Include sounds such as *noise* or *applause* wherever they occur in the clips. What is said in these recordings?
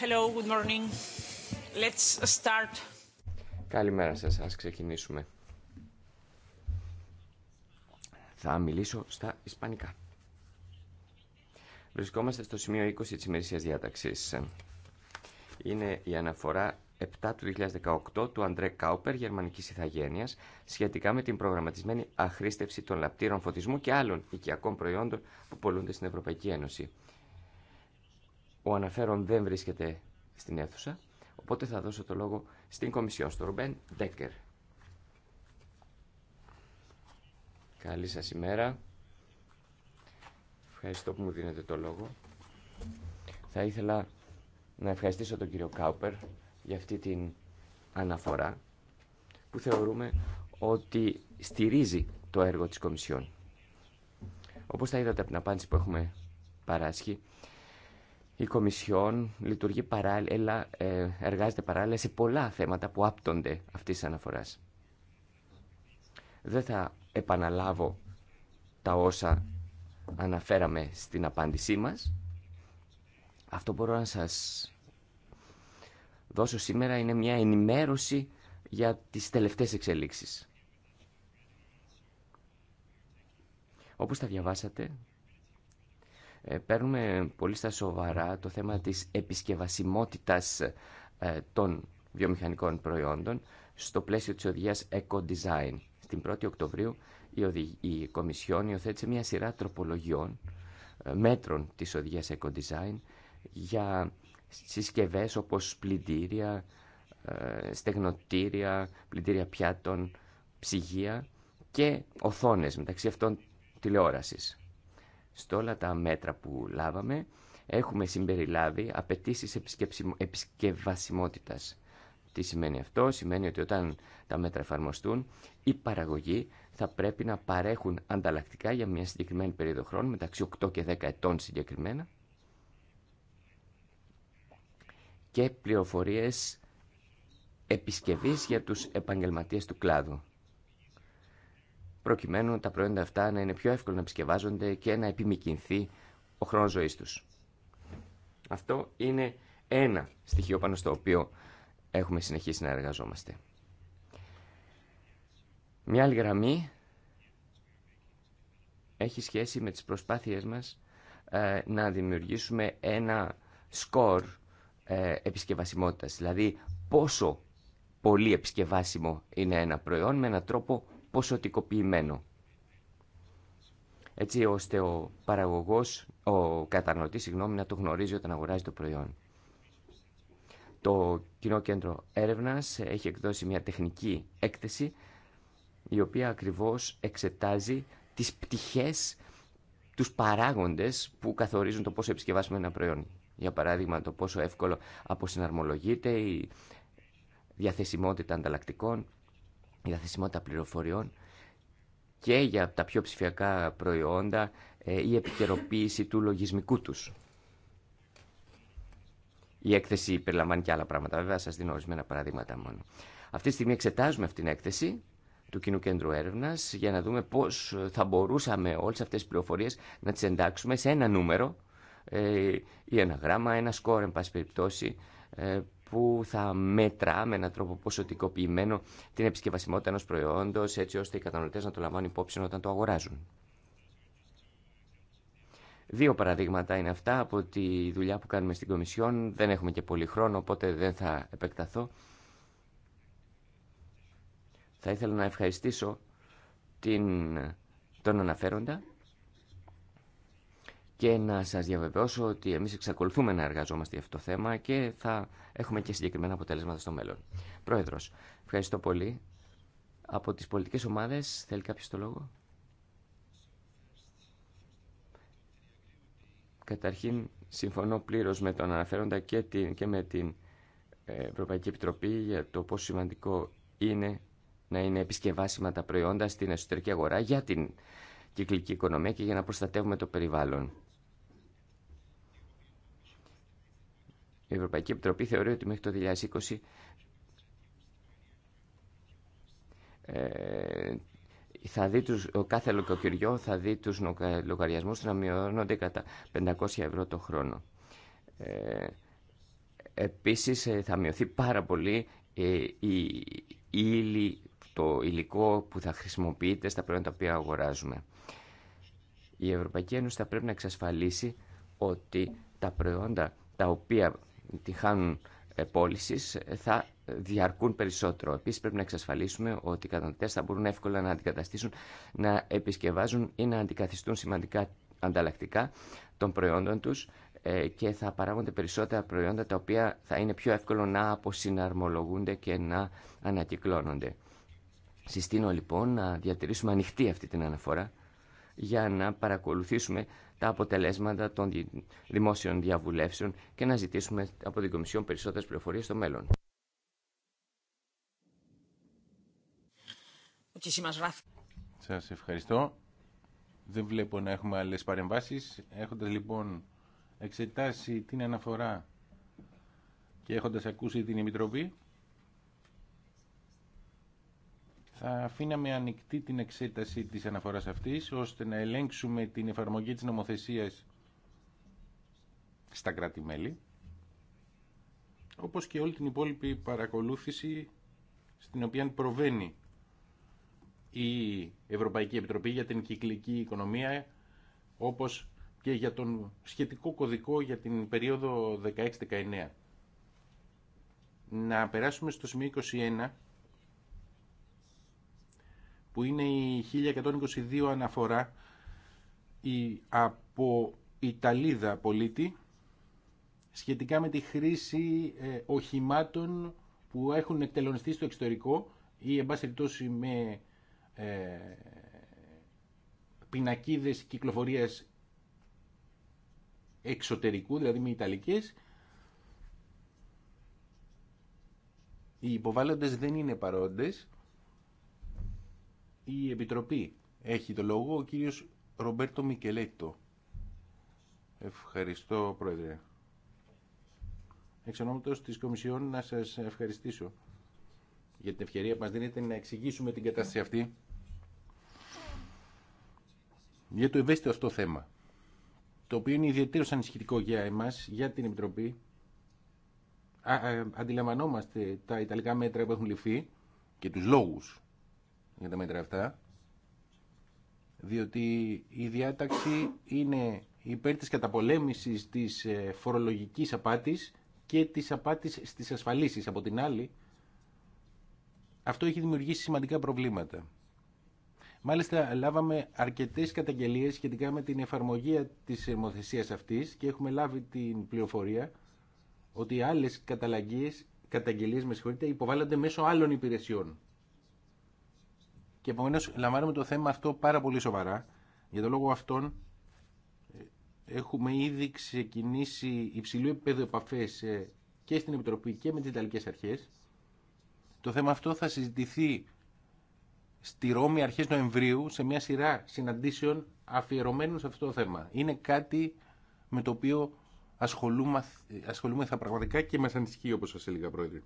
Hello, good morning. Let's start. Καλημέρα σας, ας ξεκινήσουμε. Θα μιλήσω στα ισπανικά. Βρισκόμαστε στο σημείο 20 της ημερήσια διάταξη. Είναι η αναφορά 7 του 2018 του Αντρέ Κάουπερ, γερμανικής ηθαγένεια, σχετικά με την προγραμματισμένη αχρήστευση των λαπτήρων φωτισμού και άλλων οικιακών προϊόντων που πολλούνται στην Ευρωπαϊκή Ένωση. Ο αναφέρον δεν βρίσκεται στην αίθουσα, οπότε θα δώσω το λόγο στην Κομισιόν, στον Ρουμπέν Ντέκερ. Καλή σας ημέρα. Ευχαριστώ που μου δίνετε το λόγο. Θα ήθελα να ευχαριστήσω τον κύριο Κάουπερ για αυτή την αναφορά που θεωρούμε ότι στηρίζει το έργο της Κομισιόν. Όπως θα είδατε από την απάντηση που έχουμε παράσχει, η Κομισιόν λειτουργεί παράλληλα, ε, εργάζεται παράλληλα σε πολλά θέματα που άπτονται αυτή τη αναφορά. Δεν θα επαναλάβω τα όσα αναφέραμε στην απάντησή μας. Αυτό μπορώ να σας δώσω σήμερα είναι μια ενημέρωση για τις τελευταίες εξελίξεις. Όπως τα διαβάσατε, ε, παίρνουμε πολύ στα σοβαρά το θέμα της επισκευασιμότητας ε, των βιομηχανικών προϊόντων στο πλαίσιο της οδηγίας Eco Design. Στην 1η Οκτωβρίου η, η Κομισιόν υιοθέτησε μια σειρά τροπολογιών ε, μέτρων της οδηγίας Eco Design για συσκευές όπως πλυντήρια, στεγνοτήρια, πλυντήρια πιάτων, ψυγεία και οθόνες μεταξύ αυτών τηλεόρασης στο όλα τα μέτρα που λάβαμε έχουμε συμπεριλάβει απαιτήσει επισκευασιμότητας. Τι σημαίνει αυτό, σημαίνει ότι όταν τα μέτρα εφαρμοστούν, οι παραγωγοί θα πρέπει να παρέχουν ανταλλακτικά για μια συγκεκριμένη περίοδο χρόνου, μεταξύ 8 και 10 ετών συγκεκριμένα, και πληροφορίες επισκευής για τους επαγγελματίες του κλάδου προκειμένου τα προϊόντα αυτά να είναι πιο εύκολο να επισκευάζονται και να επιμηκυνθεί ο χρόνος ζωής τους. Αυτό είναι ένα στοιχείο πάνω στο οποίο έχουμε συνεχίσει να εργαζόμαστε. Μια άλλη γραμμή έχει σχέση με τις προσπάθειές μας ε, να δημιουργήσουμε ένα σκορ ε, επισκευασιμότητας. Δηλαδή πόσο πολύ επισκευάσιμο είναι ένα προϊόν με έναν τρόπο ποσοτικοποιημένο. Έτσι ώστε ο παραγωγός, ο καταναλωτής, συγγνώμη, να το γνωρίζει όταν αγοράζει το προϊόν. Το Κοινό Κέντρο Έρευνας έχει εκδώσει μια τεχνική έκθεση η οποία ακριβώς εξετάζει τις πτυχές, τους παράγοντες που καθορίζουν το πόσο επισκευάσουμε ένα προϊόν. Για παράδειγμα, το πόσο εύκολο αποσυναρμολογείται, η διαθεσιμότητα ανταλλακτικών η διαθεσιμότητα πληροφοριών και για τα πιο ψηφιακά προϊόντα ε, η επικαιροποίηση του λογισμικού τους. Η έκθεση περιλαμβάνει και άλλα πράγματα, βέβαια, σας δίνω ορισμένα παραδείγματα μόνο. Αυτή τη στιγμή εξετάζουμε αυτή την έκθεση του Κοινού Κέντρου Έρευνα για να δούμε πώ θα μπορούσαμε όλε αυτέ τι πληροφορίε να τι εντάξουμε σε ένα νούμερο ε, ή ένα γράμμα, ένα σκόρ, εν πάση περιπτώσει, ε, που θα μετρά με έναν τρόπο ποσοτικοποιημένο την επισκευασιμότητα ενός προϊόντος έτσι ώστε οι καταναλωτές να το λαμβάνουν υπόψη όταν το αγοράζουν. Δύο παραδείγματα είναι αυτά από τη δουλειά που κάνουμε στην Κομισιόν. Δεν έχουμε και πολύ χρόνο, οπότε δεν θα επεκταθώ. Θα ήθελα να ευχαριστήσω την, τον αναφέροντα και να σα διαβεβαιώσω ότι εμεί εξακολουθούμε να εργαζόμαστε για αυτό το θέμα και θα έχουμε και συγκεκριμένα αποτέλεσματα στο μέλλον. Προεδρο, ευχαριστώ πολύ. Από τι πολιτικέ ομάδε θέλει κάποιο το λόγο. Καταρχήν, συμφωνώ πλήρω με τον αναφέροντα και, και με την ε, Ευρωπαϊκή Επιτροπή για το πόσο σημαντικό είναι να είναι επισκευάσιμα τα προϊόντα στην εσωτερική αγορά για την κυκλική οικονομία και για να προστατεύουμε το περιβάλλον. Η Ευρωπαϊκή Επιτροπή θεωρεί ότι μέχρι το 2020 ε, θα δει τους, ο κάθε λογοκυριό θα δει τους λογαριασμούς να μειώνονται κατά 500 ευρώ το χρόνο. Ε, επίσης ε, θα μειωθεί πάρα πολύ ε, η, η, το υλικό που θα χρησιμοποιείται στα προϊόντα τα οποία αγοράζουμε. Η Ευρωπαϊκή Ένωση θα πρέπει να εξασφαλίσει ότι τα προϊόντα τα οποία τη χάνουν ε, πώληση ε, θα διαρκούν περισσότερο. Επίση, πρέπει να εξασφαλίσουμε ότι οι καταναλωτέ θα μπορούν εύκολα να αντικαταστήσουν, να επισκευάζουν ή να αντικαθιστούν σημαντικά ανταλλακτικά των προϊόντων του ε, και θα παράγονται περισσότερα προϊόντα τα οποία θα είναι πιο εύκολο να αποσυναρμολογούνται και να ανακυκλώνονται. Συστήνω λοιπόν να διατηρήσουμε ανοιχτή αυτή την αναφορά για να παρακολουθήσουμε τα αποτελέσματα των δημόσιων διαβουλεύσεων και να ζητήσουμε από την Κομισιόν περισσότερες πληροφορίες στο μέλλον. Σας ευχαριστώ. Δεν βλέπω να έχουμε άλλες παρεμβάσεις. Έχοντας λοιπόν εξετάσει την αναφορά και έχοντας ακούσει την Επιτροπή, θα αφήναμε ανοιχτή την εξέταση της αναφοράς αυτής, ώστε να ελέγξουμε την εφαρμογή της νομοθεσίας στα κράτη-μέλη, όπως και όλη την υπόλοιπη παρακολούθηση στην οποία προβαίνει η Ευρωπαϊκή Επιτροπή για την κυκλική οικονομία, όπως και για τον σχετικό κωδικό για την περίοδο 16-19. Να περάσουμε στο σημείο 21, που είναι η 1122 αναφορά η, από Ιταλίδα πολίτη σχετικά με τη χρήση ε, οχημάτων που έχουν εκτελονιστεί στο εξωτερικό ή εν με ε, πινακίδες κυκλοφορίας εξωτερικού, δηλαδή με ιταλικές. Οι υποβάλλοντες δεν είναι παρόντες η Επιτροπή. Έχει το λόγο ο κύριος Ρομπέρτο Μικελέτο. Ευχαριστώ, Πρόεδρε. Εξ ονόματος της Κομισιόν να σας ευχαριστήσω για την ευκαιρία που μας δίνετε να εξηγήσουμε την κατάσταση αυτή για το ευαίσθητο αυτό θέμα, το οποίο είναι ιδιαίτερως ανησυχητικό για εμάς, για την Επιτροπή. αντιλαμβανόμαστε τα Ιταλικά μέτρα που έχουν ληφθεί και τους λόγους για τα μέτρα αυτά, διότι η διάταξη είναι υπέρ της καταπολέμησης της ε, φορολογικής απάτης και της απάτης στις ασφαλίσεις. Από την άλλη, αυτό έχει δημιουργήσει σημαντικά προβλήματα. Μάλιστα, λάβαμε αρκετέ καταγγελίε σχετικά με την εφαρμογή τη ερμοθεσία αυτή και έχουμε λάβει την πληροφορία ότι άλλε καταγγελίε υποβάλλονται μέσω άλλων υπηρεσιών. Και επομένω λαμβάνουμε το θέμα αυτό πάρα πολύ σοβαρά. Για τον λόγο αυτόν ε, έχουμε ήδη ξεκινήσει υψηλού επιπέδου επαφέ ε, και στην Επιτροπή και με τι ιταλικέ Αρχές. Το θέμα αυτό θα συζητηθεί στη Ρώμη αρχέ Νοεμβρίου σε μια σειρά συναντήσεων αφιερωμένων σε αυτό το θέμα. Είναι κάτι με το οποίο ασχολούμεθα πραγματικά και μα ανησυχεί όπως σας έλεγα πρόεδρε.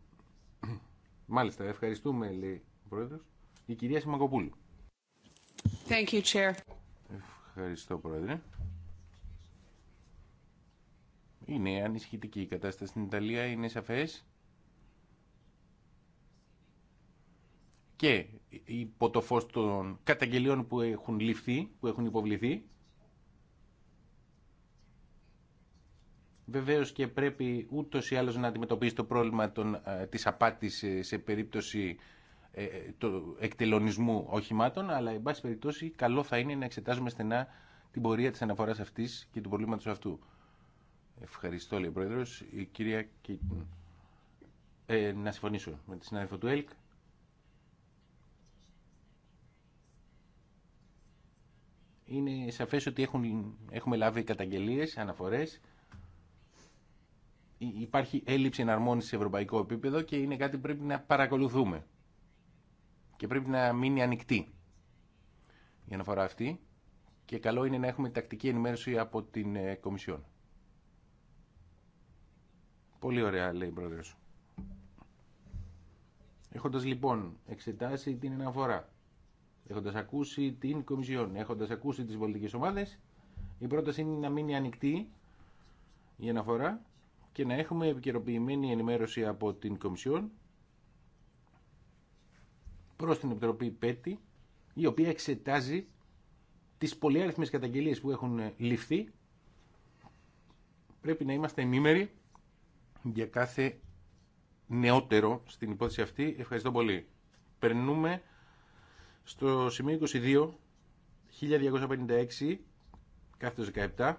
Μάλιστα, ευχαριστούμε λέει ο πρόεδρος. Η κυρία Σιμαγκοπούλου. Ευχαριστώ, Πρόεδρε. Είναι ανισχυτική η κατάσταση στην Ιταλία, είναι σαφές. Και υπό το φως των καταγγελιών που έχουν ληφθεί, που έχουν υποβληθεί, Βεβαίω και πρέπει ούτω ή άλλω να αντιμετωπίσει το πρόβλημα τη ε, της απάτης ε, σε περίπτωση ε, ε, εκτελονισμού οχημάτων, αλλά εν πάση περιπτώσει καλό θα είναι να εξετάζουμε στενά την πορεία της αναφοράς αυτής και του προβλήματος αυτού. Ευχαριστώ, λέει ο Πρόεδρος. Η κυρία ε, να συμφωνήσω με τη συνάδελφο του ΕΛΚ. Είναι σαφές ότι έχουν, έχουμε λάβει καταγγελίες, αναφορές. Υπάρχει έλλειψη εναρμόνισης σε ευρωπαϊκό επίπεδο και είναι κάτι που πρέπει να παρακολουθούμε και πρέπει να μείνει ανοιχτή η αναφορά αυτή και καλό είναι να έχουμε τακτική ενημέρωση από την ε, Κομισιόν. Πολύ ωραία λέει η Πρόεδρος. Έχοντας λοιπόν εξετάσει την αναφορά, έχοντας ακούσει την Κομισιόν, έχοντας ακούσει τις πολιτικές ομάδες, η πρόταση είναι να μείνει ανοιχτή η αναφορά και να έχουμε επικαιροποιημένη ενημέρωση από την Κομισιόν προς την Επιτροπή ΠΕΤΗ, η οποία εξετάζει τις πολυάριθμες καταγγελίες που έχουν ληφθεί. Πρέπει να είμαστε ενήμεροι για κάθε νεότερο στην υπόθεση αυτή. Ευχαριστώ πολύ. Περνούμε στο σημείο 22, 1256, κάθετος 17,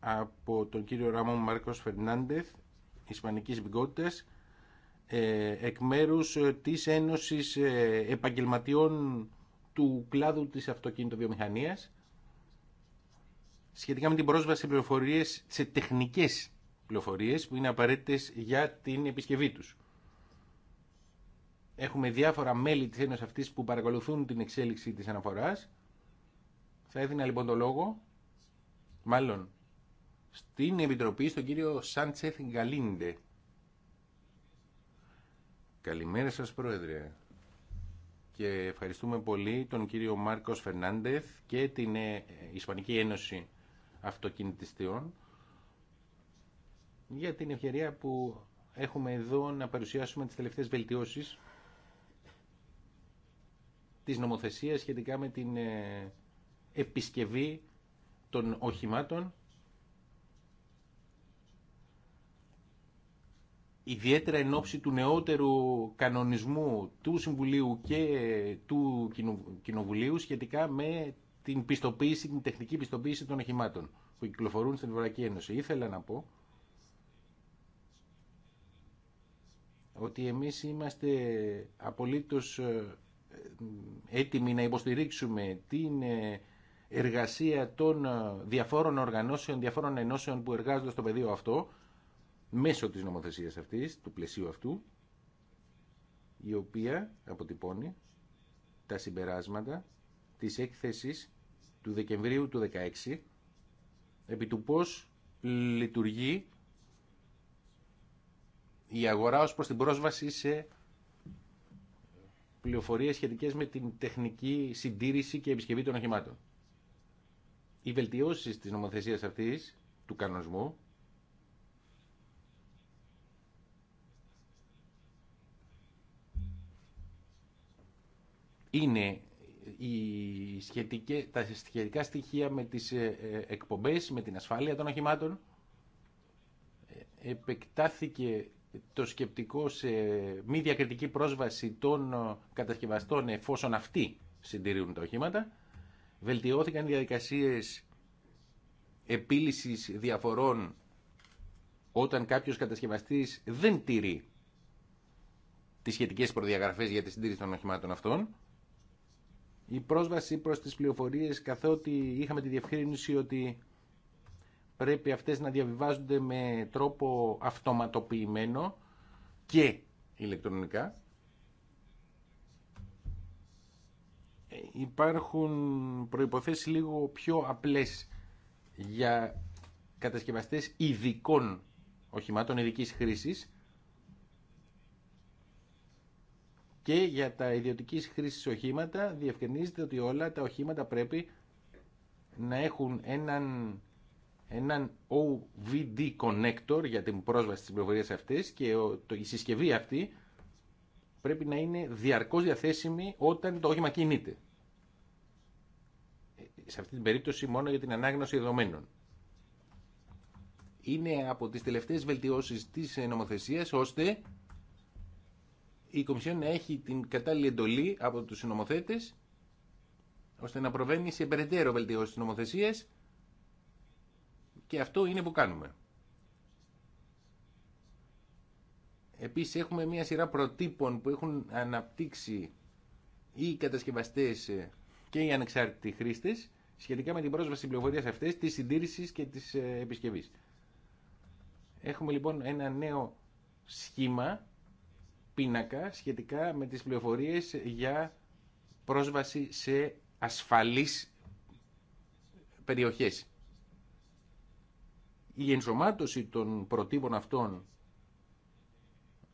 από τον κύριο Ραμόν Μάρκος Φερνάντεθ, Ισπανικής Μπιγκότητας, ε, εκ μέρους ε, της Ένωσης ε, Επαγγελματιών του κλάδου της αυτοκινητοβιομηχανίας σχετικά με την πρόσβαση σε πληροφορίες, σε τεχνικές πληροφορίες που είναι απαραίτητες για την επισκευή τους. Έχουμε διάφορα μέλη της Ένωσης αυτής που παρακολουθούν την εξέλιξη της αναφοράς. Θα έδινα λοιπόν το λόγο, μάλλον, στην Επιτροπή, στον κύριο Σάντσεθ Γκαλίντε, Καλημέρα σας Πρόεδρε και ευχαριστούμε πολύ τον κύριο Μάρκος Φερνάντεθ και την ε, Ισπανική Ένωση Αυτοκινητιστών για την ευκαιρία που έχουμε εδώ να παρουσιάσουμε τις τελευταίες βελτιώσεις της νομοθεσίας σχετικά με την ε, επισκευή των οχημάτων ιδιαίτερα εν ώψη του νεότερου κανονισμού του Συμβουλίου και του Κοινοβουλίου σχετικά με την πιστοποίηση, την τεχνική πιστοποίηση των οχημάτων που κυκλοφορούν στην Ευρωπαϊκή Ένωση. Ήθελα να πω ότι εμείς είμαστε απολύτως ε, ε, έτοιμοι να υποστηρίξουμε την ε, εργασία των διαφόρων οργανώσεων, διαφόρων ενώσεων που εργάζονται στο πεδίο αυτό μέσω της νομοθεσίας αυτής, του πλαισίου αυτού, η οποία αποτυπώνει τα συμπεράσματα της έκθεσης του Δεκεμβρίου του 2016 επί του πώς λειτουργεί η αγορά ως προς την πρόσβαση σε πληροφορίες σχετικές με την τεχνική συντήρηση και επισκευή των οχημάτων. Οι βελτιώσεις της νομοθεσίας αυτής, του κανονισμού, είναι οι σχετικές, τα σχετικά στοιχεία με τις ε, ε, εκπομπές, με την ασφάλεια των οχημάτων. Ε, επεκτάθηκε το σκεπτικό σε μη διακριτική πρόσβαση των κατασκευαστών εφόσον αυτοί συντηρούν τα οχήματα. Βελτιώθηκαν οι διαδικασίες επίλυσης διαφορών όταν κάποιος κατασκευαστής δεν τηρεί τις σχετικές προδιαγραφές για τη συντήρηση των οχημάτων αυτών η πρόσβαση προς τις πληροφορίες καθότι είχαμε τη διευκρίνηση ότι πρέπει αυτές να διαβιβάζονται με τρόπο αυτοματοποιημένο και ηλεκτρονικά. Υπάρχουν προϋποθέσεις λίγο πιο απλές για κατασκευαστές ειδικών οχημάτων ειδικής χρήσης Και για τα ιδιωτική χρήση οχήματα διευκρινίζεται ότι όλα τα οχήματα πρέπει να έχουν έναν, έναν OVD connector για την πρόσβαση της πληροφορίες αυτές και το, η συσκευή αυτή πρέπει να είναι διαρκώς διαθέσιμη όταν το όχημα κινείται. Ε, σε αυτή την περίπτωση μόνο για την ανάγνωση δεδομένων. Είναι από τις τελευταίες βελτιώσεις της ε, νομοθεσίας ώστε η Κομισιόν να έχει την κατάλληλη εντολή από τους συνομοθέτες ώστε να προβαίνει σε περαιτέρω βελτιώσει τη νομοθεσία και αυτό είναι που κάνουμε. Επίσης έχουμε μια σειρά προτύπων που έχουν αναπτύξει οι κατασκευαστές ε, και οι ανεξάρτητοι χρήστες σχετικά με την πρόσβαση τη πληροφορία αυτές, της συντήρησης και της ε, επισκευής. Έχουμε λοιπόν ένα νέο σχήμα πίνακα σχετικά με τις πληροφορίες για πρόσβαση σε ασφαλείς περιοχές. Η ενσωμάτωση των προτύπων αυτών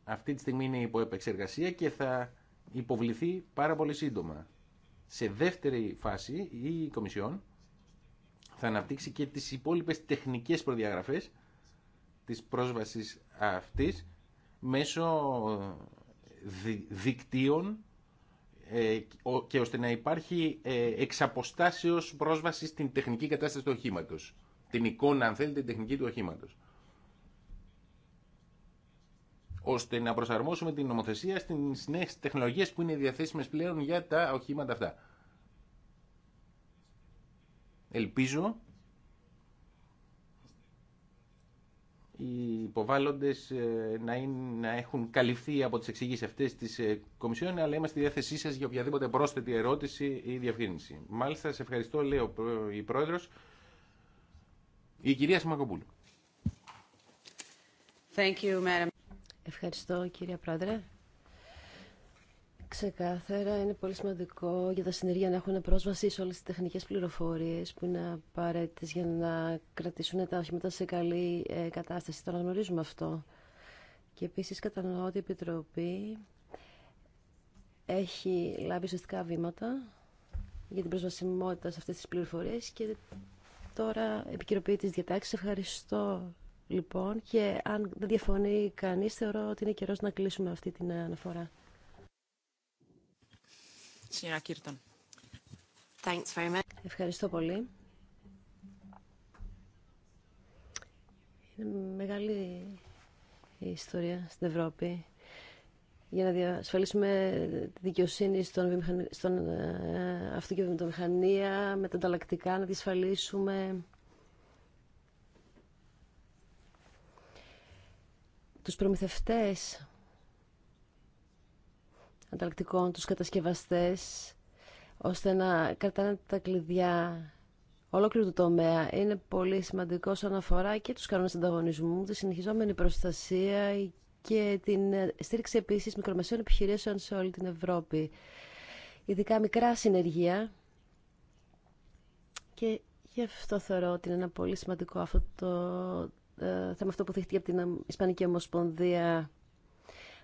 αυτή τη στιγμή είναι υπό επεξεργασία και θα υποβληθεί πάρα πολύ σύντομα. Σε δεύτερη φάση η Κομισιόν θα αναπτύξει και τις υπόλοιπες τεχνικές προδιαγραφές της πρόσβασης αυτής μέσω δικτύων ε, και ώστε να υπάρχει ε, εξ αποστάσεως πρόσβαση στην τεχνική κατάσταση του οχήματο. Την εικόνα, αν θέλετε, την τεχνική του οχήματο. Ώστε να προσαρμόσουμε την νομοθεσία στις νέες τεχνολογίες που είναι διαθέσιμες πλέον για τα οχήματα αυτά. Ελπίζω υποβάλλοντες ε, να, να έχουν καλυφθεί από τις εξηγήσεις αυτές της ε, Κομισιόν, αλλά είμαστε στη διάθεσή σας για οποιαδήποτε πρόσθετη ερώτηση ή διαφήμιση. Μάλιστα, σε ευχαριστώ, λέει η Πρόεδρος, ο κυρία Σιμακοπούλου. Thank you, madam. Ευχαριστώ, κύριε Πρόεδρε. Ξεκάθαρα είναι πολύ σημαντικό για τα συνεργεία να έχουν πρόσβαση σε όλες τις τεχνικές πληροφορίες που είναι απαραίτητε για να κρατήσουν τα οχήματα σε καλή ε, κατάσταση. Το γνωρίζουμε αυτό. Και επίσης κατανοώ ότι η Επιτροπή έχει λάβει ουσιαστικά βήματα για την προσβασιμότητα σε αυτές τις πληροφορίες και τώρα επικυρωποιεί τις διατάξεις. Ευχαριστώ λοιπόν και αν δεν διαφωνεί κανείς θεωρώ ότι είναι καιρός να κλείσουμε αυτή την αναφορά. Ευχαριστώ πολύ. Είναι μεγάλη η ιστορία στην Ευρώπη για να διασφαλίσουμε τη δικαιοσύνη στον, στον ε, με τα ανταλλακτικά, να διασφαλίσουμε τους προμηθευτές ανταλλακτικών, τους κατασκευαστές, ώστε να κρατάνε τα κλειδιά ολόκληρου του τομέα. Είναι πολύ σημαντικό όσον αφορά και τους κανόνες ανταγωνισμού, τη συνεχιζόμενη προστασία και την στήριξη επίσης μικρομεσαίων επιχειρήσεων σε όλη την Ευρώπη. Ειδικά μικρά συνεργεία και γι' αυτό θεωρώ ότι είναι ένα πολύ σημαντικό αυτό το ε, θέμα αυτό που δείχτηκε από την Ισπανική Ομοσπονδία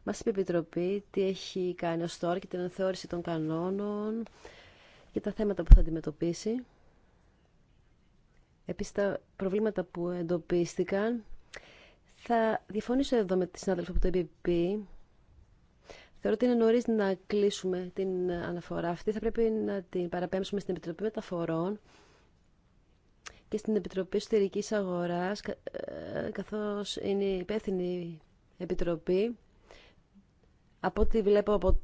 Μα είπε η Επιτροπή τι έχει κάνει ω τώρα και την ανθεώρηση των κανόνων και τα θέματα που θα αντιμετωπίσει. Επίση, τα προβλήματα που εντοπίστηκαν. Θα διαφωνήσω εδώ με τη συνάδελφα από το ΕΠΠ. Θεωρώ ότι είναι νωρί να κλείσουμε την αναφορά αυτή. Θα πρέπει να την παραπέμψουμε στην Επιτροπή Μεταφορών και στην Επιτροπή στηρικής Αγοράς, ε, καθώς είναι η υπεύθυνη επιτροπή από ό,τι βλέπω από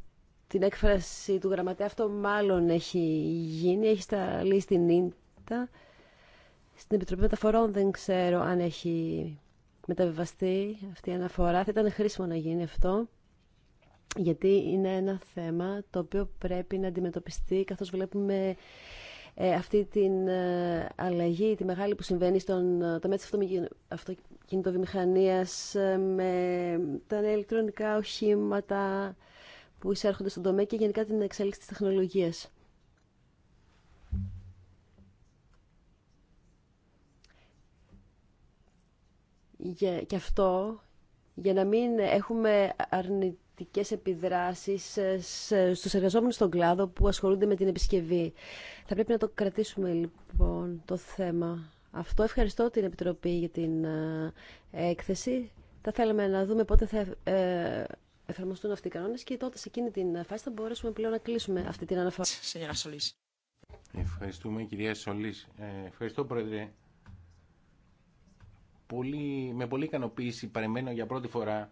την έκφραση του γραμματέα, αυτό μάλλον έχει γίνει. Έχει σταλεί στην ίντα. Στην Επιτροπή Μεταφορών δεν ξέρω αν έχει μεταβιβαστεί αυτή η αναφορά. Θα ήταν χρήσιμο να γίνει αυτό, γιατί είναι ένα θέμα το οποίο πρέπει να αντιμετωπιστεί, καθώς βλέπουμε ε, αυτή την ε, αλλαγή, τη μεγάλη που συμβαίνει στον ε, τομέα της κινητοβιομηχανίας ε, με τα νέα ηλεκτρονικά οχήματα που εισέρχονται στον τομέα και γενικά την εξέλιξη της τεχνολογίας. Και αυτό για να μην έχουμε αρνητικές επιδράσεις ε, στους εργαζόμενους στον κλάδο που ασχολούνται με την επισκευή. Θα πρέπει να το κρατήσουμε λοιπόν το θέμα αυτό. Ευχαριστώ την Επιτροπή για την ε, έκθεση. Θα θέλαμε να δούμε πότε θα ε, εφαρμοστούν αυτοί οι κανόνες και τότε σε εκείνη την φάση θα μπορέσουμε πλέον να κλείσουμε αυτή την αναφορά. Ευχαριστούμε κυρία Σολής. Ε, ευχαριστώ πρόεδρε. Πολύ, με πολύ ικανοποίηση παρεμένω για πρώτη φορά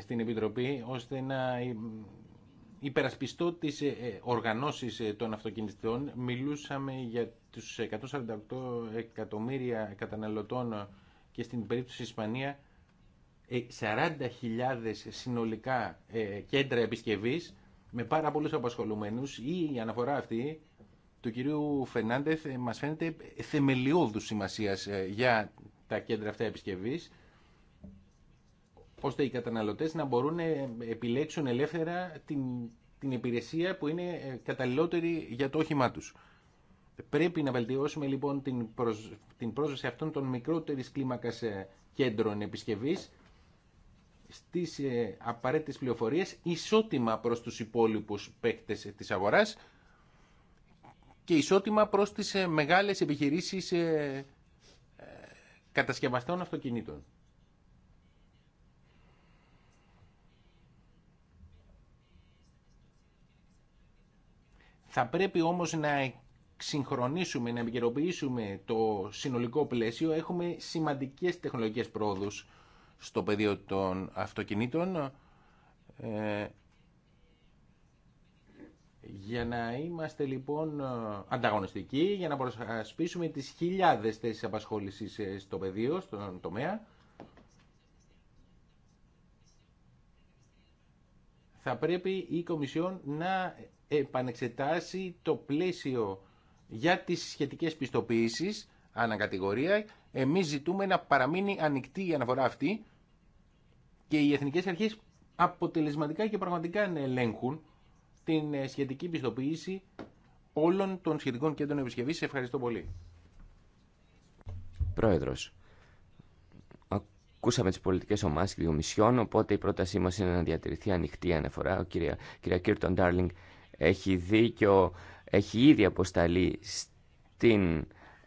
στην Επιτροπή ώστε να υπερασπιστώ τις οργανώσεις των αυτοκινητών. Μιλούσαμε για τους 148 εκατομμύρια καταναλωτών και στην περίπτωση Ισπανία 40.000 ε, συνολικά ε, κέντρα επισκευής με πάρα πολλούς απασχολουμένους ή η αναφορά αυτή του κυρίου Φερνάντεθ ε, μας φαίνεται θεμελιώδους σημασίας για τα κέντρα αυτά επισκευής ώστε οι καταναλωτές να μπορούν να επιλέξουν ελεύθερα την, την υπηρεσία που είναι καταλληλότερη για το όχημά τους. Πρέπει να βελτιώσουμε λοιπόν την, πρόσβαση αυτών των μικρότερη κλίμακα ε, κέντρων επισκευής στις ε, απαραίτητε πληροφορίε, ισότιμα προς τους υπόλοιπου πέκτες ε, της αγορά και ισότιμα προς τις μεγάλες επιχειρήσεις κατασκευαστών αυτοκινήτων. Θα πρέπει όμως να συγχρονίσουμε, να επικαιροποιήσουμε το συνολικό πλαίσιο, έχουμε σημαντικές τεχνολογικές πρόοδους στο πεδίο των αυτοκινήτων ε, για να είμαστε λοιπόν ανταγωνιστικοί, για να προσπίσουμε τις χιλιάδες θέσεις απασχόλησης ε, στο πεδίο, στον τομέα. Θα πρέπει η Κομισιόν να επανεξετάσει το πλαίσιο για τις σχετικές πιστοποιήσεις ανακατηγορία. Εμείς ζητούμε να παραμείνει ανοιχτή η αναφορά αυτή και οι εθνικές αρχές αποτελεσματικά και πραγματικά να ελέγχουν την ε, σχετική πιστοποίηση όλων των σχετικών κέντρων επισκευής. Ευχαριστώ πολύ. Πρόεδρος, ακούσαμε τις πολιτικές ομάδες και οπότε η πρότασή μας είναι να διατηρηθεί ανοιχτή αναφορά. Ο κυρία, κυρία Κίρτον Ντάρλινγκ έχει δίκιο έχει ήδη αποσταλεί στην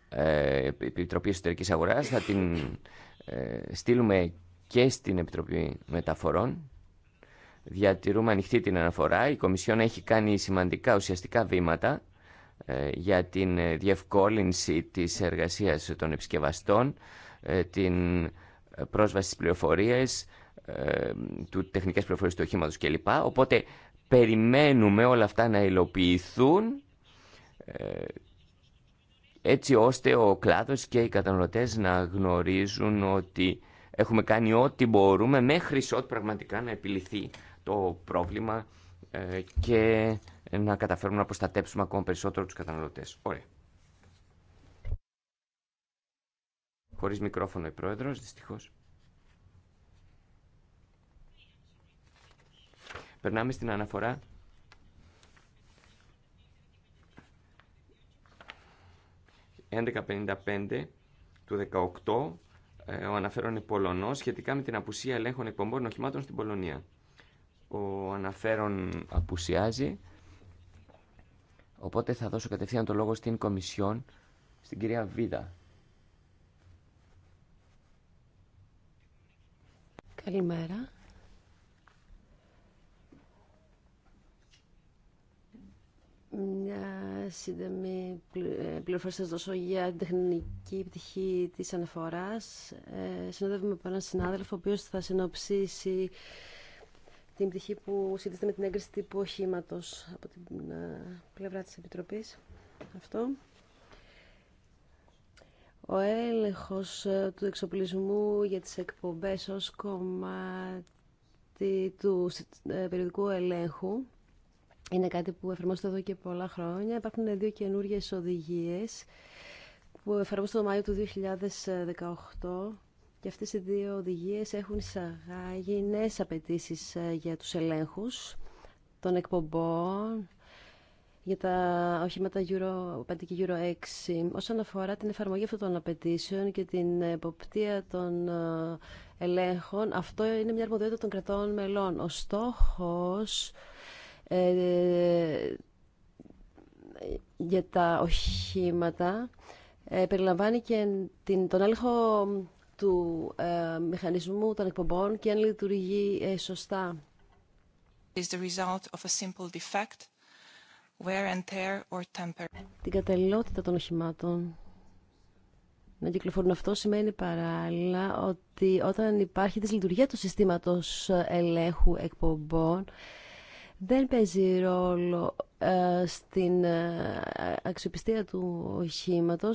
ε, Επιτροπή Εσωτερική Αγοράς. Θα την ε, στείλουμε και στην Επιτροπή Μεταφορών. Διατηρούμε ανοιχτή την αναφορά. Η Κομισιόν έχει κάνει σημαντικά ουσιαστικά βήματα ε, για την διευκόλυνση της εργασίας των επισκευαστών, ε, την πρόσβαση στις πληροφορίε, ε, του τεχνικές πληροφορίες του οχήματος κλπ. Οπότε περιμένουμε όλα αυτά να υλοποιηθούν ε, έτσι ώστε ο κλάδος και οι καταναλωτές να γνωρίζουν ότι έχουμε κάνει ό,τι μπορούμε μέχρι ό,τι πραγματικά να επιληθεί το πρόβλημα ε, και να καταφέρουμε να προστατέψουμε ακόμα περισσότερο τους καταναλωτές. Ωραία. Χωρίς μικρόφωνο η πρόεδρος, δυστυχώς. Περνάμε στην αναφορά 1155 του 18 ε, ο αναφέρον είναι Πολωνός σχετικά με την απουσία ελέγχων εκπομπών οχημάτων στην Πολωνία. Ο αναφέρον απουσιάζει, οπότε θα δώσω κατευθείαν το λόγο στην Κομισιόν, στην κυρία Βίδα. Καλημέρα. Μια σύντομη ε, πληροφορία σας δώσω για την τεχνική πτυχή της αναφοράς. Ε, συνοδεύουμε από έναν συνάδελφο, ο οποίος θα συνοψίσει την πτυχή που σχετίζεται με την έγκριση τύπου οχήματο από την ε, πλευρά της Επιτροπής. Αυτό. Ο έλεγχος ε, του εξοπλισμού για τις εκπομπές ως κομμάτι του περιοδικού ελέγχου είναι κάτι που εφαρμόζεται εδώ και πολλά χρόνια. Υπάρχουν δύο καινούριε οδηγίε που εφαρμόζονται το Μάιο του 2018 και αυτές οι δύο οδηγίες έχουν εισαγάγει νέες απαιτήσει ε, για τους ελέγχους των εκπομπών για τα οχήματα Euro 5 και Euro 6 όσον αφορά την εφαρμογή αυτών των απαιτήσεων και την εποπτεία των ε, ελέγχων αυτό είναι μια αρμοδιότητα των κρατών μελών. Ο στόχος ε, για τα οχήματα ε, περιλαμβάνει και την, τον έλεγχο του ε, μηχανισμού των εκπομπών και αν λειτουργεί σωστά. Την καταλληλότητα των οχημάτων. Να κυκλοφορούν αυτό σημαίνει παράλληλα ότι όταν υπάρχει δυσλειτουργία του συστήματος ελέγχου εκπομπών, δεν παίζει ρόλο ε, στην ε, αξιοπιστία του οχήματο.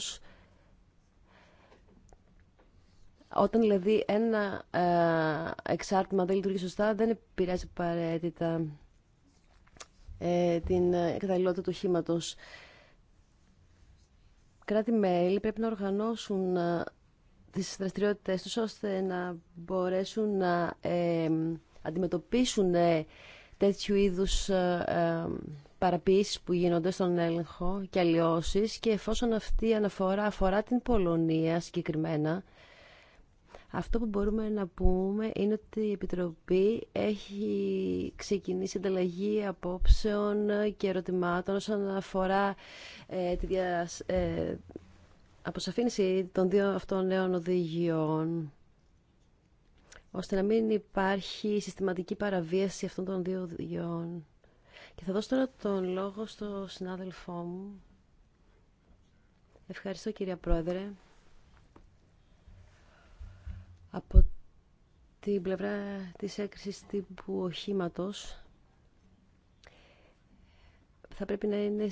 Όταν δηλαδή ένα ε, εξάρτημα δεν λειτουργεί σωστά, δεν επηρεάζει απαραίτητα την καταλληλότητα του οχήματο. Κράτη-μέλη πρέπει να οργανώσουν τις δραστηριότητες τους ώστε να μπορέσουν να αντιμετωπίσουν τέτοιου είδους ε, ε, παραποιήσεις που γίνονται στον έλεγχο και αλλοιώσει και εφόσον αυτή η αναφορά αφορά την Πολωνία συγκεκριμένα, αυτό που μπορούμε να πούμε είναι ότι η Επιτροπή έχει ξεκινήσει ανταλλαγή απόψεων και ερωτημάτων όσον αφορά ε, τη διασ... Ε, αποσαφήνιση των δύο αυτών νέων οδηγιών ώστε να μην υπάρχει συστηματική παραβίαση αυτών των δύο διών Και θα δώσω τώρα τον λόγο στο συνάδελφό μου. Ευχαριστώ κυρία Πρόεδρε. Από την πλευρά της έκρησης τύπου οχήματος θα πρέπει να είναι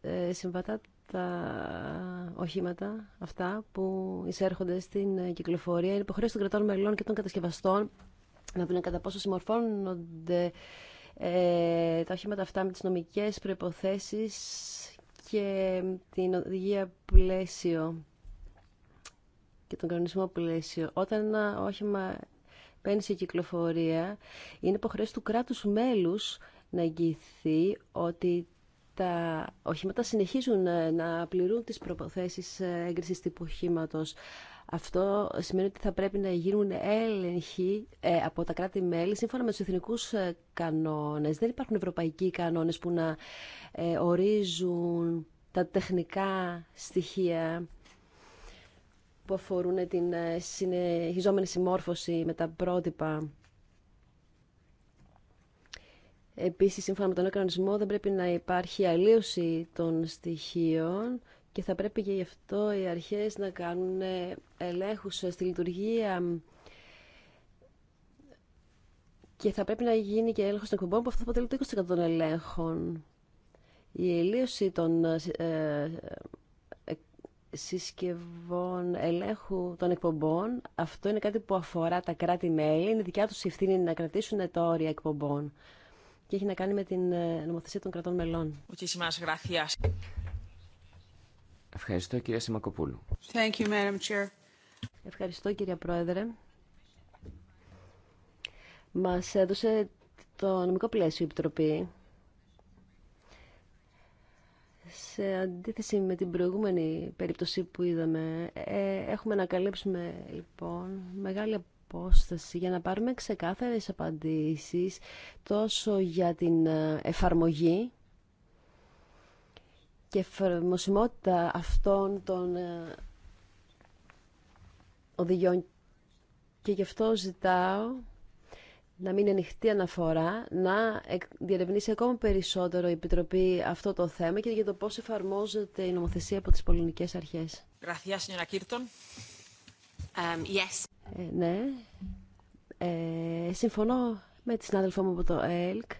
ε, συμβατά τα οχήματα αυτά που εισέρχονται στην κυκλοφορία. Είναι υποχρέωση των κρατών μελών και των κατασκευαστών να δουν κατά πόσο συμμορφώνονται ε, τα οχήματα αυτά με τις νομικές προϋποθέσεις και την οδηγία πλαίσιο και τον κανονισμό πλαίσιο. Όταν ένα όχημα παίρνει σε κυκλοφορία, είναι υποχρέωση του κράτους μέλους να εγγυηθεί ότι τα οχήματα συνεχίζουν ε, να πληρούν τις προποθέσεις ε, έγκρισης τύπου οχήματος. Αυτό σημαίνει ότι θα πρέπει να γίνουν έλεγχοι ε, από τα κράτη-μέλη σύμφωνα με τους εθνικούς κανόνες. Δεν υπάρχουν ευρωπαϊκοί κανόνες που να ορίζουν τα τεχνικά στοιχεία που αφορούν την συνεχιζόμενη συμμόρφωση με τα πρότυπα Επίσης, σύμφωνα με τον κανονισμό, δεν πρέπει να υπάρχει αλλίωση των στοιχείων και θα πρέπει και γι' αυτό οι αρχές να κάνουν ελέγχους στη λειτουργία και θα πρέπει να γίνει και έλεγχος των εκπομπών που αυτό αποτελεί το 20% των ελέγχων. Η αλλίωση των ε, ε, συσκευών ελέγχου των εκπομπών, αυτό είναι κάτι που αφορά τα κράτη-μέλη, είναι δικιά τους ευθύνη να κρατήσουν τα όρια εκπομπών και έχει να κάνει με την ε, νομοθεσία των κρατών μελών. Ευχαριστώ κυρία Σιμακοπούλου. Ευχαριστώ κυρία Πρόεδρε. Μας έδωσε το νομικό πλαίσιο η Επιτροπή σε αντίθεση με την προηγούμενη περίπτωση που είδαμε, ε, έχουμε να καλύψουμε λοιπόν μεγάλη απόσταση για να πάρουμε ξεκάθαρες απαντήσεις τόσο για την ε, εφαρμογή και εφαρμοσιμότητα αυτών των ε, οδηγιών και γι' αυτό ζητάω να μην ανοιχτή αναφορά, να διερευνήσει ακόμα περισσότερο η Επιτροπή αυτό το θέμα και για το πώς εφαρμόζεται η νομοθεσία από τις πολιτικές αρχές. Γραφεία, señora Κίρτον. Um, yes. Ε, ναι. Ε, συμφωνώ με τη συνάδελφό μου από το ΕΛΚ.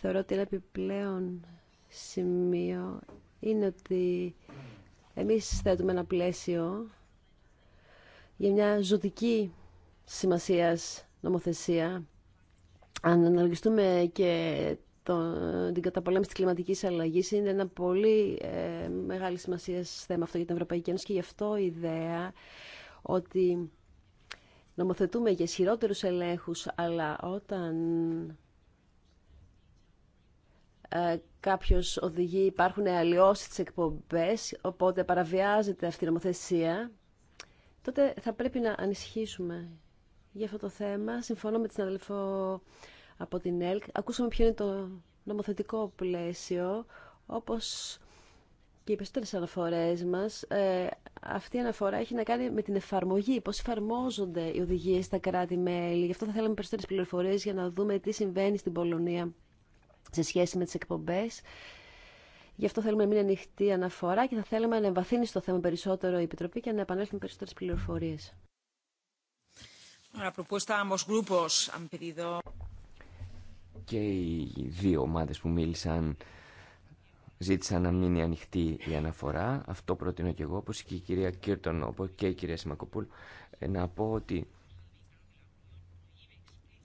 Θεωρώ ότι ένα επιπλέον σημείο είναι ότι εμείς θέτουμε ένα πλαίσιο για μια ζωτική σημασίας νομοθεσία. Αν αναλογιστούμε και το, την καταπολέμηση της κλιματικής αλλαγής είναι ένα πολύ ε, μεγάλη σημασία θέμα αυτό για την Ευρωπαϊκή Ένωση και γι' αυτό η ιδέα ότι νομοθετούμε για ισχυρότερους ελέγχους αλλά όταν ε, κάποιος οδηγεί υπάρχουν αλλοιώσεις στις εκπομπές οπότε παραβιάζεται αυτή η νομοθεσία τότε θα πρέπει να ανισχύσουμε για αυτό το θέμα. Συμφωνώ με την αδελφό από την ΕΛΚ. Ακούσαμε ποιο είναι το νομοθετικό πλαίσιο. Όπως και οι περισσότερες αναφορές μας, ε, αυτή η αναφορά έχει να κάνει με την εφαρμογή, πώς εφαρμόζονται οι οδηγίες στα κράτη-μέλη. Γι' αυτό θα θέλαμε περισσότερες πληροφορίες για να δούμε τι συμβαίνει στην Πολωνία σε σχέση με τις εκπομπές. Γι' αυτό θέλουμε να μην ανοιχτή αναφορά και θα θέλουμε να εμβαθύνει στο θέμα περισσότερο η Επιτροπή και να επανέλθουμε περισσότερες πληροφορίες και οι δύο ομάδες που μίλησαν ζήτησαν να μείνει ανοιχτή η αναφορά. Αυτό προτείνω και εγώ, όπως και η κυρία Κίρτον, όπως και η κυρία Σιμακοπούλ, να πω ότι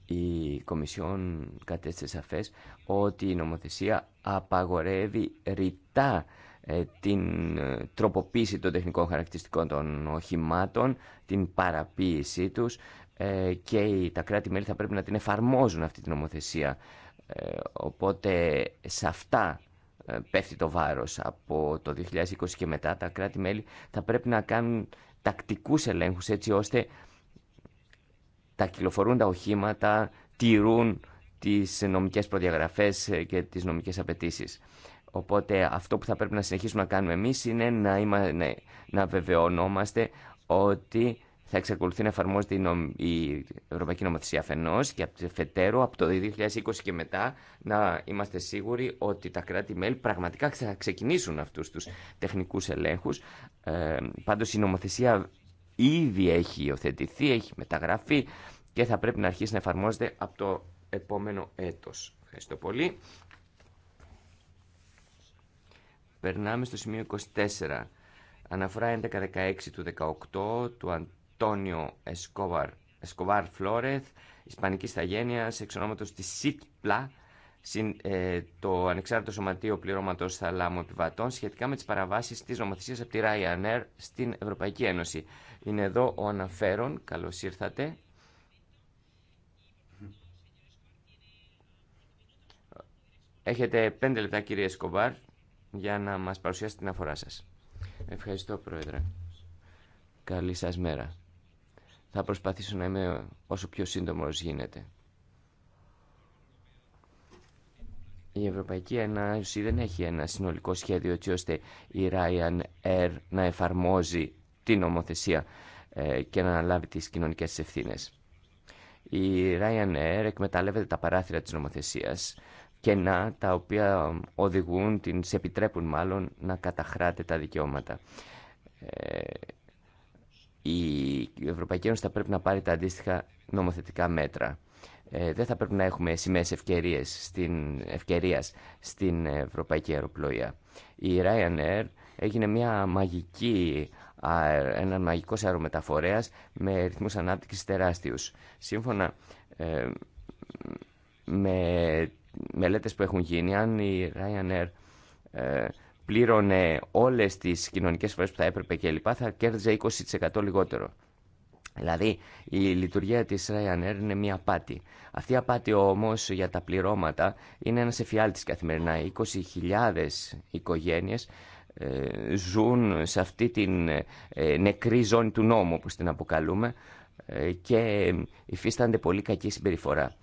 η Κομισιόν κατέστησε σαφές ότι η νομοθεσία απαγορεύει ρητά ε, την ε, τροποποίηση των τεχνικών χαρακτηριστικών των οχημάτων, την παραποίησή τους, ε, και τα κράτη-μέλη θα πρέπει να την εφαρμόζουν αυτή την νομοθεσία. Ε, οπότε σε αυτά ε, πέφτει το βάρος από το 2020 και μετά. Τα κράτη-μέλη θα πρέπει να κάνουν τακτικούς ελέγχους έτσι ώστε τα κυλοφορούν τα οχήματα, τηρούν τις νομικές προδιαγραφές και τις νομικές απαιτήσει. Οπότε αυτό που θα πρέπει να συνεχίσουμε να κάνουμε εμείς είναι να, να, να βεβαιωνόμαστε ότι θα εξακολουθεί να εφαρμόζεται η Ευρωπαϊκή Νομοθεσία αφενό και φετέρου, από το 2020 και μετά να είμαστε σίγουροι ότι τα κράτη-μέλη πραγματικά θα ξεκινήσουν αυτού του τεχνικού ελέγχου. Ε, Πάντω η νομοθεσία ήδη έχει υιοθετηθεί, έχει μεταγραφεί και θα πρέπει να αρχίσει να εφαρμόζεται από το επόμενο έτο. Ευχαριστώ πολύ. Περνάμε στο σημείο 24. Αναφορά 1116 του 18 του Αντώνιο Εσκόβαρ, Εσκοβάρ Φλόρεθ, Ισπανική Σταγένεια, εξ ονόματο τη ε, το Ανεξάρτητο Σωματείο Πληρώματο Θαλάμου Επιβατών, σχετικά με τι παραβάσει τη νομοθεσία από τη Ryanair στην Ευρωπαϊκή Ένωση. Είναι εδώ ο αναφέρον. Καλώ ήρθατε. Έχετε πέντε λεπτά, κύριε Σκομπάρ, για να μας παρουσιάσετε την αφορά σας. Ευχαριστώ, Πρόεδρε. Καλή σας μέρα. Θα προσπαθήσω να είμαι όσο πιο σύντομος γίνεται. Η Ευρωπαϊκή Ένωση δεν έχει ένα συνολικό σχέδιο έτσι ώστε η Ryanair να εφαρμόζει την νομοθεσία ε, και να αναλάβει τις κοινωνικές ευθύνες. Η Ryanair εκμεταλλεύεται τα παράθυρα της νομοθεσίας να τα οποία οδηγούν, την επιτρέπουν μάλλον να καταχράτε τα δικαιώματα. Ε, η Ευρωπαϊκή Ένωση θα πρέπει να πάρει τα αντίστοιχα νομοθετικά μέτρα. Ε, δεν θα πρέπει να έχουμε σημαίες ευκαιρίες στην, ευκαιρίας στην Ευρωπαϊκή αεροπλοία. Η Ryanair έγινε μια μαγική, ένα μαγικός αερομεταφορέας με ρυθμούς ανάπτυξης τεράστιους. Σύμφωνα ε, με μελέτες που έχουν γίνει, αν η Ryanair ε, πλήρωνε όλες τις κοινωνικές φορές που θα έπρεπε και λοιπά, θα κέρδιζε 20% λιγότερο. Δηλαδή η λειτουργία της Ryanair είναι μια απάτη. Αυτή η απάτη όμως για τα πληρώματα είναι ένας εφιάλτης καθημερινά. 20.000 οικογένειες ε, ζουν σε αυτή την ε, νεκρή ζώνη του νόμου, όπως την αποκαλούμε, ε, και υφίστανται πολύ κακή συμπεριφορά.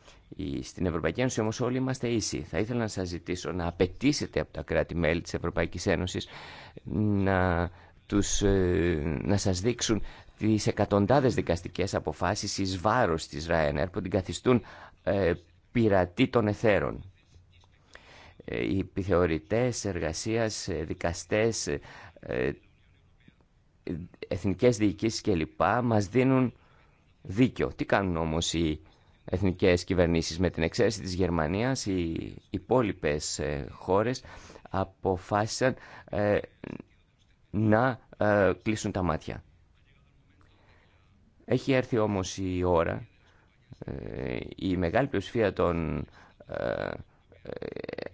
Στην Ευρωπαϊκή Ένωση όμως όλοι είμαστε ίσοι. Θα ήθελα να σας ζητήσω να απαιτήσετε από τα κράτη-μέλη της Ευρωπαϊκής Ένωσης να, τους, ε, να σας δείξουν τις εκατοντάδες δικαστικές αποφάσεις εις βάρος της ΡΑΕΝΕΡ που την καθιστούν ε, πειρατή των εθέρων. Ε, οι επιθεωρητές εργασίας, ε, δικαστές, ε, εθνικές διοικήσεις κλπ. μας δίνουν δίκιο. Τι κάνουν όμως οι εθνικές κυβερνήσεις. Με την εξαίρεση της Γερμανίας, οι υπόλοιπε ε, χώρες αποφάσισαν ε, να ε, κλείσουν τα μάτια. Έχει έρθει όμως η ώρα, η μεγάλη πλειοψηφία των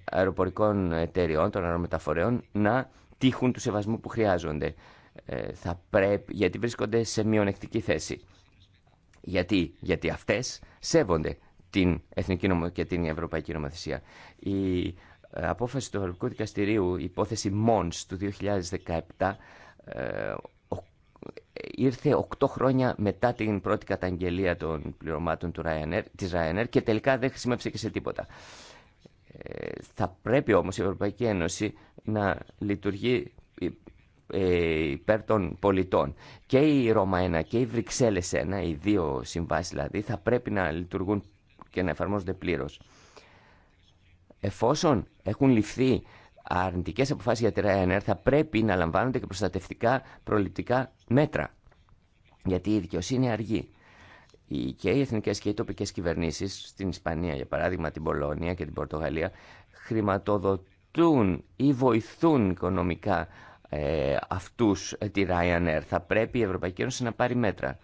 αεροπορικών εταιριών, των αερομεταφορέων, να τύχουν του σεβασμού που χρειάζονται. Θα πρέπει, γιατί βρίσκονται σε μειονεκτική θέση. Γιατί, Γιατί αυτές σέβονται την εθνική Νομοθεσία και την ευρωπαϊκή νομοθεσία. Η ε, απόφαση του Ευρωπαϊκού Δικαστηρίου, η υπόθεση Μόνς του 2017, ε, ε, ήρθε 8 χρόνια μετά την πρώτη καταγγελία των πληρωμάτων του Ryanair, της Ryanair και τελικά δεν χρησιμεύσε και σε τίποτα. Ε, θα πρέπει όμως η Ευρωπαϊκή Ένωση να λειτουργεί ε, υπέρ των πολιτών. Και η Ρώμα 1 και η Βρυξέλλες 1, οι δύο συμβάσεις δηλαδή, θα πρέπει να λειτουργούν και να εφαρμόζονται πλήρως. Εφόσον έχουν ληφθεί αρνητικές αποφάσεις για τη ΡΑΕΝΕΡ, θα πρέπει να λαμβάνονται και προστατευτικά προληπτικά μέτρα. Γιατί η δικαιοσύνη αργεί. Και οι εθνικέ και οι τοπικέ κυβερνήσει στην Ισπανία, για παράδειγμα την Πολώνια και την Πορτογαλία, χρηματοδοτούν ή βοηθούν οικονομικά ε, αυτούς ε, τη Ryanair. Θα πρέπει η Ευρωπαϊκή Ένωση να πάρει μέτρα.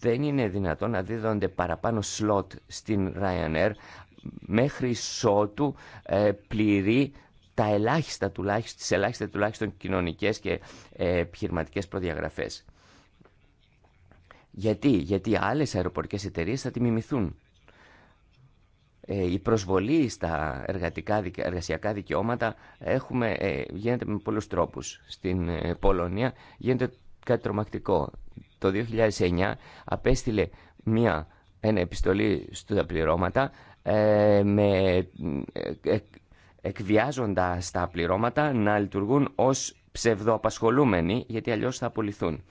Δεν είναι δυνατόν να δίδονται παραπάνω σλότ στην Ryanair μέχρι σότου ε, πληρεί τα ελάχιστα τουλάχιστον, τις ελάχιστα τουλάχιστον κοινωνικές και ε, επιχειρηματικές προδιαγραφές. Γιατί, γιατί άλλες αεροπορικές εταιρείες θα τη μιμηθούν. Ε, η προσβολή στα εργατικά, εργασιακά δικαιώματα έχουμε, ε, γίνεται με πολλούς τρόπους. Στην ε, Πολωνία γίνεται κάτι τρομακτικό. Το 2009 απέστειλε μια, ένα επιστολή στα πληρώματα με, εκβιάζοντας τα πληρώματα να λειτουργούν ως ψευδοαπασχολούμενοι γιατί αλλιώς θα απολυθούν.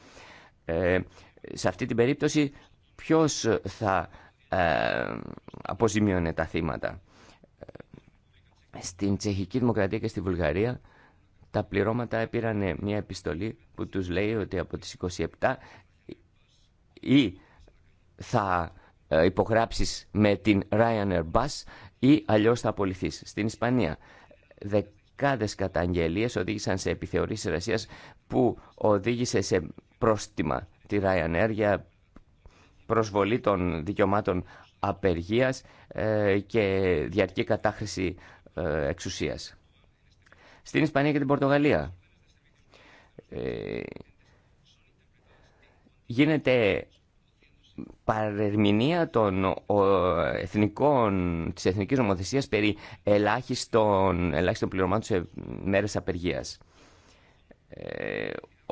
σε αυτή την περίπτωση ποιος θα ε, αποζημίωνε τα θύματα. Ε, στην Τσεχική Δημοκρατία και στη Βουλγαρία τα πληρώματα έπήραν μια επιστολή που τους λέει ότι από τις 27 ή θα ε, υπογράψεις με την Ryanair Bus ή αλλιώς θα απολυθείς. Στην Ισπανία δεκάδες καταγγελίες οδήγησαν σε επιθεωρήσεις Ρασίας που οδήγησε σε πρόστιμα τη Ryanair για προσβολή των δικαιωμάτων απεργίας ε, και διαρκή κατάχρηση ε, εξουσίας. Στην Ισπανία και την Πορτογαλία ε, γίνεται παρερμηνία των εθνικών, της εθνικής νομοθεσίας περί ελάχιστων, ελάχιστων πληρωμάτων σε μέρες απεργίας.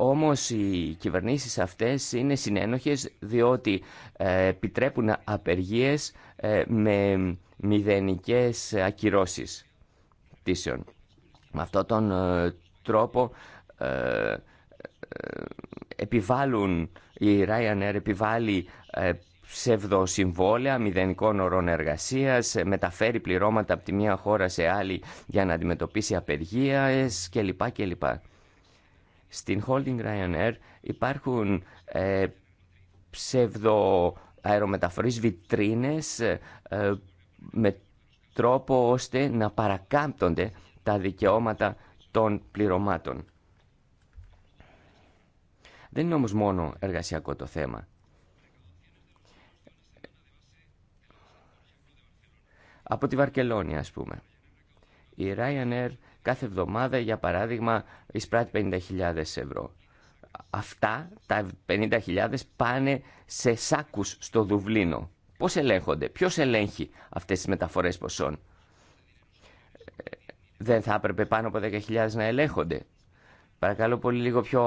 Όμως οι κυβερνήσεις αυτές είναι συνένοχες διότι ε, επιτρέπουν απεργίες ε, με μηδενικές ακυρώσεις πτήσεων. Με αυτόν τον ε, τρόπο επιβάλλουν, η Ryanair επιβάλλει ψευδοσυμβόλαια μηδενικών ορών εργασίας, μεταφέρει πληρώματα από τη μία χώρα σε άλλη για να αντιμετωπίσει απεργίες κλπ. κλπ. Στην holding Ryanair υπάρχουν ε, ψευδο αερομεταφορείς βιτρίνες ε, με τρόπο ώστε να παρακάμπτονται τα δικαιώματα των πληρωμάτων. Δεν είναι όμως μόνο εργασιακό το θέμα. Από τη Βαρκελόνη, ας πούμε. Η Ryanair κάθε εβδομάδα, για παράδειγμα, εισπράττει 50.000 ευρώ. Αυτά τα 50.000 πάνε σε σάκους στο Δουβλίνο. Πώς ελέγχονται, ποιο ελέγχει αυτές τις μεταφορές ποσών. Ε, δεν θα έπρεπε πάνω από 10.000 να ελέγχονται. Παρακαλώ πολύ λίγο πιο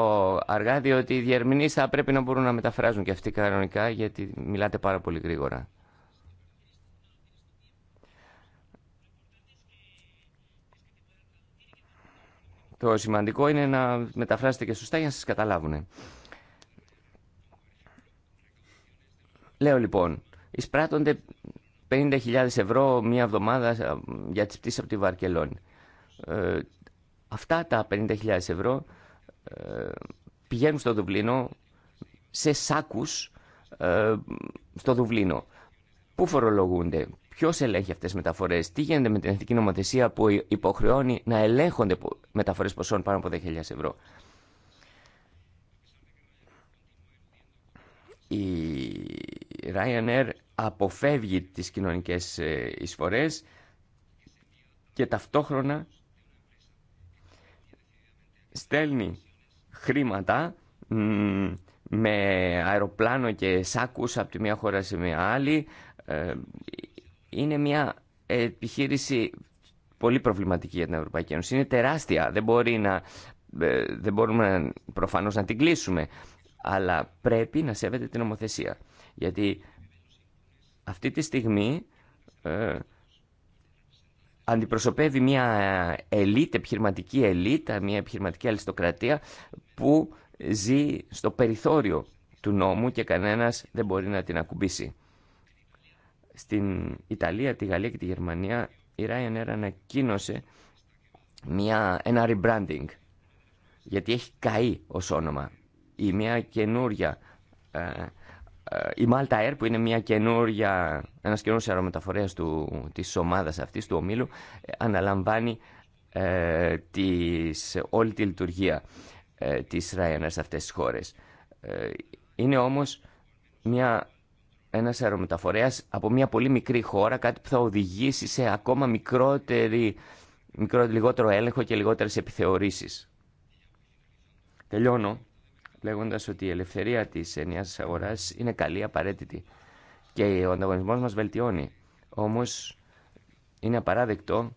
αργά, διότι οι διερμηνείς θα πρέπει να μπορούν να μεταφράζουν και αυτοί κανονικά, γιατί μιλάτε πάρα πολύ γρήγορα. Το σημαντικό είναι να μεταφράσετε και σωστά για να σας καταλάβουν. Λέω λοιπόν, εισπράττονται 50.000 ευρώ μία εβδομάδα ε, για τις πτήσεις από τη Βαρκελόνη. Ε, αυτά τα 50.000 ευρώ ε, πηγαίνουν στο Δουβλίνο σε σάκους στο Δουβλίνο. Πού φορολογούνται, Ποιο ελέγχει αυτέ τι μεταφορέ, τι γίνεται με την εθνική νομοθεσία που υποχρεώνει να ελέγχονται μεταφορέ ποσών πάνω από 10.000 ευρώ. Η Ryanair αποφεύγει τις κοινωνικές ε, εισφορές και ταυτόχρονα στέλνει χρήματα με αεροπλάνο και σάκους από τη μία χώρα σε μία άλλη ε, είναι μια επιχείρηση πολύ προβληματική για την Ευρωπαϊκή Ένωση. Είναι τεράστια. Δεν, μπορεί να, ε, δεν μπορούμε προφανώς να την κλείσουμε. Αλλά πρέπει να σέβεται την νομοθεσία. Γιατί αυτή τη στιγμή ε, αντιπροσωπεύει μια ελίτ, επιχειρηματική ελίτ, μια επιχειρηματική αριστοκρατία που ζει στο περιθώριο του νόμου και κανένας δεν μπορεί να την ακουμπήσει. Στην Ιταλία, τη Γαλλία και τη Γερμανία η Ryanair ανακοίνωσε μια, ένα rebranding γιατί έχει καεί ως όνομα ή μια καινούρια ε, ε, η Malta Air που είναι μια καινούρια ένας καινούριος αερομεταφορέας του, της ομάδας αυτής του ομίλου ε, αναλαμβάνει όλη τη λειτουργία της Ryanair σε αυτές τις χώρες είναι όμως μια ένας αερομεταφορέας από μια πολύ μικρή χώρα, κάτι που θα οδηγήσει σε ακόμα μικρότερη, μικρό, λιγότερο έλεγχο και λιγότερες επιθεωρήσεις. Τελειώνω λέγοντας ότι η ελευθερία της ενιαίας αγοράς είναι καλή, απαραίτητη και ο ανταγωνισμός μας βελτιώνει. Όμως είναι απαράδεκτο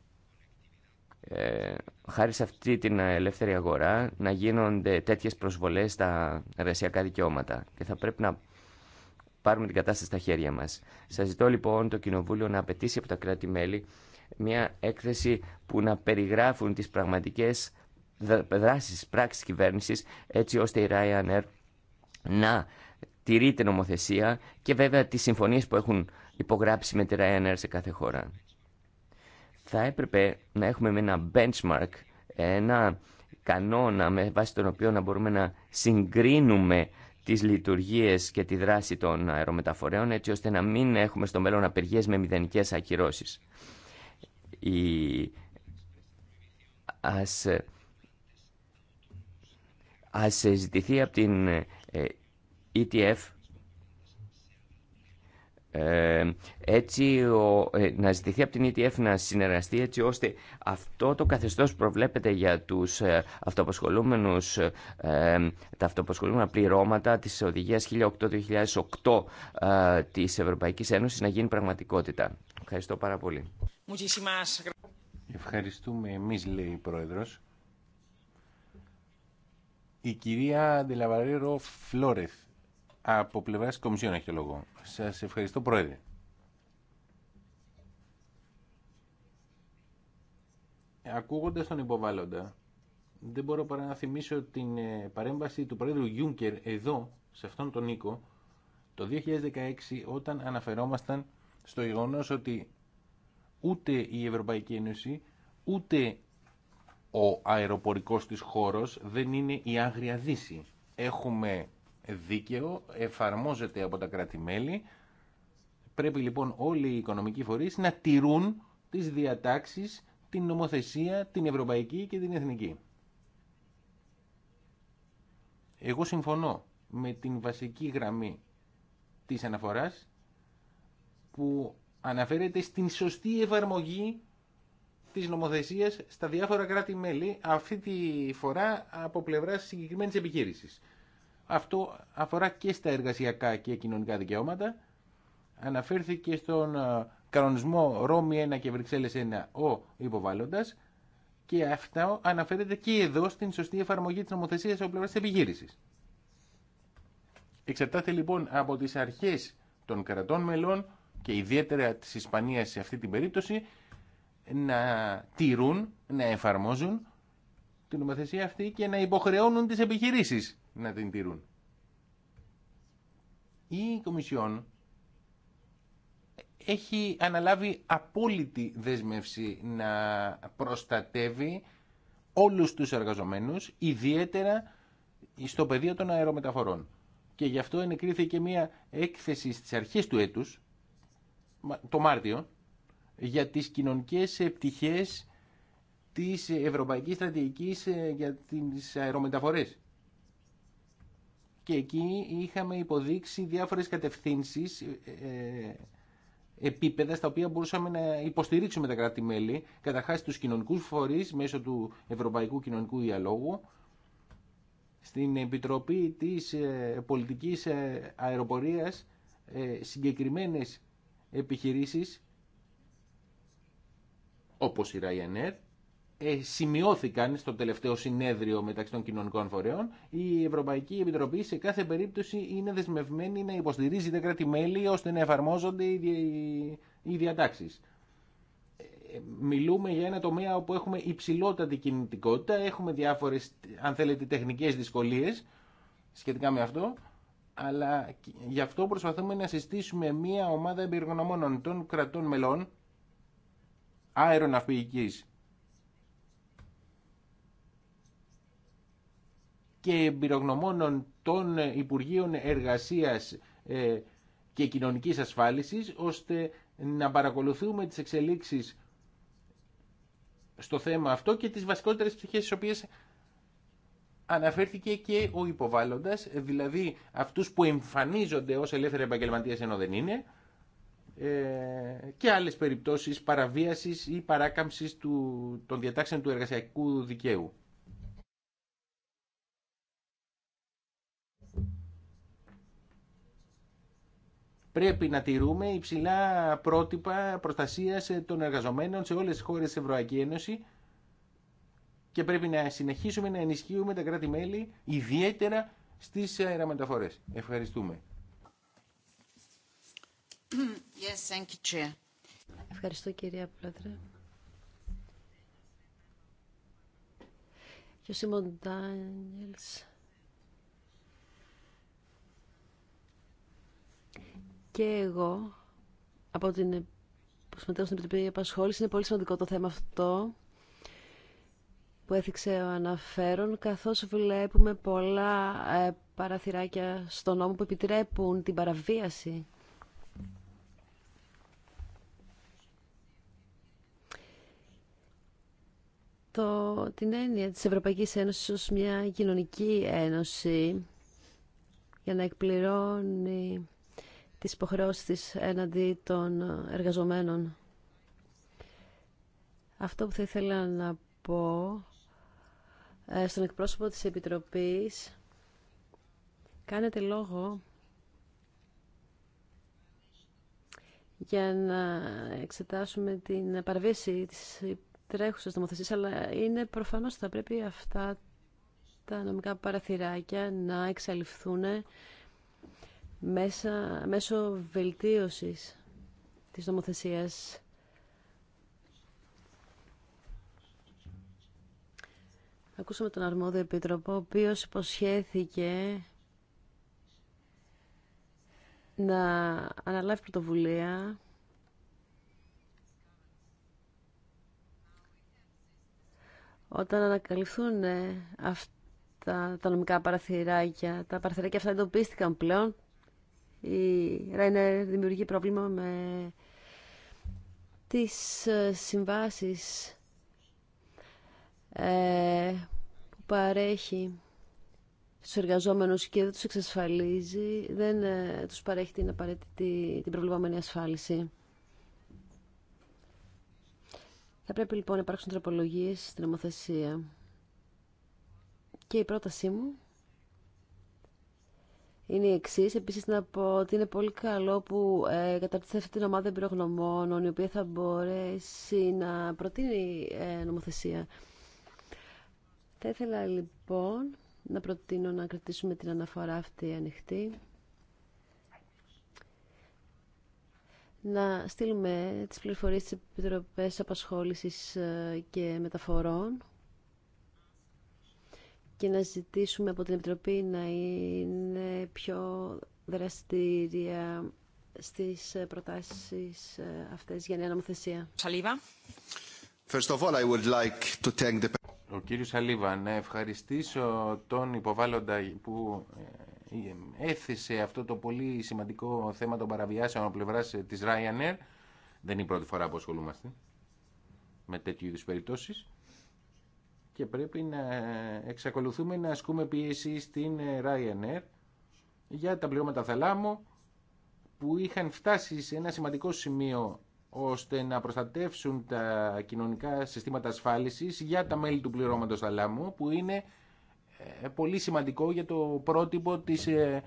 ε, χάρη σε αυτή την ελεύθερη αγορά να γίνονται τέτοιες προσβολές στα εργασιακά δικαιώματα και θα πρέπει να πάρουμε την κατάσταση στα χέρια μας. Σας ζητώ λοιπόν το Κοινοβούλιο να απαιτήσει από τα κράτη-μέλη μια έκθεση που να περιγράφουν τις πραγματικές δράσεις, πράξεις κυβέρνηση έτσι ώστε η Ryanair να τηρεί την νομοθεσία και βέβαια τις συμφωνίες που έχουν υπογράψει με τη Ryanair σε κάθε χώρα. Θα έπρεπε να έχουμε ένα benchmark, ένα κανόνα με βάση τον οποίο να μπορούμε να συγκρίνουμε τις λειτουργίες και τη δράση των αερομεταφορέων έτσι ώστε να μην έχουμε στο μέλλον απεργίες με μηδενικές ακυρώσεις. Η... Ας... Ας ζητηθεί από την ε, ETF έτσι ο, ε, να ζητηθεί από την ETF να συνεργαστεί έτσι ώστε αυτό το καθεστώς προβλέπεται για τους ε, ε τα αυτοαποσχολούμενα πληρώματα της οδηγίας 2008-2008 ε, της Ευρωπαϊκής Ένωσης να γίνει πραγματικότητα. Ευχαριστώ πάρα πολύ. Ευχαριστούμε εμείς λέει η Πρόεδρος. Η κυρία Ντελαβαρέρο Φλόρεθ από πλευρά τη Κομισιόν έχει λόγο. Σα ευχαριστώ, Πρόεδρε. Ακούγοντα τον υποβάλλοντα, δεν μπορώ παρά να θυμίσω την ε, παρέμβαση του Πρόεδρου Γιούνκερ εδώ, σε αυτόν τον οίκο, το 2016, όταν αναφερόμασταν στο γεγονό ότι ούτε η Ευρωπαϊκή Ένωση, ούτε ο αεροπορικός της χώρος δεν είναι η Άγρια Δύση. Έχουμε δίκαιο, εφαρμόζεται από τα κράτη-μέλη. Πρέπει λοιπόν όλοι οι οικονομικοί φορείς να τηρούν τις διατάξεις, την νομοθεσία, την ευρωπαϊκή και την εθνική. Εγώ συμφωνώ με την βασική γραμμή της αναφοράς που αναφέρεται στην σωστή εφαρμογή της νομοθεσίας στα διάφορα κράτη-μέλη αυτή τη φορά από πλευράς συγκεκριμένης επιχείρησης. Αυτό αφορά και στα εργασιακά και κοινωνικά δικαιώματα. Αναφέρθηκε στον ε, κανονισμό Ρώμη 1 και Βρυξέλλες 1 ο υποβάλλοντας και αυτό αναφέρεται και εδώ στην σωστή εφαρμογή της νομοθεσίας από πλευράς τη επιχείρησης. Εξαρτάται λοιπόν από τις αρχές των κρατών μελών και ιδιαίτερα της Ισπανίας σε αυτή την περίπτωση να τηρούν, να εφαρμόζουν την νομοθεσία αυτή και να υποχρεώνουν τις επιχειρήσεις να την τηρούν. Η Κομισιόν έχει αναλάβει απόλυτη δέσμευση να προστατεύει όλους τους εργαζομένους, ιδιαίτερα στο πεδίο των αερομεταφορών. Και γι' αυτό ενεκρίθηκε μια έκθεση στις αρχές του έτους, το Μάρτιο, για τις κοινωνικές επιτυχίες της Ευρωπαϊκής Στρατηγικής ε, για τις αερομεταφορές και εκεί είχαμε υποδείξει διάφορες κατευθύνσεις, ε, επίπεδα στα οποία μπορούσαμε να υποστηρίξουμε τα κράτη-μέλη, καταρχάς τους κοινωνικούς φορείς μέσω του Ευρωπαϊκού Κοινωνικού Διαλόγου, στην Επιτροπή της ε, Πολιτικής ε, Αεροπορίας συγκεκριμένες επιχειρήσεις, όπως η Ryanair, ε, σημειώθηκαν στο τελευταίο συνέδριο μεταξύ των κοινωνικών φορέων. Η Ευρωπαϊκή Επιτροπή σε κάθε περίπτωση είναι δεσμευμένη να υποστηρίζει τα κράτη-μέλη ώστε να εφαρμόζονται οι διατάξεις. Ε, μιλούμε για ένα τομέα όπου έχουμε υψηλότατη κινητικότητα, έχουμε διάφορες, αν θέλετε, τεχνικές δυσκολίες σχετικά με αυτό, αλλά γι' αυτό προσπαθούμε να συστήσουμε μια ομάδα εμπειρογνωμόνων των κρατών μελών αεροναυπηγικής και εμπειρογνωμόνων των Υπουργείων Εργασίας ε, και Κοινωνικής Ασφάλισης, ώστε να παρακολουθούμε τις εξελίξεις στο θέμα αυτό και τις βασικότερες πτυχές στις οποίες αναφέρθηκε και ο υποβάλλοντας, δηλαδή αυτούς που εμφανίζονται ως ελεύθεροι επαγγελματίες ενώ δεν είναι, ε, και άλλες περιπτώσεις παραβίασης ή παράκαμψης των διατάξεων του εργασιακού δικαίου. πρέπει να τηρούμε υψηλά πρότυπα προστασία ε, των εργαζομένων σε όλες τις χώρε τη Ευρωπαϊκή Ένωση και πρέπει να συνεχίσουμε να ενισχύουμε τα κράτη-μέλη, ιδιαίτερα στις αεραμεταφορές. Ευχαριστούμε. Yes, thank you, Chair. Ευχαριστώ, κυρία Πρόεδρε. Και ο και εγώ από την ε, που συμμετέχω στην Επιτροπή Επασχόληση. Είναι πολύ σημαντικό το θέμα αυτό που έθιξε ο αναφέρον, καθώς βλέπουμε πολλά ε, παραθυράκια στο νόμο που επιτρέπουν την παραβίαση. Το, την έννοια της Ευρωπαϊκής Ένωσης ως μια κοινωνική ένωση για να εκπληρώνει τις υποχρεώσεις της έναντι των εργαζομένων. Αυτό που θα ήθελα να πω ε, στον εκπρόσωπο της Επιτροπής κάνετε λόγο για να εξετάσουμε την παραβίαση της τρέχουσας νομοθεσίας, αλλά είναι προφανώς ότι θα πρέπει αυτά τα νομικά παραθυράκια να εξαλειφθούν μέσα, μέσω βελτίωσης της νομοθεσίας Ακούσαμε τον αρμόδιο επίτροπο, ο οποίος υποσχέθηκε να αναλάβει πρωτοβουλία όταν ανακαλυφθούν ε, αυτά τα νομικά παραθυράκια. Τα παραθυράκια αυτά εντοπίστηκαν πλέον η ΡΑΙΝΕΡ δημιουργεί πρόβλημα με τις ε, συμβάσεις ε, που παρέχει στους εργαζόμενους και δεν τους εξασφαλίζει, δεν ε, τους παρέχει την απαραίτητη, την προβλεπόμενη ασφάλιση. Θα πρέπει λοιπόν να υπάρξουν τροπολογίες στην νομοθεσία. Και η πρότασή μου είναι η εξή. Επίση, να πω ότι είναι πολύ καλό που ε, την ομάδα εμπειρογνωμόνων, η οποία θα μπορέσει να προτείνει ε, νομοθεσία. Θα ήθελα λοιπόν να προτείνω να κρατήσουμε την αναφορά αυτή ανοιχτή. Να στείλουμε τις πληροφορίες της Επιτροπές Απασχόλησης ε, και Μεταφορών και να ζητήσουμε από την Επιτροπή να είναι πιο δραστήρια στις προτάσεις ε, αυτές για νέα νομοθεσία. Σαλίβα. First of all, I would like to thank the... Ο κύριος Σαλίβα, να ευχαριστήσω τον υποβάλλοντα που ε, ε, έθεσε αυτό το πολύ σημαντικό θέμα των παραβιάσεων από πλευρά της Ryanair. Δεν είναι η πρώτη φορά που ασχολούμαστε με τέτοιου είδους περιπτώσεις και πρέπει να εξακολουθούμε να ασκούμε πίεση στην Ryanair για τα πληρώματα θαλάμου που είχαν φτάσει σε ένα σημαντικό σημείο ώστε να προστατεύσουν τα κοινωνικά συστήματα ασφάλισης για τα μέλη του πληρώματος θαλάμου που είναι ε, πολύ σημαντικό για το πρότυπο της ε,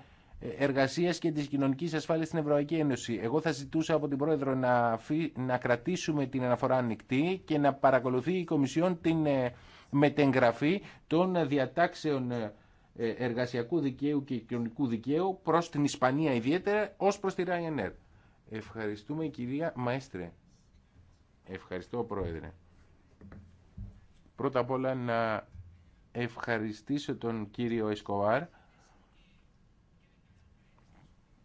εργασίας και της κοινωνικής ασφάλειας στην Ευρωπαϊκή Ένωση. Εγώ θα ζητούσα από την Πρόεδρο να, να κρατήσουμε την αναφορά ανοιχτή και να παρακολουθεί η Κομισιόν την ε, μετεγγραφή των διατάξεων ε, εργασιακού δικαίου και κοινωνικού δικαίου προς την Ισπανία ιδιαίτερα ως προς τη Ryanair. Ευχαριστούμε κυρία Μαέστρε. Ευχαριστώ πρόεδρε. Πρώτα απ' όλα να ευχαριστήσω τον κύριο Εσκοβάρ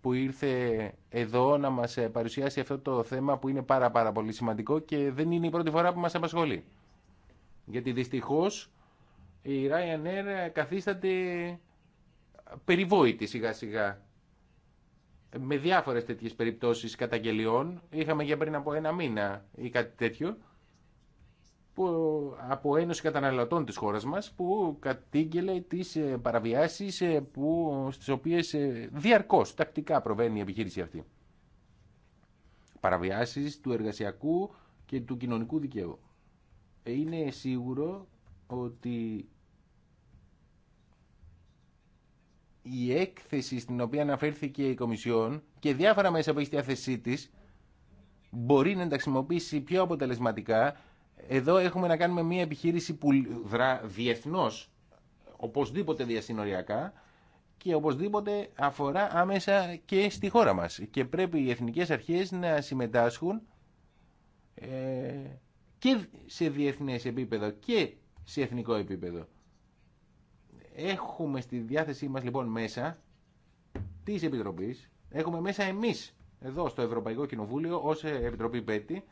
που ήρθε εδώ να μας παρουσιάσει αυτό το θέμα που είναι πάρα πάρα πολύ σημαντικό και δεν είναι η πρώτη φορά που μας απασχολεί. Γιατί δυστυχώς η Ryanair καθίσταται περιβόητη σιγά σιγά. Με διάφορες τέτοιες περιπτώσεις καταγγελιών είχαμε για πριν από ένα μήνα ή κάτι τέτοιο που, από Ένωση Καταναλωτών της χώρας μας που κατήγγελε τις ε, παραβιάσεις ε, που, στις οποίες ε, διαρκώς τακτικά προβαίνει η επιχείρηση αυτή. Παραβιάσεις του εργασιακού και του κοινωνικού δικαίου είναι σίγουρο ότι η έκθεση στην οποία αναφέρθηκε η Κομισιόν και διάφορα μέσα που έχει διάθεσή τη μπορεί να τα χρησιμοποιήσει πιο αποτελεσματικά. Εδώ έχουμε να κάνουμε μια επιχείρηση που δρά διεθνώς, οπωσδήποτε διασυνοριακά και οπωσδήποτε αφορά άμεσα και στη χώρα μας. Και πρέπει οι εθνικές αρχές να συμμετάσχουν ε, και σε διεθνές επίπεδο και σε εθνικό επίπεδο. Έχουμε στη διάθεσή μας λοιπόν μέσα τη επιτροπή. έχουμε μέσα εμείς εδώ στο Ευρωπαϊκό Κοινοβούλιο ως Επιτροπή Πέτη,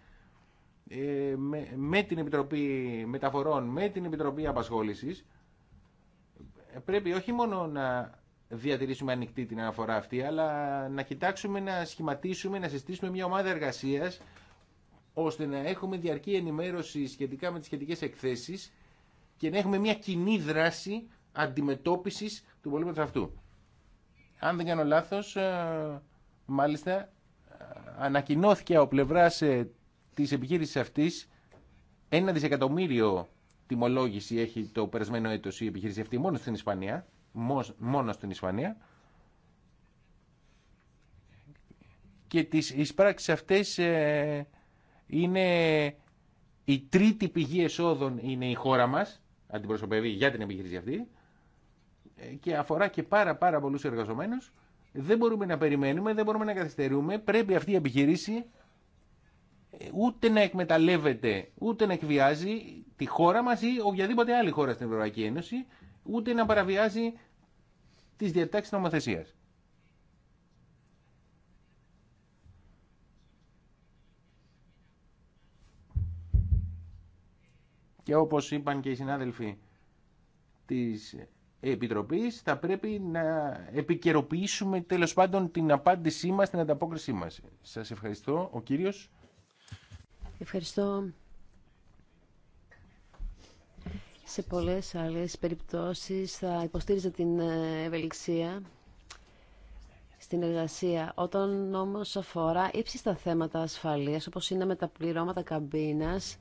ε, με, με την Επιτροπή Μεταφορών, με την Επιτροπή Απασχόλησης, πρέπει όχι μόνο να διατηρήσουμε ανοιχτή την αναφορά αυτή, αλλά να κοιτάξουμε να σχηματίσουμε, να συστήσουμε μια ομάδα εργασίας ώστε να έχουμε διαρκή ενημέρωση σχετικά με τις σχετικές εκθέσεις και να έχουμε μια κοινή δράση αντιμετώπισης του πολύ αυτού. Αν δεν κάνω λάθος, ε, μάλιστα ε, ανακοινώθηκε ο πλευράς ε, της επιχείρησης αυτής ένα δισεκατομμύριο τιμολόγηση έχει το περασμένο έτος η επιχείρηση αυτή μόνο στην Ισπανία, μόνο στην Ισπανία, και τις εισπράξεις αυτές είναι η τρίτη πηγή εσόδων είναι η χώρα μας, αντιπροσωπεύει για την επιχείρηση αυτή ε, και αφορά και πάρα πάρα πολλούς εργαζομένους. Δεν μπορούμε να περιμένουμε, δεν μπορούμε να καθυστερούμε. Πρέπει αυτή η επιχείρηση ε, ούτε να εκμεταλλεύεται, ούτε να εκβιάζει τη χώρα μας ή οποιαδήποτε άλλη χώρα στην Ευρωπαϊκή Ένωση, ούτε να παραβιάζει τις διατάξεις νομοθεσίας. Και όπως είπαν και οι συνάδελφοι της Επιτροπής, θα πρέπει να επικαιροποιήσουμε τέλος πάντων την απάντησή μας, την ανταπόκρισή μας. Σας ευχαριστώ. Ο κύριος. Ευχαριστώ. Σε πολλές άλλες περιπτώσεις θα υποστήριζα την ε, ευελιξία στην εργασία. Όταν όμως αφορά ύψιστα θέματα ασφαλείας, όπως είναι με τα πληρώματα καμπίνας,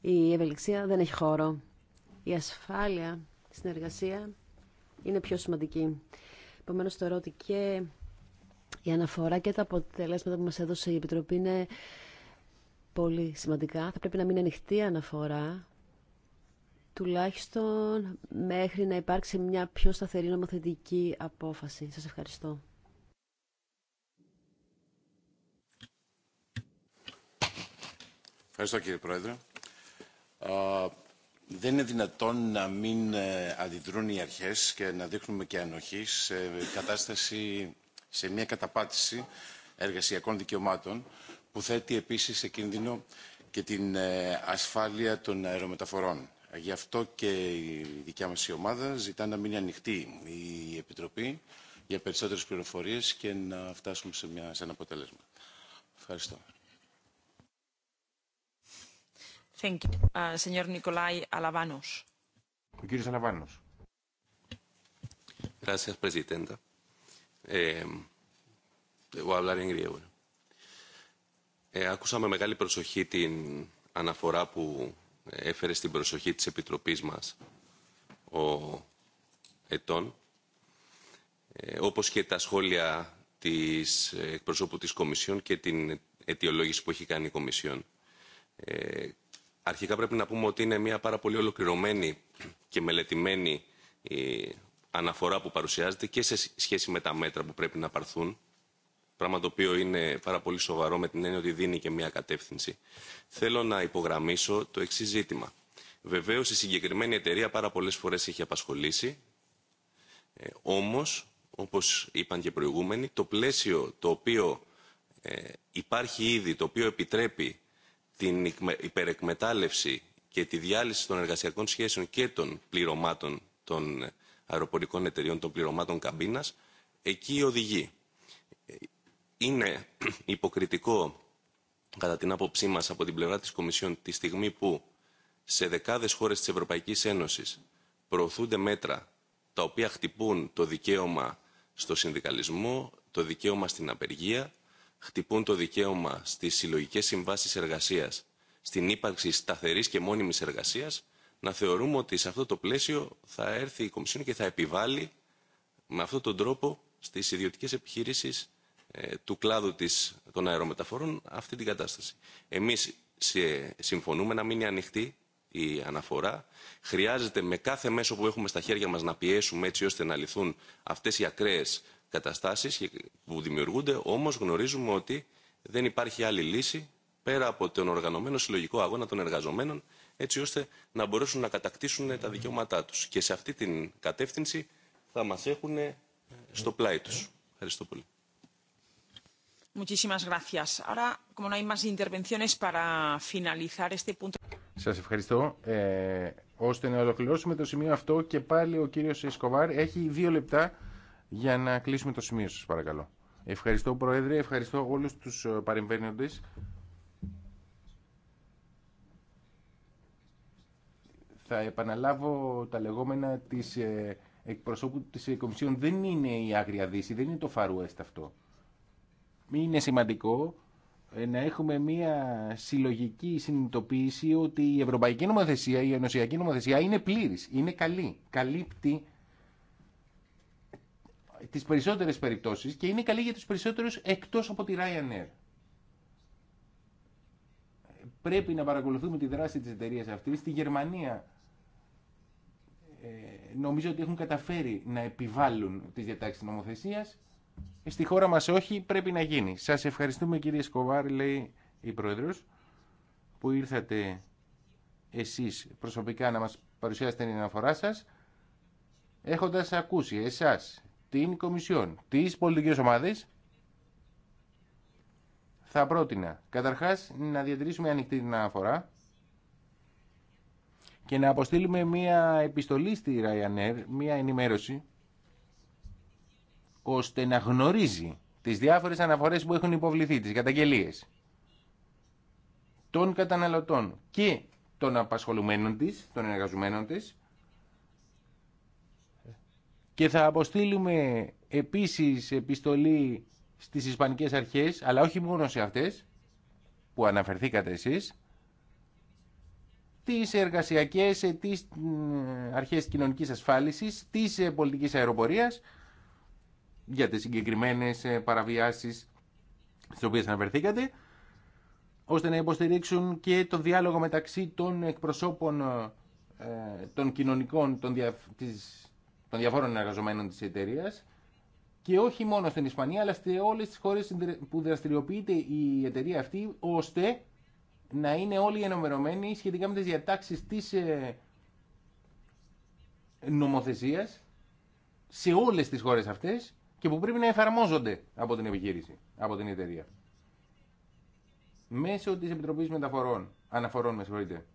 η ευελιξία δεν έχει χώρο. Η ασφάλεια, η συνεργασία είναι πιο σημαντική. Επομένως θεωρώ ότι και η αναφορά και τα αποτελέσματα που μας έδωσε η Επιτροπή είναι πολύ σημαντικά. Θα πρέπει να μην ανοιχτή η αναφορά, τουλάχιστον μέχρι να υπάρξει μια πιο σταθερή νομοθετική απόφαση. Σας ευχαριστώ. Ευχαριστώ κύριε Πρόεδρε δεν είναι δυνατόν να μην ε, αντιδρούν οι αρχές και να δείχνουμε και ανοχή σε κατάσταση, σε μια καταπάτηση εργασιακών δικαιωμάτων που θέτει επίσης σε κίνδυνο και την ε, ασφάλεια των αερομεταφορών. Γι' αυτό και η δικιά μας η ομάδα ζητά να μείνει ανοιχτή η Επιτροπή για περισσότερες πληροφορίες και να φτάσουμε σε, μια, σε ένα αποτέλεσμα. Ευχαριστώ. Thank you. Uh, señor Nicolai Alavanos. Ο κύριος Αλαβάνος. Gracias, Presidenta. Ε, εγώ hablar en griego. Ε, άκουσα μεγάλη προσοχή την αναφορά που έφερε στην προσοχή της Επιτροπής μας ο Ετών, ε, όπως και τα σχόλια της εκπροσώπου της Κομισιόν και την αιτιολόγηση που έχει κάνει η Κομισιόν. Ε, Αρχικά πρέπει να πούμε ότι είναι μια πάρα πολύ ολοκληρωμένη και μελετημένη ε, αναφορά που παρουσιάζεται και σε σχέση με τα μέτρα που πρέπει να παρθούν. Πράγμα το οποίο είναι πάρα πολύ σοβαρό με την έννοια ότι δίνει και μια κατεύθυνση. Θέλω να υπογραμμίσω το εξή ζήτημα. Βεβαίω η συγκεκριμένη εταιρεία πάρα πολλέ φορέ έχει απασχολήσει. Ε, Όμω, όπω είπαν και προηγούμενοι, το πλαίσιο το οποίο ε, υπάρχει ήδη, το οποίο επιτρέπει την υπερεκμετάλλευση και τη διάλυση των εργασιακών σχέσεων και των πληρωμάτων των αεροπορικών εταιριών, των πληρωμάτων καμπίνας, εκεί οδηγεί. Είναι *clears throat* υποκριτικό, κατά την άποψή μας, από την πλευρά της Κομισιόν, τη στιγμή που σε δεκάδες χώρες της Ευρωπαϊκής Ένωσης προωθούνται μέτρα τα οποία χτυπούν το δικαίωμα στο συνδικαλισμό, το δικαίωμα στην απεργία, χτυπούν το δικαίωμα στις συλλογικέ συμβάσεις εργασίας, στην ύπαρξη σταθερής και μόνιμης εργασίας, να θεωρούμε ότι σε αυτό το πλαίσιο θα έρθει η Κομισιόν και θα επιβάλλει με αυτόν τον τρόπο στις ιδιωτικές επιχειρήσεις ε, του κλάδου της, των αερομεταφορών αυτή την κατάσταση. Εμείς συμφωνούμε να μείνει ανοιχτή η αναφορά. Χρειάζεται με κάθε μέσο που έχουμε στα χέρια μα να πιέσουμε έτσι ώστε να λυθούν αυτέ οι ακραίε καταστάσεις που δημιουργούνται, όμως γνωρίζουμε ότι δεν υπάρχει άλλη λύση πέρα από τον οργανωμένο συλλογικό αγώνα των εργαζομένων, έτσι ώστε να μπορέσουν να κατακτήσουν τα δικαιώματά τους. Και σε αυτή την κατεύθυνση θα μας έχουν ε, στο πλάι τους. Ευχαριστώ πολύ. Muchísimas gracias. Ahora, como no hay más intervenciones para finalizar este punto. Σας ευχαριστώ. Ε, ώστε να ολοκληρώσουμε το σημείο αυτό και πάλι ο κύριος Εσκοβάρ έχει δύο λεπτά για να κλείσουμε το σημείο σας παρακαλώ. Ευχαριστώ Πρόεδρε, ευχαριστώ όλους τους ε, παρεμβαίνοντες. Θα επαναλάβω τα λεγόμενα της ε, εκπροσώπου της ε, Κομισιόν. Δεν είναι η Άγρια Δύση, δεν είναι το Φαρουέστ αυτό. Είναι σημαντικό να έχουμε μια συλλογική συνειδητοποίηση ότι η ευρωπαϊκή νομοθεσία, η ενωσιακή νομοθεσία είναι πλήρης, είναι καλή, καλύπτει τι περισσότερε περιπτώσει και είναι καλή για του περισσότερου εκτό από τη Ryanair. Πρέπει να παρακολουθούμε τη δράση τη εταιρεία αυτή. Στη Γερμανία ε, νομίζω ότι έχουν καταφέρει να επιβάλλουν τις διατάξεις νομοθεσία. Ε, στη χώρα μα όχι, πρέπει να γίνει. Σα ευχαριστούμε κύριε Σκοβάρη, λέει η πρόεδρο, που ήρθατε εσείς προσωπικά να μας παρουσιάσετε την αναφορά σας έχοντας ακούσει εσάς την Κομισιόν, τις πολιτικές ομάδες, θα πρότεινα καταρχάς να διατηρήσουμε ανοιχτή την αναφορά και να αποστείλουμε μία επιστολή στη Ryanair, μία ενημέρωση, ώστε να γνωρίζει τις διάφορες αναφορές που έχουν υποβληθεί, τις καταγγελίες των καταναλωτών και των απασχολουμένων της, των εργαζομένων της, και θα αποστείλουμε επίσης επιστολή στις Ισπανικές αρχές, αλλά όχι μόνο σε αυτές που αναφερθήκατε εσείς, τις εργασιακές, ε, τις αρχές κοινωνικής ασφάλισης, τις ε, πολιτικής αεροπορίας, για τις συγκεκριμένες ε, παραβιάσεις στις οποίες αναφερθήκατε, ώστε να υποστηρίξουν και το διάλογο μεταξύ των εκπροσώπων των κοινωνικών, των των διαφόρων εργαζομένων τη εταιρεία και όχι μόνο στην Ισπανία αλλά σε όλες τις χώρες που δραστηριοποιείται η εταιρεία αυτή ώστε να είναι όλοι ενημερωμένοι σχετικά με τις διατάξεις της ε, νομοθεσία σε όλες τις χώρες αυτές και που πρέπει να εφαρμόζονται από την επιχείρηση, από την εταιρεία. Μέσω τη επιτροπή Μεταφορών, αναφορών με συγχωρείτε,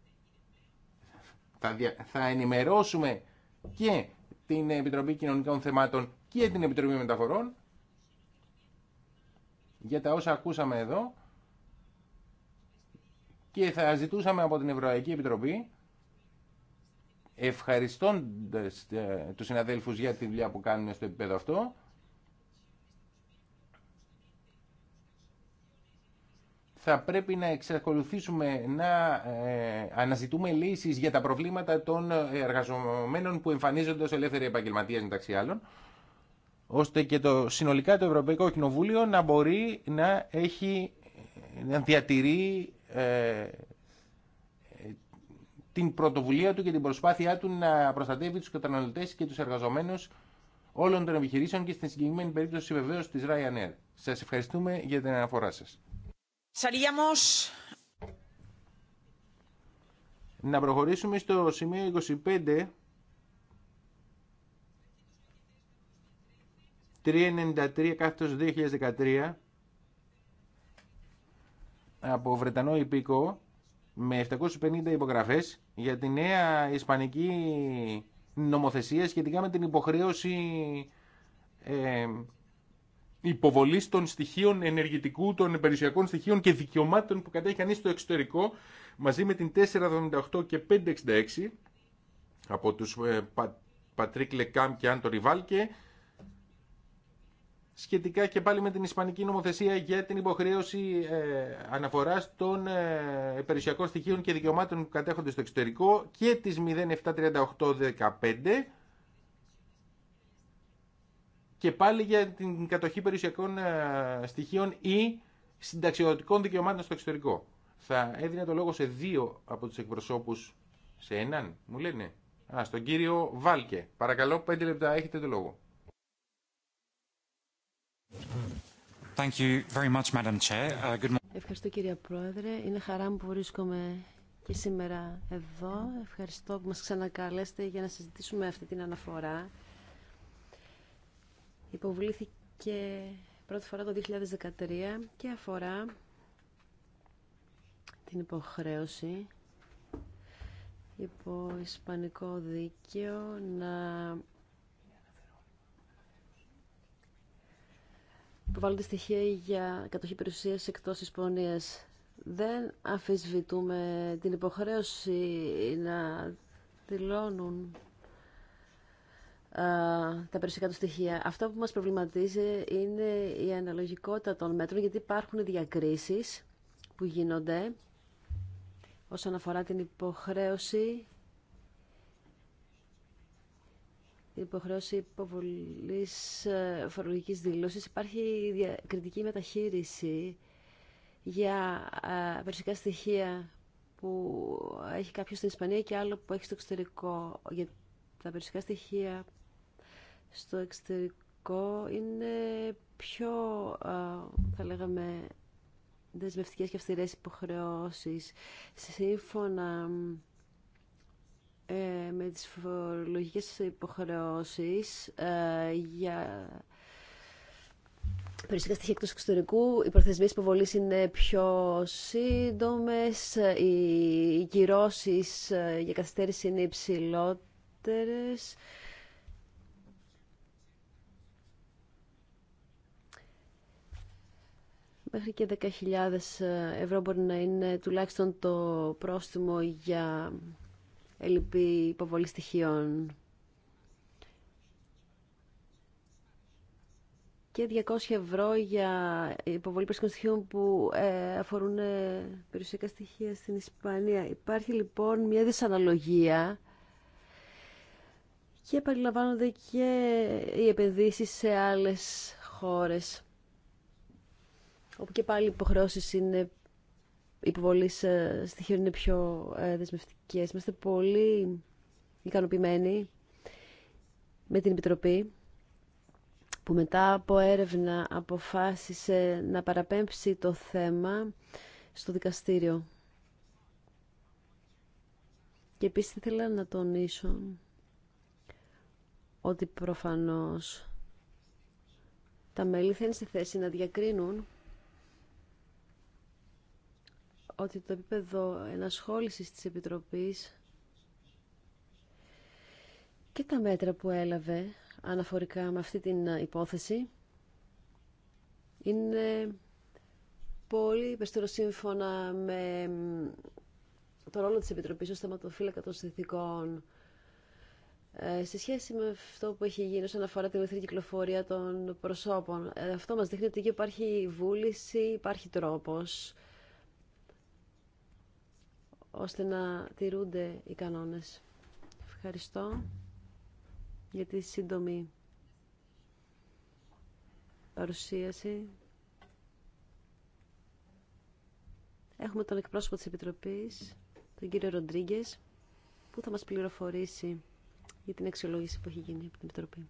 θα, θα ενημερώσουμε και την Επιτροπή Κοινωνικών Θεμάτων και την Επιτροπή Μεταφορών για τα όσα ακούσαμε εδώ και θα ζητούσαμε από την Ευρωπαϊκή Επιτροπή ευχαριστώντας ε, τους συναδέλφους για τη δουλειά που κάνουν στο επίπεδο αυτό θα πρέπει να εξακολουθήσουμε να ε, αναζητούμε λύσεις για τα προβλήματα των εργαζομένων που εμφανίζονται ως ελεύθεροι επαγγελματίες μεταξύ άλλων, ώστε και το, συνολικά το Ευρωπαϊκό Κοινοβούλιο να μπορεί να, έχει, να διατηρεί ε, την πρωτοβουλία του και την προσπάθειά του να προστατεύει τους καταναλωτές και τους εργαζομένους όλων των επιχειρήσεων και στην συγκεκριμένη περίπτωση βεβαίω της Ryanair. Σας ευχαριστούμε για την αναφορά σας. Να προχωρήσουμε στο σημείο 25. 393 κάθετος 2013 από Βρετανό υπήκο με 750 υπογραφές για τη νέα ισπανική νομοθεσία σχετικά με την υποχρέωση ε, Υποβολή των στοιχείων ενεργητικού, των περιουσιακών στοιχείων και δικαιωμάτων που κατέχει κανεί στο εξωτερικό μαζί με την 478 και 566 από τους ε, Πα, Πατρίκ Λεκάμ και Άντο Ριβάλκε σχετικά και πάλι με την Ισπανική νομοθεσία για την υποχρέωση ε, αναφοράς των ε, περιουσιακών στοιχείων και δικαιωμάτων που κατέχονται στο εξωτερικό και της 073815 και πάλι για την κατοχή περιουσιακών ε, στοιχείων ή συνταξιοδοτικών δικαιωμάτων στο εξωτερικό. Θα έδινα το λόγο σε δύο από τους εκπροσώπους, σε έναν, μου λένε. Α, στον κύριο Βάλκε. Παρακαλώ, πέντε λεπτά, έχετε το λόγο. Thank you very much, Madam Chair. Uh, good morning. Ευχαριστώ κύριε Πρόεδρε. Είναι χαρά μου που βρίσκομαι και σήμερα εδώ. Ευχαριστώ που μας ξανακαλέσετε για να συζητήσουμε αυτή την αναφορά Υποβλήθηκε πρώτη φορά το 2013 και αφορά την υποχρέωση υπό ισπανικό δίκαιο να υποβάλλονται στοιχεία για κατοχή περιουσίας εκτός Ισπανίας. Δεν αφισβητούμε την υποχρέωση να δηλώνουν ε, τα περιουσιακά του στοιχεία. Αυτό που μας προβληματίζει είναι η αναλογικότητα των μέτρων, γιατί υπάρχουν διακρίσεις που γίνονται όσον αφορά την υποχρέωση την υποχρέωση υποβολής ε, φορολογικής δήλωσης. Υπάρχει διακριτική μεταχείριση για ε, περιουσιακά στοιχεία που έχει κάποιος στην Ισπανία και άλλο που έχει στο εξωτερικό. Για τα περισσότερα στοιχεία στο εξωτερικό είναι πιο, θα λέγαμε, δεσμευτικές και αυστηρές υποχρεώσεις. Σύμφωνα ε, με τις φορολογικές υποχρεώσεις ε, για περισσότερα στοιχεία εκτός εξωτερικού, οι προθεσμίες υποβολής είναι πιο σύντομες, οι κυρώσεις ε, για καθυστέρηση είναι υψηλότερες. μέχρι και 10.000 ε, ευρώ μπορεί να είναι τουλάχιστον το πρόστιμο για ελλειπή υποβολή στοιχείων. Και 200 ευρώ για υποβολή περιστικών στοιχείων που ε, αφορούν ε, περιουσιακά στοιχεία στην Ισπανία. Υπάρχει λοιπόν μια δυσαναλογία και περιλαμβάνονται και οι επενδύσεις σε άλλες χώρες όπου και πάλι οι υποχρεώσει είναι υποβολής ε, στοιχείων είναι πιο ε, δεσμευτικέ. Είμαστε πολύ ικανοποιημένοι με την Επιτροπή που μετά από έρευνα αποφάσισε να παραπέμψει το θέμα στο δικαστήριο. Και επίσης ήθελα να τονίσω ότι προφανώς τα μέλη θα είναι στη θέση να διακρίνουν ότι το επίπεδο ενασχόλησης της Επιτροπής και τα μέτρα που έλαβε αναφορικά με αυτή την υπόθεση είναι πολύ περισσότερο σύμφωνα με το ρόλο της Επιτροπής ως θεματοφύλακα των συνθηκών ε, σε σχέση με αυτό που έχει γίνει όσον αφορά την ελεύθερη κυκλοφορία των προσώπων. Ε, αυτό μας δείχνει ότι υπάρχει βούληση, υπάρχει τρόπος ώστε να τηρούνται οι κανόνες. Ευχαριστώ για τη σύντομη παρουσίαση. Έχουμε τον εκπρόσωπο της Επιτροπής, τον κύριο Ροντρίγκε, που θα μας πληροφορήσει για την αξιολόγηση που έχει γίνει από την Επιτροπή.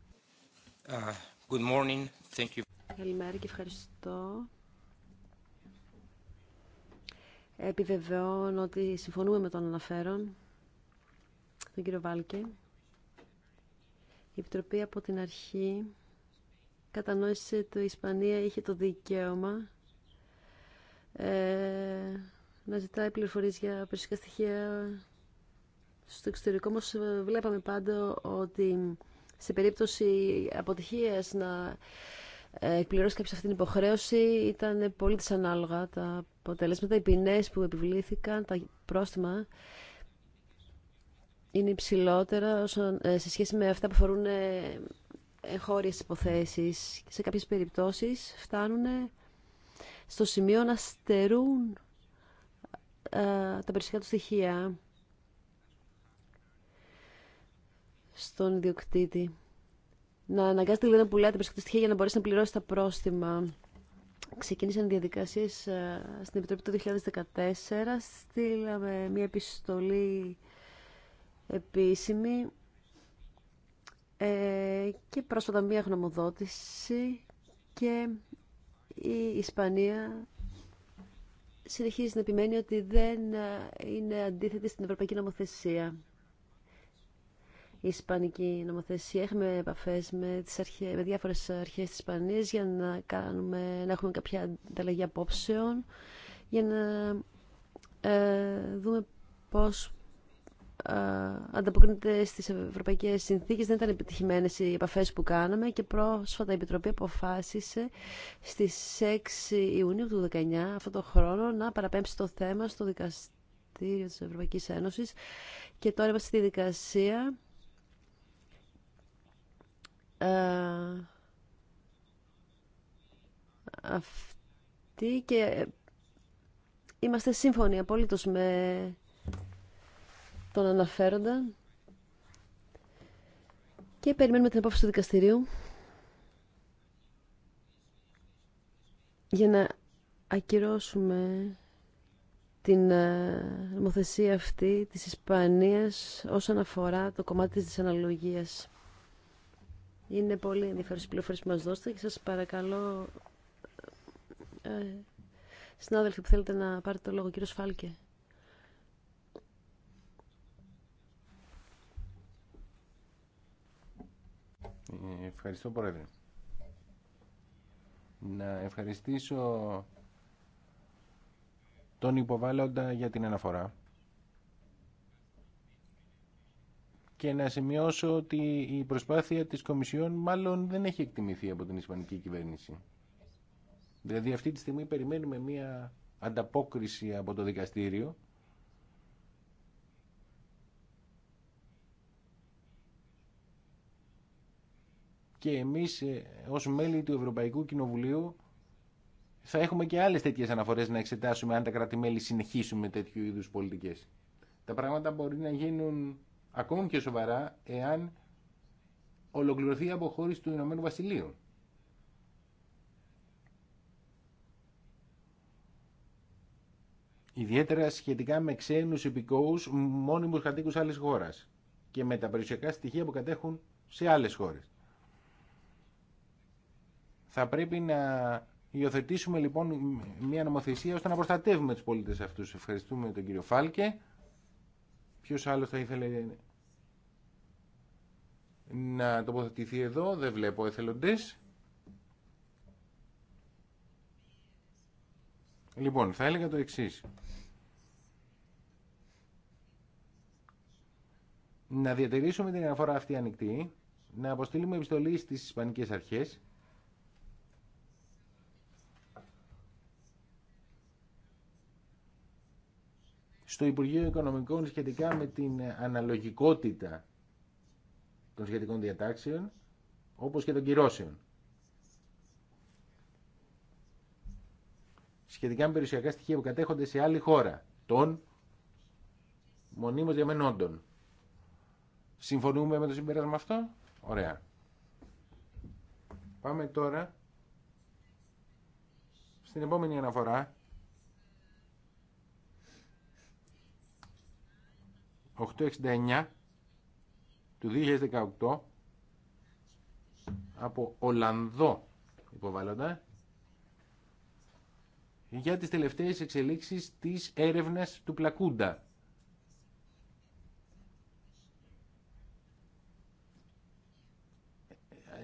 Uh, good morning. Thank you. Καλημέρα και ευχαριστώ επιβεβαιώνω ότι συμφωνούμε με τον αναφέρον, τον κύριο Βάλκε. Η Επιτροπή από την αρχή κατανόησε ότι η Ισπανία είχε το δικαίωμα ε, να ζητάει πληροφορίες για περισσικά στοιχεία στο εξωτερικό. Όμως ε, βλέπαμε πάντα ότι σε περίπτωση αποτυχίας να εκπληρώσει κάποιο αυτή την υποχρέωση ήταν πολύ δυσανάλογα τα αποτελέσματα. Οι ποινέ που επιβλήθηκαν, τα πρόστιμα είναι υψηλότερα ε, σε σχέση με αυτά που αφορούν ε, εγχώριες υποθέσεις. Σε κάποιες περιπτώσεις φτάνουν στο σημείο να στερούν ε, τα περισσότερα του στοιχεία στον ιδιοκτήτη να αναγκάζεται λίγο να πουλάτε προσκευτικά για να μπορέσει να πληρώσει τα πρόστιμα. Ξεκίνησαν διαδικασίες ε, στην Επιτροπή το 2014. Στείλαμε μια επιστολή επίσημη ε, και πρόσφατα μια γνωμοδότηση και η Ισπανία συνεχίζει να επιμένει ότι δεν ε, είναι αντίθετη στην Ευρωπαϊκή Νομοθεσία η ισπανική νομοθεσία. Έχουμε επαφέ με, τις αρχέ, με διάφορες αρχές της Ισπανίας για να, κάνουμε, να έχουμε κάποια ανταλλαγή απόψεων, για να ε, δούμε πώ ε, ανταποκρίνεται στι ευρωπαϊκέ συνθήκε. Δεν ήταν επιτυχημένε οι επαφέ που κάναμε και πρόσφατα η Επιτροπή αποφάσισε στι 6 Ιουνίου του 2019 αυτό το χρόνο να παραπέμψει το θέμα στο δικαστήριο της Ευρωπαϊκής Ένωσης και τώρα είμαστε στη δικασία ε, αυτή και είμαστε σύμφωνοι απόλυτος με τον αναφέροντα και περιμένουμε την απόφαση του δικαστηρίου για να ακυρώσουμε την ε, νομοθεσία αυτή της Ισπανίας όσον αφορά το κομμάτι της αναλογίας. Είναι πολύ ενδιαφέρουσε οι πληροφορίε που μα δώσετε και σα παρακαλώ, ε, συνάδελφοι που θέλετε να πάρετε το λόγο, κύριο Φάλκε. Ε, ευχαριστώ, Πρόεδρε. Να ευχαριστήσω τον υποβάλλοντα για την αναφορά. και να σημειώσω ότι η προσπάθεια της Κομισιόν μάλλον δεν έχει εκτιμηθεί από την Ισπανική κυβέρνηση. Δηλαδή αυτή τη στιγμή περιμένουμε μία ανταπόκριση από το δικαστήριο και εμείς ε, ως μέλη του Ευρωπαϊκού Κοινοβουλίου θα έχουμε και άλλες τέτοιες αναφορές να εξετάσουμε αν τα κράτη-μέλη συνεχίσουν με τέτοιου είδους πολιτικές. Τα πράγματα μπορεί να γίνουν ακόμη πιο σοβαρά εάν ολοκληρωθεί από αποχώρηση του Ηνωμένου Βασιλείου. Ιδιαίτερα σχετικά με ξένους υπηκόους μόνιμους κατοίκους άλλης χώρας και με τα περιουσιακά στοιχεία που κατέχουν σε άλλες χώρες. Θα πρέπει να υιοθετήσουμε λοιπόν μια νομοθεσία ώστε να προστατεύουμε τους πολίτες αυτούς. Ευχαριστούμε τον κύριο Φάλκε. Ποιος άλλος θα ήθελε να τοποθετηθεί εδώ. Δεν βλέπω εθελοντές. Λοιπόν, θα έλεγα το εξής. Να διατηρήσουμε την αναφορά αυτή ανοιχτή, να αποστείλουμε επιστολή στις Ισπανικές Αρχές, στο Υπουργείο Οικονομικών σχετικά με την αναλογικότητα των σχετικών διατάξεων, όπως και των κυρώσεων. Σχετικά με περιουσιακά στοιχεία που κατέχονται σε άλλη χώρα, των μονίμως διαμενόντων. Συμφωνούμε με το συμπέρασμα αυτό. Ωραία. Πάμε τώρα στην επόμενη αναφορά. 869 του 2018 από Ολλανδό υποβάλλοντα για τις τελευταίες εξελίξεις της έρευνας του Πλακούντα.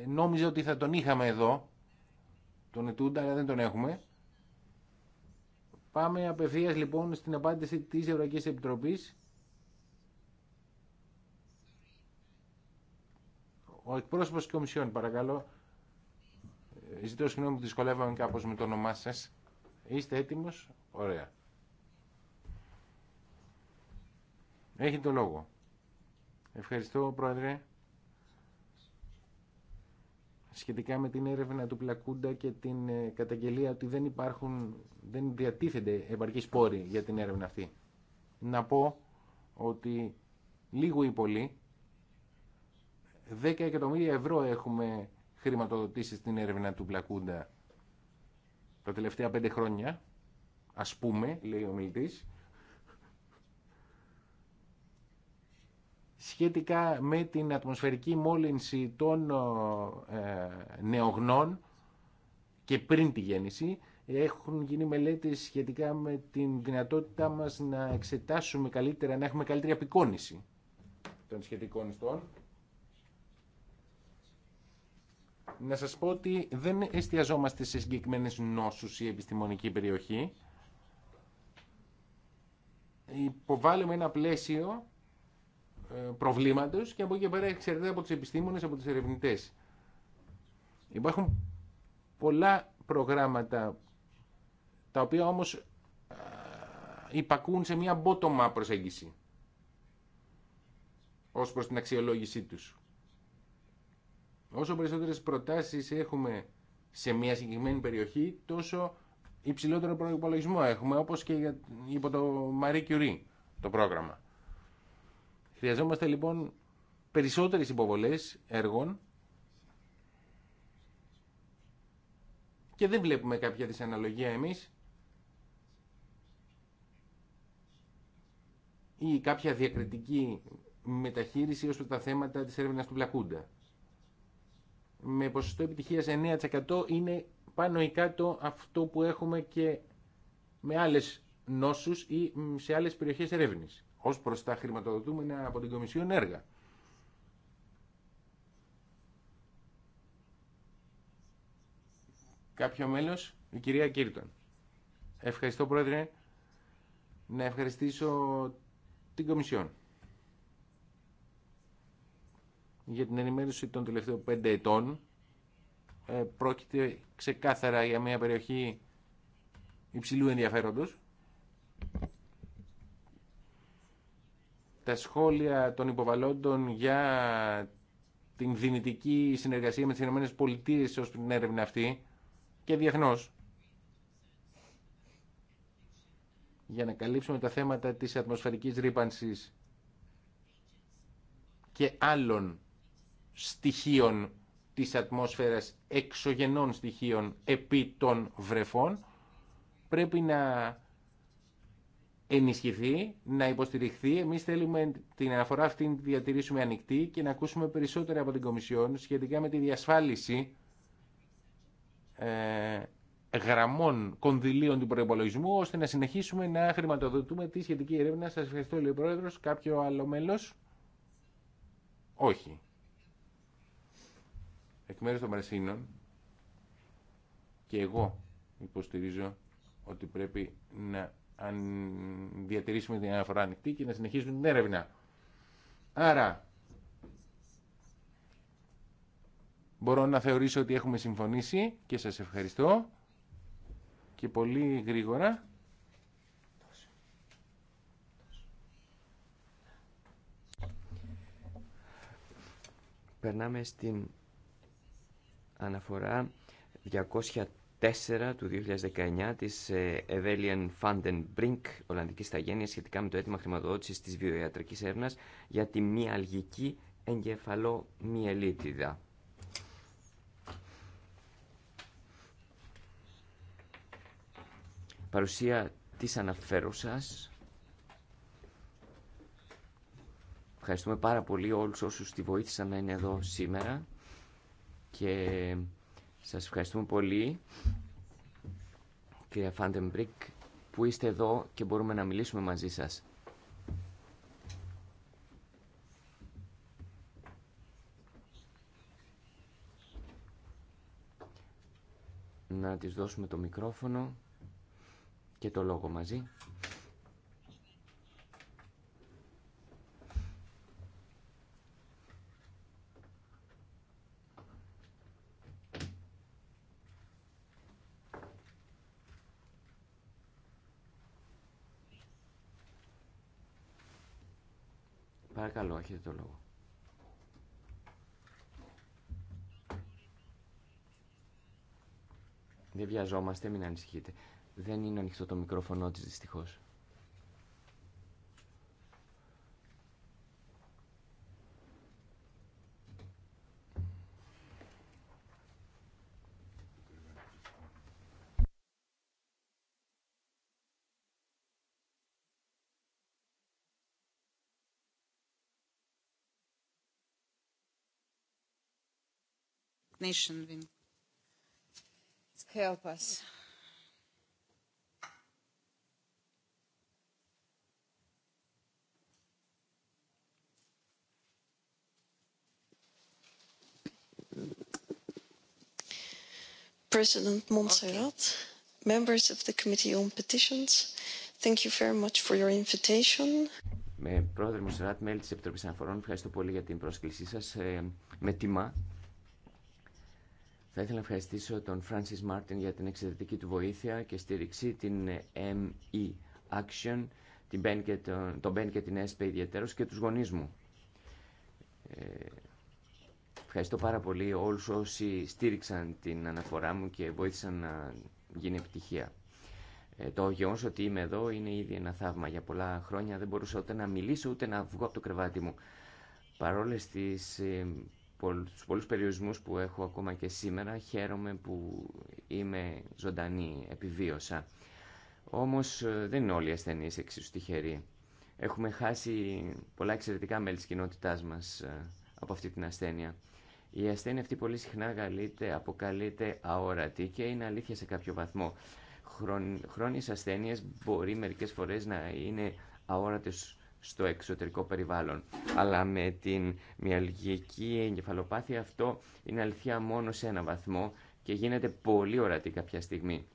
Νόμιζα ότι θα τον είχαμε εδώ, τον Ετούντα, αλλά δεν τον έχουμε. Πάμε απευθείας λοιπόν στην απάντηση της Ευρωπαϊκής Επιτροπής Ο εκπρόσωπο, της Κομισιόν, παρακαλώ. Ε, ζητώ συγγνώμη που δυσκολεύαμε κάπω με το όνομά σα. Είστε έτοιμο. Ωραία. Έχει το λόγο. Ευχαριστώ, Πρόεδρε. Σχετικά με την έρευνα του Πλακούντα και την ε, καταγγελία ότι δεν υπάρχουν, δεν διατίθενται επαρκή πόροι για την έρευνα αυτή. Να πω ότι λίγο ή πολύ 10 εκατομμύρια ευρώ έχουμε χρηματοδοτήσει στην έρευνα του Πλακούντα τα τελευταία πέντε χρόνια, ας πούμε, λέει ο μιλητής, σχετικά με την ατμοσφαιρική μόλυνση των ε, νεογνών και πριν τη γέννηση. Έχουν γίνει μελέτες σχετικά με την δυνατότητά μας να εξετάσουμε καλύτερα, να έχουμε καλύτερη απεικόνηση των σχετικών ιστών. να σας πω ότι δεν εστιαζόμαστε σε συγκεκριμένε νόσους ή επιστημονική περιοχή. Υποβάλλουμε ένα πλαίσιο ε, προβλήματος και από εκεί πέρα εξαιρετά από τους επιστήμονες, από τους ερευνητές. Υπάρχουν πολλά προγράμματα τα οποία όμως ε, υπακούν σε μια bottom προσέγγιση ως προς την αξιολόγησή τους. Όσο περισσότερες προτάσεις έχουμε σε μια συγκεκριμένη περιοχή, τόσο υψηλότερο προϋπολογισμό έχουμε, όπως και για, υπό το Marie Curie το πρόγραμμα. Χρειαζόμαστε λοιπόν περισσότερες υποβολές έργων και δεν βλέπουμε κάποια δυσαναλογία εμείς ή κάποια διακριτική μεταχείριση ως τα θέματα της έρευνας του Πλακούντα με ποσοστό επιτυχίας 9% είναι πάνω ή κάτω αυτό που έχουμε και με άλλες νόσους ή σε άλλες περιοχές ερεύνης ως προς τα χρηματοδοτούμενα από την Κομισιόν έργα. Κάποιο μέλος, η κυρία Κίρτον. Ευχαριστώ πρόεδρε να ευχαριστήσω την Κομισιόν για την ενημέρωση των τελευταίων πέντε ετών. Ε, πρόκειται ξεκάθαρα για μια περιοχή υψηλού ενδιαφέροντος. Τα σχόλια των υποβαλλόντων για την δυνητική συνεργασία με τις ΗΠΑ ως την έρευνα αυτή και διεθνώς για να καλύψουμε τα θέματα της ατμοσφαιρικής ρήπανσης και άλλων στοιχείων της ατμόσφαιρας, εξωγενών στοιχείων επί των βρεφών, πρέπει να ενισχυθεί, να υποστηριχθεί. Εμείς θέλουμε την αναφορά αυτή να τη διατηρήσουμε ανοιχτή και να ακούσουμε περισσότερα από την Κομισιόν σχετικά με τη διασφάλιση ε, γραμμών κονδυλίων του προπολογισμού ώστε να συνεχίσουμε να χρηματοδοτούμε τη σχετική ερεύνα. Σας ευχαριστώ, λέει ο Πρόεδρος. Κάποιο άλλο μέλος. Όχι εκ μέρους των Πρασίνων και εγώ υποστηρίζω ότι πρέπει να διατηρήσουμε την αναφορά ανοιχτή και να συνεχίσουμε την έρευνα. Άρα, μπορώ να θεωρήσω ότι έχουμε συμφωνήσει και σας ευχαριστώ και πολύ γρήγορα. Περνάμε στην αναφορά 204 του 2019 της ε, Evelian van den Brink, Ολλανδικής σχετικά με το αίτημα χρηματοδότησης της βιοιατρικής έρευνας για τη μυαλγική εγκεφαλομυελίτιδα. Παρουσία της αναφέρουσας. Ευχαριστούμε πάρα πολύ όλους όσους τη βοήθησαν να είναι εδώ σήμερα και σας ευχαριστούμε πολύ κυρία Φάντεμπρικ που είστε εδώ και μπορούμε να μιλήσουμε μαζί σας. Να της δώσουμε το μικρόφωνο και το λόγο μαζί. Παρακαλώ, έχετε το λόγο. Δεν βιαζόμαστε, μην ανησυχείτε. Δεν είναι ανοιχτό το μικρόφωνο της δυστυχώς. nation win. Help us. President Montserrat, members of the Committee on Petitions, thank you very much for your invitation. Με πρόεδρε Μουσεράτ, μέλη τη Επιτροπή Αναφορών, ευχαριστώ πολύ για την πρόσκλησή Ε, με τιμά θα ήθελα να ευχαριστήσω τον Francis Martin για την εξαιρετική του βοήθεια και στήριξη, την ε, ME Action, την ben και τον, τον Ben και την ΕΣΠΕ ιδιαίτερος και τους γονείς μου. Ε, ευχαριστώ πάρα πολύ όλους όσοι στήριξαν την αναφορά μου και βοήθησαν να γίνει επιτυχία. Ε, το γεγονό ότι είμαι εδώ είναι ήδη ένα θαύμα. Για πολλά χρόνια δεν μπορούσα ούτε να μιλήσω ούτε να βγω από το κρεβάτι μου. Παρόλες τις ε, τους πολλούς περιορισμούς που έχω ακόμα και σήμερα χαίρομαι που είμαι ζωντανή, επιβίωσα. Όμως ε, δεν είναι όλοι οι ασθενείς εξίσου τυχεροί. Έχουμε χάσει πολλά εξαιρετικά μέλη της κοινότητάς μας ε, από αυτή την ασθένεια. Η ασθένεια αυτή πολύ συχνά γαλείται, αποκαλείται αόρατη και είναι αλήθεια σε κάποιο βαθμό. Χρόνιες ασθένειες μπορεί μερικές φορές να είναι αόρατες στο εξωτερικό περιβάλλον. Αλλά με την μυαλγική εγκεφαλοπάθεια αυτό είναι αλήθεια μόνο σε ένα βαθμό και γίνεται πολύ ορατή κάποια στιγμή.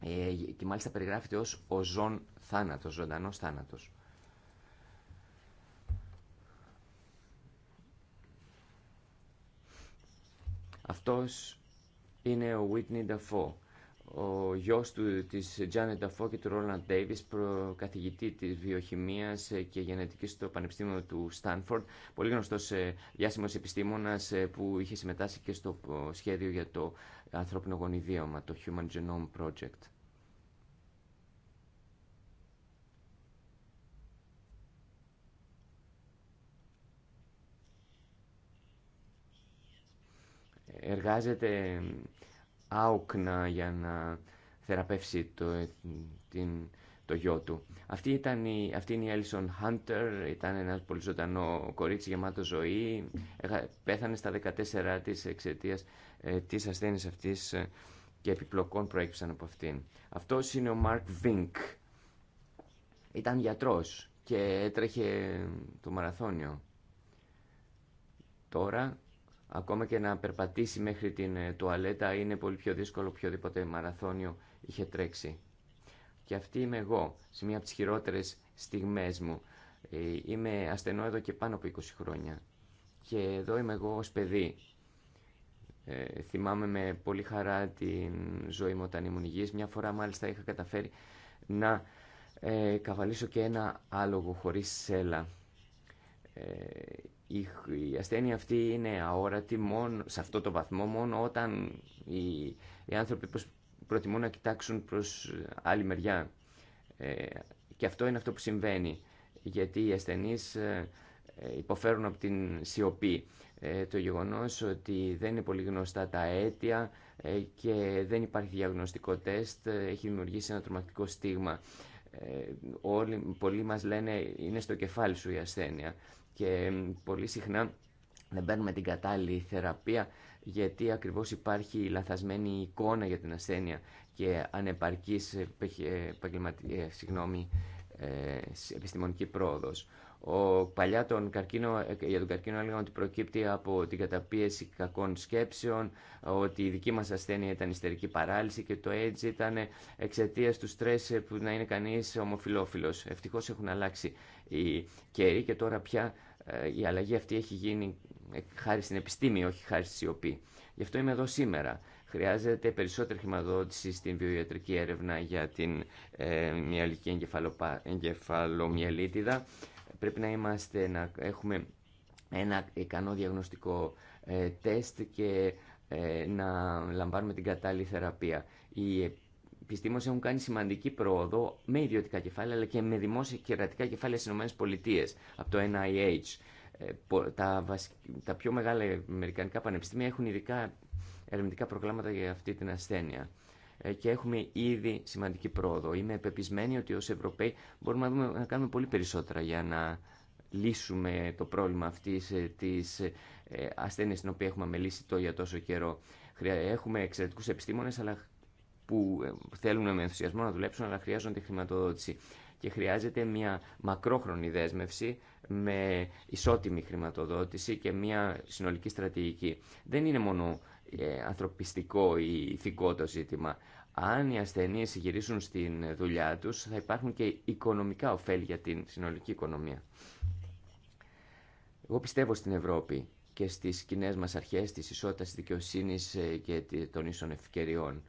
Ε, και μάλιστα περιγράφεται ως ζών θάνατος, ζωντανός θάνατος. Αυτός είναι ο Whitney Dafoe ο γιος του, της Janet Dafoe και του Roland Davis, καθηγητή της βιοχημίας και γενετικής στο Πανεπιστήμιο του Στάνφορντ, πολύ γνωστός ε, διάσημος επιστήμονας ε, που είχε συμμετάσχει και στο ε, σχέδιο για το ανθρώπινο γονιδίωμα, το Human Genome Project. Εργάζεται άοκνα για να θεραπεύσει το, την, το γιο του. Αυτή, ήταν η, αυτή είναι η Έλισον Hunter, ήταν ένας πολύ ζωντανό κορίτσι γεμάτο ζωή. Πέθανε στα 14 της εξαιτίας ε, της αυτή ε, και επιπλοκών προέκυψαν από αυτήν. Αυτό είναι ο Μάρκ Βίνκ. Ήταν γιατρός και έτρεχε το μαραθώνιο. Τώρα Ακόμα και να περπατήσει μέχρι την ε, τουαλέτα είναι πολύ πιο δύσκολο οποιοδήποτε μαραθώνιο είχε τρέξει. Και αυτή είμαι εγώ, σε μία από τις χειρότερες στιγμές μου. Ε, είμαι ασθενό εδώ και πάνω από 20 χρόνια. Και εδώ είμαι εγώ ως παιδί. Ε, θυμάμαι με πολύ χαρά την ζωή μου όταν ήμουν υγιής. Μια φορά μάλιστα είχα καταφέρει να ε, καβαλήσω και ένα άλογο χωρίς σέλα. Ε, η ασθένεια αυτή είναι αόρατη μόνο, σε αυτό το βαθμό μόνο όταν οι, οι άνθρωποι προτιμούν να κοιτάξουν προς άλλη μεριά. Ε, και αυτό είναι αυτό που συμβαίνει, γιατί οι ασθενείς ε, ε, υποφέρουν από την σιωπή. το γεγονός ότι δεν είναι πολύ γνωστά τα αίτια και δεν υπάρχει διαγνωστικό τεστ έχει δημιουργήσει ένα τρομακτικό στίγμα. πολλοί μας λένε είναι στο κεφάλι σου η ασθένεια και πολύ συχνά δεν παίρνουμε την κατάλληλη θεραπεία γιατί ακριβώς υπάρχει λαθασμένη εικόνα για την ασθένεια και ανεπαρκής ε, συγγνώμη, ε, επιστημονική πρόοδος. Ο, παλιά τον καρκίνο, ε, για τον καρκίνο έλεγαν ότι προκύπτει από την καταπίεση κακών σκέψεων, ότι η δική μας ασθένεια ήταν ιστερική παράλυση και το AIDS ήταν εξαιτία του στρες που να είναι κανείς ομοφιλόφιλος. Ευτυχώς έχουν αλλάξει οι καιροί και τώρα πια ε, η αλλαγή αυτή έχει γίνει ε, χάρη στην επιστήμη, όχι χάρη στη σιωπή. Γι' αυτό είμαι εδώ σήμερα. Χρειάζεται περισσότερη χρηματοδότηση στην βιοιατρική έρευνα για την ε, μυαλική εγκεφαλομυελίτιδα. Πρέπει να, είμαστε, να έχουμε ένα ικανό διαγνωστικό ε, τεστ και ε, να λαμβάνουμε την κατάλληλη θεραπεία. Οι επιστήμονες έχουν κάνει σημαντική πρόοδο με ιδιωτικά κεφάλαια αλλά και με δημόσια και κρατικά κεφάλαια στις ΗΠΑ από το NIH. Ε, τα, πιο μεγάλα αμερικανικά πανεπιστήμια έχουν ειδικά ερευνητικά προγράμματα για αυτή την ασθένεια. Ε, και έχουμε ήδη σημαντική πρόοδο. Είμαι πεπισμένη ότι ως Ευρωπαίοι μπορούμε να, κάνουμε πολύ περισσότερα για να λύσουμε το πρόβλημα αυτής ε, της ε, ασθένειας την οποία έχουμε αμελήσει το για τόσο καιρό. Έχουμε εξαιρετικούς επιστήμονες αλλά που θέλουν με ενθουσιασμό να δουλέψουν αλλά χρειάζονται χρηματοδότηση και χρειάζεται μια μακρόχρονη δέσμευση με ισότιμη χρηματοδότηση και μια συνολική στρατηγική. Δεν είναι μόνο ε, ανθρωπιστικό ή ηθικό το ζήτημα. Αν οι ασθενείς γυρίσουν στην δουλειά τους, θα υπάρχουν και οικονομικά ωφέλη για την συνολική οικονομία. Εγώ πιστεύω στην Ευρώπη και στις κοινέ μας αρχές της ισότητας, της δικαιοσύνης ε, και των ίσων ευκαιριών.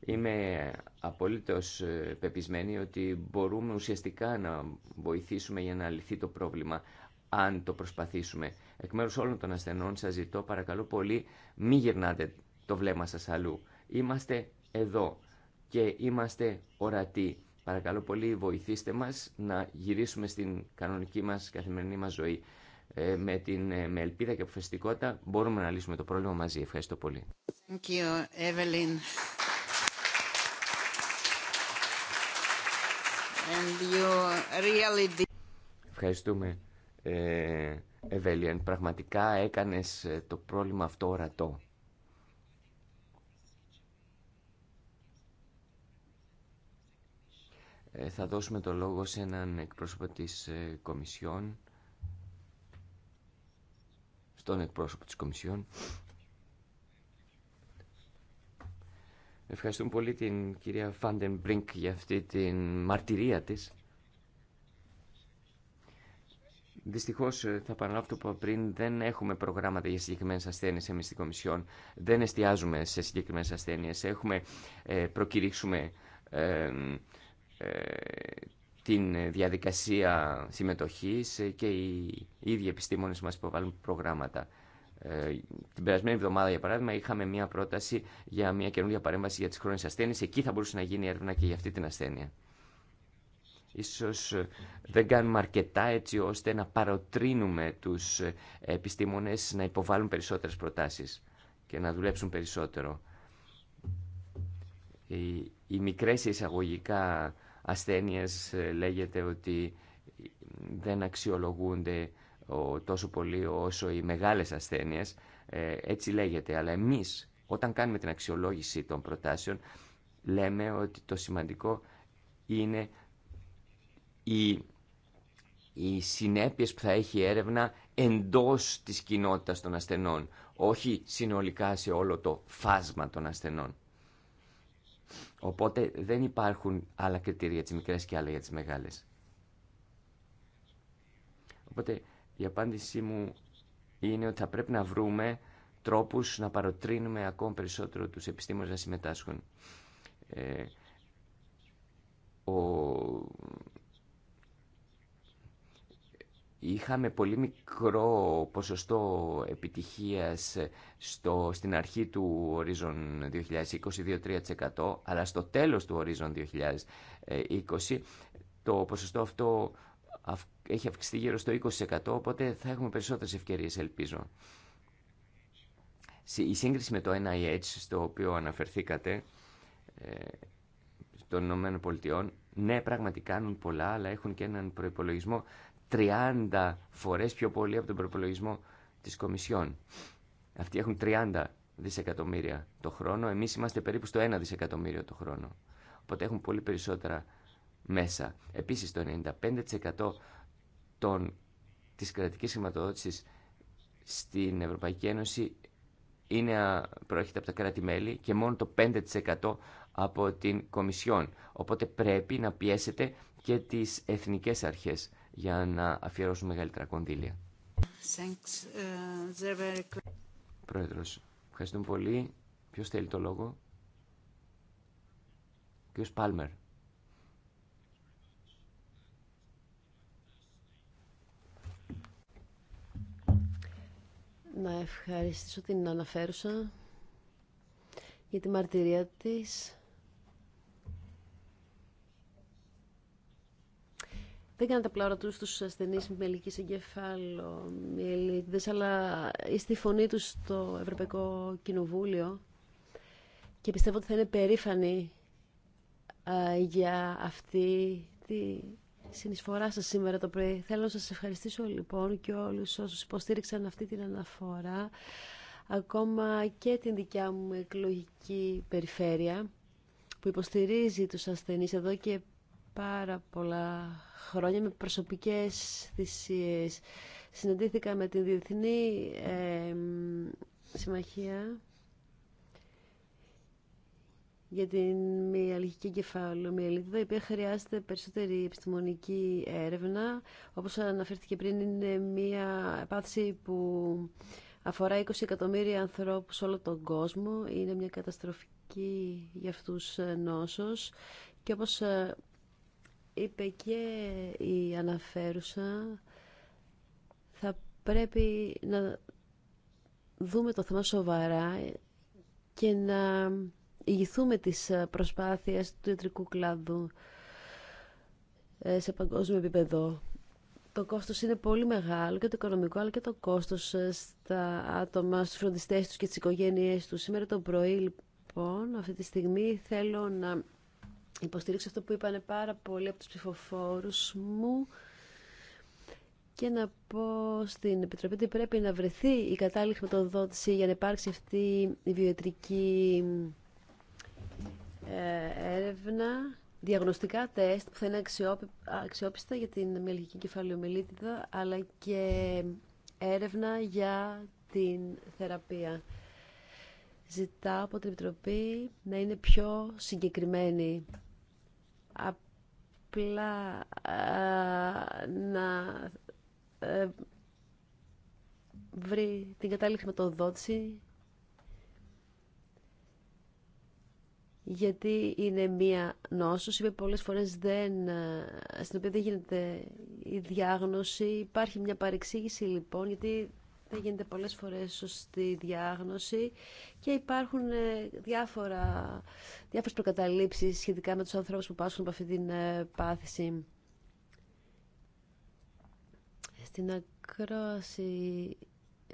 Είμαι απολύτως ε, πεπισμένη ότι μπορούμε ουσιαστικά να βοηθήσουμε για να λυθεί το πρόβλημα αν το προσπαθήσουμε. Εκ μέρους όλων των ασθενών σας ζητώ παρακαλώ πολύ μη γυρνάτε το βλέμμα σας αλλού. Είμαστε εδώ και είμαστε ορατοί. Παρακαλώ πολύ βοηθήστε μας να γυρίσουμε στην κανονική μας καθημερινή μας ζωή. Ε, με, την, ε, με ελπίδα και αποφασιστικότητα μπορούμε να λύσουμε το πρόβλημα μαζί. Ευχαριστώ πολύ. Ευχαριστούμε. Ε, Ευέλιαν. Πραγματικά έκανες ε, το πρόβλημα αυτό ορατό. Ε, θα δώσουμε το λόγο σε έναν εκπρόσωπο της ε, Κομισιόν. Στον εκπρόσωπο της Κομισιόν. Ευχαριστούμε πολύ την κυρία Φάντεν Μπρίνκ για αυτή την μαρτυρία της. Δυστυχώ, ε, θα παραλάβω αυτό που είπα πριν, δεν έχουμε προγράμματα για συγκεκριμένε ασθένειε εμεί στην Κομισιόν. Δεν εστιάζουμε σε συγκεκριμένε ασθένειε. Έχουμε ε, προκηρύξουμε ε, την διαδικασία συμμετοχής και οι ίδιοι επιστήμονες μας υποβάλλουν προγράμματα. Ε, την περασμένη εβδομάδα, για παράδειγμα, είχαμε μια πρόταση για μια καινούργια παρέμβαση για τι χρόνιες ασθένειε. Εκεί θα μπορούσε να γίνει έρευνα και για αυτή την ασθένεια. Ίσως ε, δεν κάνουμε αρκετά έτσι ώστε να παροτρύνουμε τους ε, επιστήμονες να υποβάλουν περισσότερες προτάσεις και να δουλέψουν περισσότερο. Οι, οι μικρές εισαγωγικά ασθένειες ε, λέγεται ότι δεν αξιολογούνται τόσο πολύ όσο οι μεγάλες ασθένειες. Έτσι λέγεται, αλλά εμείς όταν κάνουμε την αξιολόγηση των προτάσεων λέμε ότι το σημαντικό είναι οι, οι συνέπειες που θα έχει η έρευνα εντός της κοινότητας των ασθενών, όχι συνολικά σε όλο το φάσμα των ασθενών. Οπότε δεν υπάρχουν άλλα κριτήρια για τις μικρές και άλλα για τις μεγάλες. Οπότε η απάντησή μου είναι ότι θα πρέπει να βρούμε τρόπους να παροτρύνουμε ακόμη περισσότερο τους επιστήμονες να συμμετάσχουν. Ε, ο, Είχαμε πολύ μικρό ποσοστό επιτυχίας στο, στην αρχή του ορίζον 2020, 2-3%, αλλά στο τέλος του ορίζον 2020 το ποσοστό αυτό έχει αυξηθεί γύρω στο 20%, οπότε θα έχουμε περισσότερες ευκαιρίες, ελπίζω. Η σύγκριση με το NIH, στο οποίο αναφερθήκατε, ε, των Ηνωμένων Πολιτειών, ναι, πραγματικά κάνουν πολλά, αλλά έχουν και έναν προπολογισμό 30 φορές πιο πολύ από τον προπολογισμό της Κομισιόν. Αυτοί έχουν 30 δισεκατομμύρια το χρόνο, εμείς είμαστε περίπου στο 1 δισεκατομμύριο το χρόνο. Οπότε έχουν πολύ περισσότερα μέσα. Επίσης το 95% των, της κρατικής χρηματοδότησης στην Ευρωπαϊκή Ένωση είναι, προέρχεται από τα κράτη-μέλη και μόνο το 5% από την Κομισιόν. Οπότε πρέπει να πιέσετε και τις εθνικές αρχές για να αφιερώσουν μεγαλύτερα κονδύλια. Thanks. Uh, very... Πρόεδρος, ευχαριστούμε πολύ. Ποιος θέλει το λόγο? Ποιος Πάλμερ. Να ευχαριστήσω την αναφέρουσα για τη μαρτυρία της δεν κάνετε απλά ορατού του ασθενεί με μελική εγκεφάλο, αλλά είστε η φωνή του στο Ευρωπαϊκό Κοινοβούλιο και πιστεύω ότι θα είναι περήφανοι για αυτή τη συνεισφορά σα σήμερα το πρωί. Θέλω να σα ευχαριστήσω λοιπόν και όλους όσους υποστήριξαν αυτή την αναφορά, ακόμα και την δικιά μου εκλογική περιφέρεια που υποστηρίζει τους ασθενείς εδώ και πάρα πολλά χρόνια με προσωπικές θυσίες. Συναντήθηκα με την Διεθνή ε, Συμμαχία για την μυαλγική κεφαλομυελίδα, η οποία χρειάζεται περισσότερη επιστημονική έρευνα. Όπως αναφέρθηκε πριν, είναι μια πάθηση που αφορά 20 εκατομμύρια ανθρώπους σε όλο τον κόσμο. Είναι μια καταστροφική για αυτούς ε, νόσος. Και όπως ε, είπε και η αναφέρουσα, θα πρέπει να δούμε το θέμα σοβαρά και να ηγηθούμε τις προσπάθειες του ιατρικού κλάδου ε, σε παγκόσμιο επίπεδο. Το κόστος είναι πολύ μεγάλο και το οικονομικό αλλά και το κόστος ε, στα άτομα, στους φροντιστές τους και τις οικογένειές τους. Σήμερα το πρωί λοιπόν, αυτή τη στιγμή θέλω να υποστηρίξω αυτό που είπανε πάρα πολύ από τους ψηφοφόρους μου και να πω στην Επιτροπή ότι πρέπει να βρεθεί η κατάλληλη χρηματοδότηση για να υπάρξει αυτή η βιοετρική ε, έρευνα, διαγνωστικά τεστ που θα είναι αξιόπιστα για την μυαλική κεφαλαιομελίτιδα αλλά και έρευνα για την θεραπεία ζητά από την Επιτροπή να είναι πιο συγκεκριμένη. Απλά να ε, βρει την κατάλληλη χρηματοδότηση γιατί είναι μία νόσος, είπε πολλές φορές δεν, ε, στην οποία δεν γίνεται η διάγνωση. Υπάρχει μια παρεξήγηση λοιπόν, γιατί δεν γίνεται πολλές φορές σωστή διάγνωση και υπάρχουν ε, διάφορα, διάφορες προκαταλήψεις σχετικά με τους ανθρώπους που πάσχουν από αυτή την ε, πάθηση. Στην ακρόαση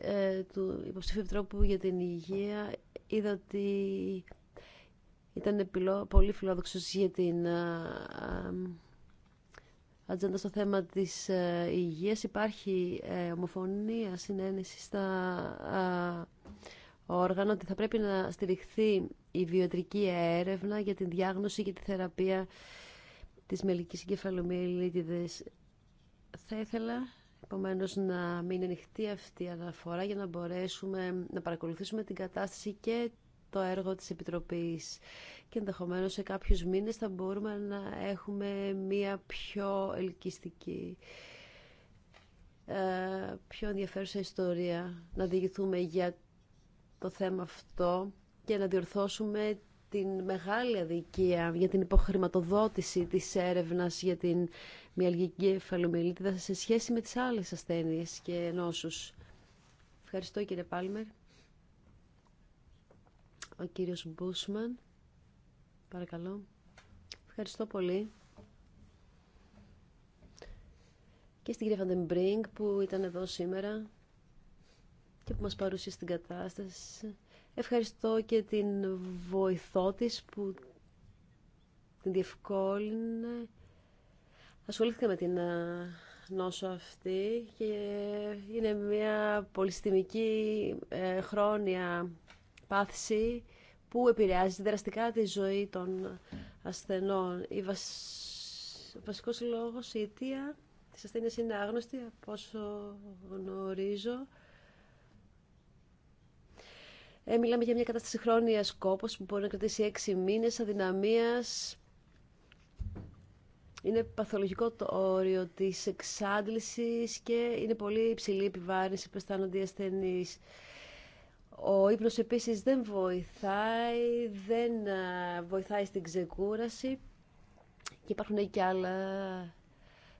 ε, του υποψήφιου τρόπου για την υγεία είδα ότι ήταν πολύ φιλόδοξος για την ατζέντα στο θέμα της ε, υγείας. Υπάρχει ε, ομοφωνία, συνένεση στα όργανα ότι θα πρέπει να στηριχθεί η βιοτρική έρευνα για τη διάγνωση και τη θεραπεία της μελικής εγκεφαλομιελίτιδης. Θα ήθελα Επομένω, να μην ανοιχτεί αυτή η αναφορά για να μπορέσουμε να παρακολουθήσουμε την κατάσταση και το έργο της Επιτροπής και ενδεχομένω σε κάποιους μήνες θα μπορούμε να έχουμε μία πιο ελκυστική, ε, πιο ενδιαφέρουσα ιστορία, να διηγηθούμε για το θέμα αυτό και να διορθώσουμε την μεγάλη αδικία για την υποχρηματοδότηση της έρευνας για την μυαλγική εφαλομιλίτιδα σε σχέση με τις άλλες ασθένειες και νόσους. Ευχαριστώ κύριε Πάλμερ. Ο κύριος Μπούσμαν. Παρακαλώ. Ευχαριστώ πολύ. Και στην κυρία Φαντεμπρίνγκ που ήταν εδώ σήμερα και που μας παρουσίασε την κατάσταση. Ευχαριστώ και την βοηθό που την διευκόλυνε. Ασχολήθηκα με την νόσο αυτή και είναι μια πολυστημική ε, χρόνια πάθηση που επηρεάζει δραστικά τη ζωή των ασθενών. Η Ο βασικός λόγος, η αιτία της ασθένειας είναι άγνωστη, από όσο γνωρίζω. Ε, μιλάμε για μια κατάσταση χρόνιας κόπος που μπορεί να κρατήσει έξι μήνες αδυναμίας. Είναι παθολογικό το όριο της εξάντλησης και είναι πολύ υψηλή επιβάρυνση που αισθάνονται οι ασθενείς. Ο ύπνος επίσης δεν βοηθάει, δεν βοηθάει στην ξεκούραση και υπάρχουν και άλλα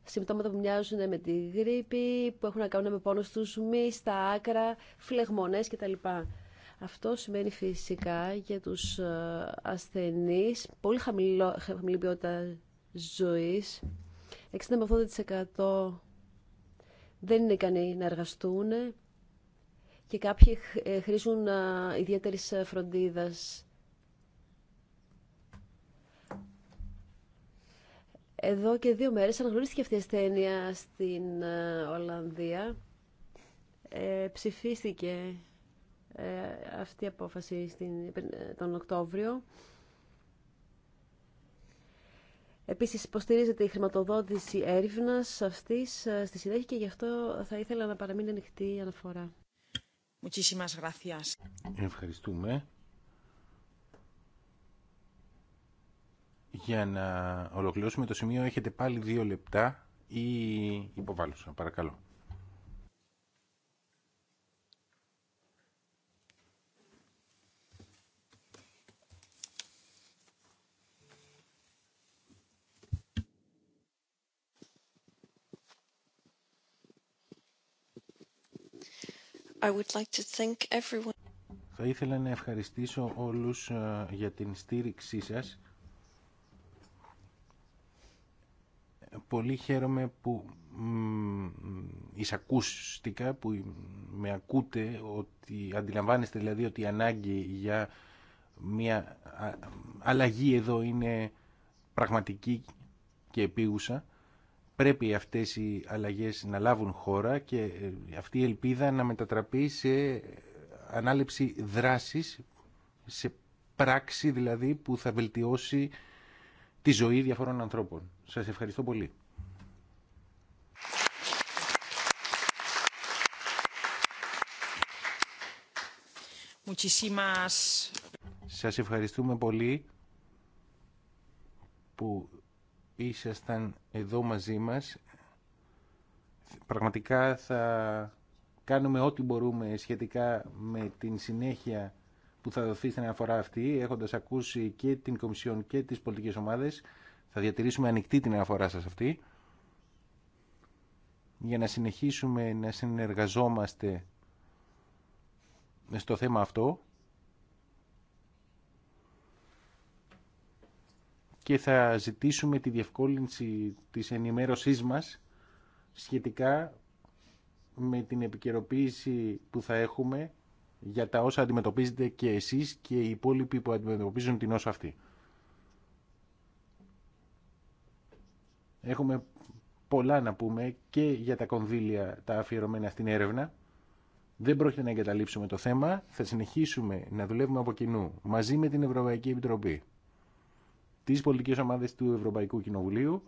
συμπτώματα που μοιάζουν με τη γρήπη, που έχουν να κάνουν με πόνο στους μυς, στα άκρα, φλεγμονές κτλ. Αυτό σημαίνει φυσικά για τους ασθενείς πολύ χαμηλό, χαμηλή ποιότητα ζωής. 60 με 80% δεν είναι ικανοί να εργαστούν, και κάποιοι ε, χρήσουν ιδιαίτερης ε, φροντίδας. Εδώ και δύο μέρες αναγνωρίστηκε αυτή η ασθένεια στην ε, Ολλανδία. Ε, ψηφίστηκε ε, αυτή η απόφαση στην, τον Οκτώβριο. Επίσης υποστηρίζεται η χρηματοδότηση έρευνας αυτής στη συνέχεια και γι' αυτό θα ήθελα να παραμείνει ανοιχτή η αναφορά. Muchísimas gracias. Ευχαριστούμε. Για να ολοκληρώσουμε το σημείο έχετε πάλι δύο λεπτά ή υποβάλλουσα, παρακαλώ. I would Θα ήθελα να ευχαριστήσω όλους ε, για την στήριξή σας. Πολύ χαίρομαι που εισακούστηκα, που με ακούτε, ότι αντιλαμβάνεστε δηλαδή ότι η ανάγκη για μια αλλαγή εδώ είναι πραγματική και επίγουσα πρέπει αυτές οι αλλαγές να λάβουν χώρα και ε, αυτή η ελπίδα να μετατραπεί σε ανάληψη δράσης, σε πράξη δηλαδή που θα βελτιώσει τη ζωή διαφορών ανθρώπων. Σας ευχαριστώ πολύ. Σας ευχαριστούμε πολύ που ήσασταν εδώ μαζί μας. Πραγματικά θα κάνουμε ό,τι μπορούμε σχετικά με την συνέχεια που θα δοθεί στην αναφορά αυτή, έχοντας ακούσει και την Κομισιόν και τις πολιτικές ομάδες. Θα διατηρήσουμε ανοιχτή την αναφορά σας αυτή για να συνεχίσουμε να συνεργαζόμαστε στο θέμα αυτό και θα ζητήσουμε τη διευκόλυνση της ενημέρωσής μας σχετικά με την επικαιροποίηση που θα έχουμε για τα όσα αντιμετωπίζετε και εσείς και οι υπόλοιποι που αντιμετωπίζουν την όσα αυτή. Έχουμε πολλά να πούμε και για τα κονδύλια τα αφιερωμένα στην έρευνα. Δεν πρόκειται να εγκαταλείψουμε το θέμα. Θα συνεχίσουμε να δουλεύουμε από κοινού μαζί με την Ευρωπαϊκή Επιτροπή τις πολιτικές ομάδες του Ευρωπαϊκού Κοινοβουλίου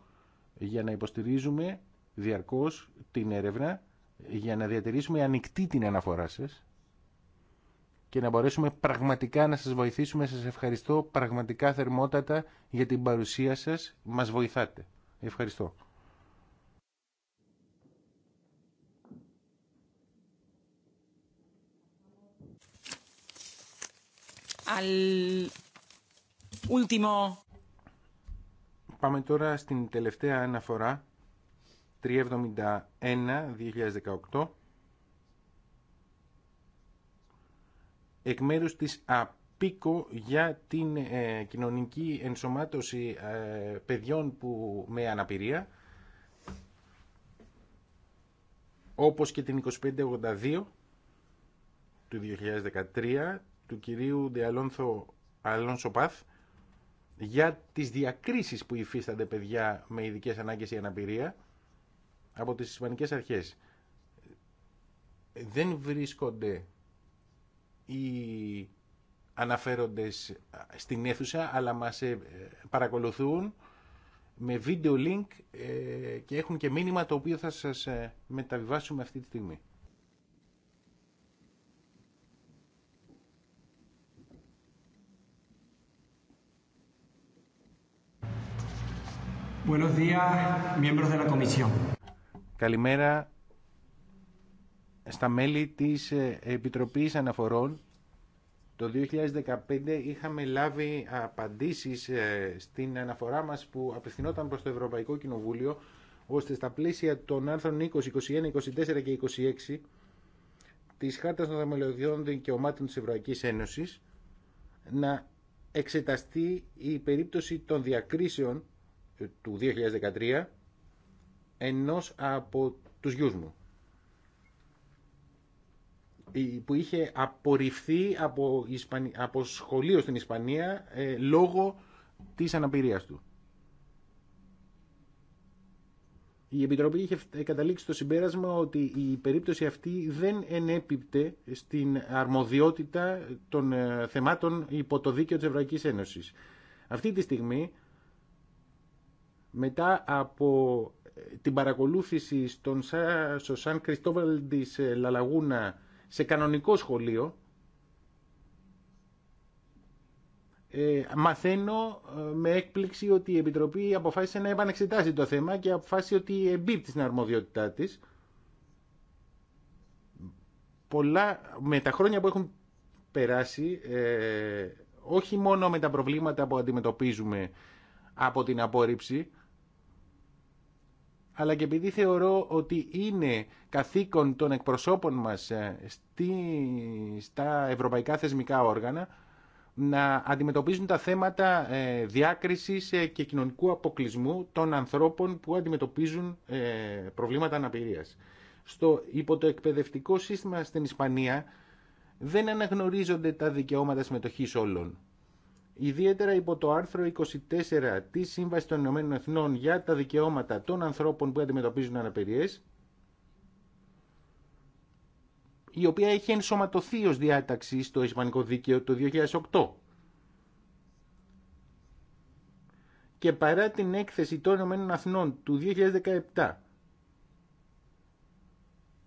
για να υποστηρίζουμε διαρκώς την έρευνα, για να διατηρήσουμε ανοιχτή την αναφορά σας και να μπορέσουμε πραγματικά να σας βοηθήσουμε. Σας ευχαριστώ πραγματικά θερμότατα για την παρουσία σας. Μας βοηθάτε. Ευχαριστώ. Al último Πάμε τώρα στην τελευταία αναφορά 371-2018 εκ μέρους της ΑΠΙΚΟ για την ε, κοινωνική ενσωμάτωση ε, παιδιών που, με αναπηρία όπως και την 2582 του 2013 του κυρίου Διαλόνθο Αλόνσο Παθ για τις διακρίσεις που υφίστανται παιδιά με ειδικές ανάγκες ή αναπηρία από τις Ισπανικές αρχές. Δεν βρίσκονται οι αναφέροντες στην αίθουσα, αλλά μας ε, παρακολουθούν με βίντεο link ε, και έχουν και μήνυμα το οποίο θα σας ε, μεταβιβάσουμε αυτή τη στιγμή. Καλημέρα στα μέλη της ε, Επιτροπής Αναφορών. Το 2015 είχαμε λάβει απαντήσεις ε, στην αναφορά μας που απευθυνόταν προς το Ευρωπαϊκό Κοινοβούλιο ώστε στα πλαίσια των άρθρων 20, 21, 24 και 26 της Χάρτας των και Δικαιωμάτων της Ευρωπαϊκής Ένωσης να εξεταστεί η περίπτωση των διακρίσεων ε, του 2013 ενός από τους γιους μου που είχε απορριφθεί από, Ισπανία, από σχολείο στην Ισπανία ε, λόγω της αναπηρίας του. Η Επιτροπή είχε καταλήξει στο συμπέρασμα ότι η περίπτωση αυτή δεν ενέπιπτε στην αρμοδιότητα των ε, θεμάτων υπό το δίκαιο της Ευρωπαϊκής Ένωσης. Αυτή τη στιγμή μετά από ε, την παρακολούθηση στον στο Σαν Κριστόβαλ της ε, Λαλαγούνα σε κανονικό σχολείο ε, μαθαίνω ε, με έκπληξη ότι η Επιτροπή αποφάσισε να επανεξετάσει το θέμα και αποφάσισε ότι εμπίπτει στην αρμοδιότητά της πολλά, με τα χρόνια που έχουν περάσει ε, όχι μόνο με τα προβλήματα που αντιμετωπίζουμε από την απόρριψη αλλά και επειδή θεωρώ ότι είναι καθήκον των εκπροσώπων μας ε, στη, στα ευρωπαϊκά θεσμικά όργανα να αντιμετωπίζουν τα θέματα ε, διάκρισης ε, και κοινωνικού αποκλεισμού των ανθρώπων που αντιμετωπίζουν προβλήματα αναπηρίας. Στο εκπαιδευτικό σύστημα στην Ισπανία δεν αναγνωρίζονται τα δικαιώματα συμμετοχής όλων ιδιαίτερα υπό το άρθρο 24 της Σύμβασης των Ηνωμένων Εθνών για τα δικαιώματα των ανθρώπων που αντιμετωπίζουν αναπηρίες, η οποία έχει ενσωματωθεί ως διάταξη στο Ισπανικό Δίκαιο το 2008. Και παρά την έκθεση των Ηνωμένων Αθνών του 2017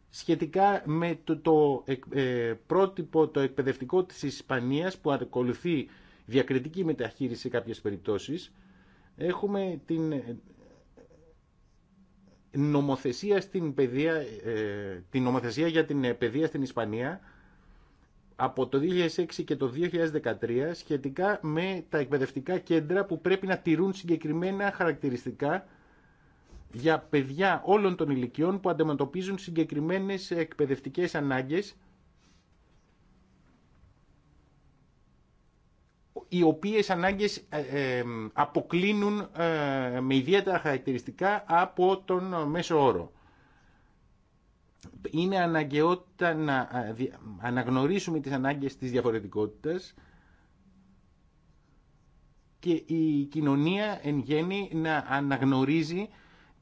σχετικά με το, ε, ε, πρότυπο το εκπαιδευτικό της Ισπανίας που ακολουθεί διακριτική μεταχείριση σε κάποιες περιπτώσεις. Έχουμε την νομοθεσία, στην παιδεία, ε, την νομοθεσία για την ε, παιδεία στην Ισπανία από το 2006 και το 2013 σχετικά με τα εκπαιδευτικά κέντρα που πρέπει να τηρούν συγκεκριμένα χαρακτηριστικά για παιδιά όλων των ηλικιών που αντιμετωπίζουν συγκεκριμένες εκπαιδευτικές ανάγκες οι οποίες ανάγκες ε, ε, αποκλίνουν ε, με ιδιαίτερα χαρακτηριστικά από τον μέσο όρο. Είναι αναγκαιότητα να αναγνωρίσουμε τις ανάγκες της διαφορετικότητας και η κοινωνία εν γέννη να αναγνωρίζει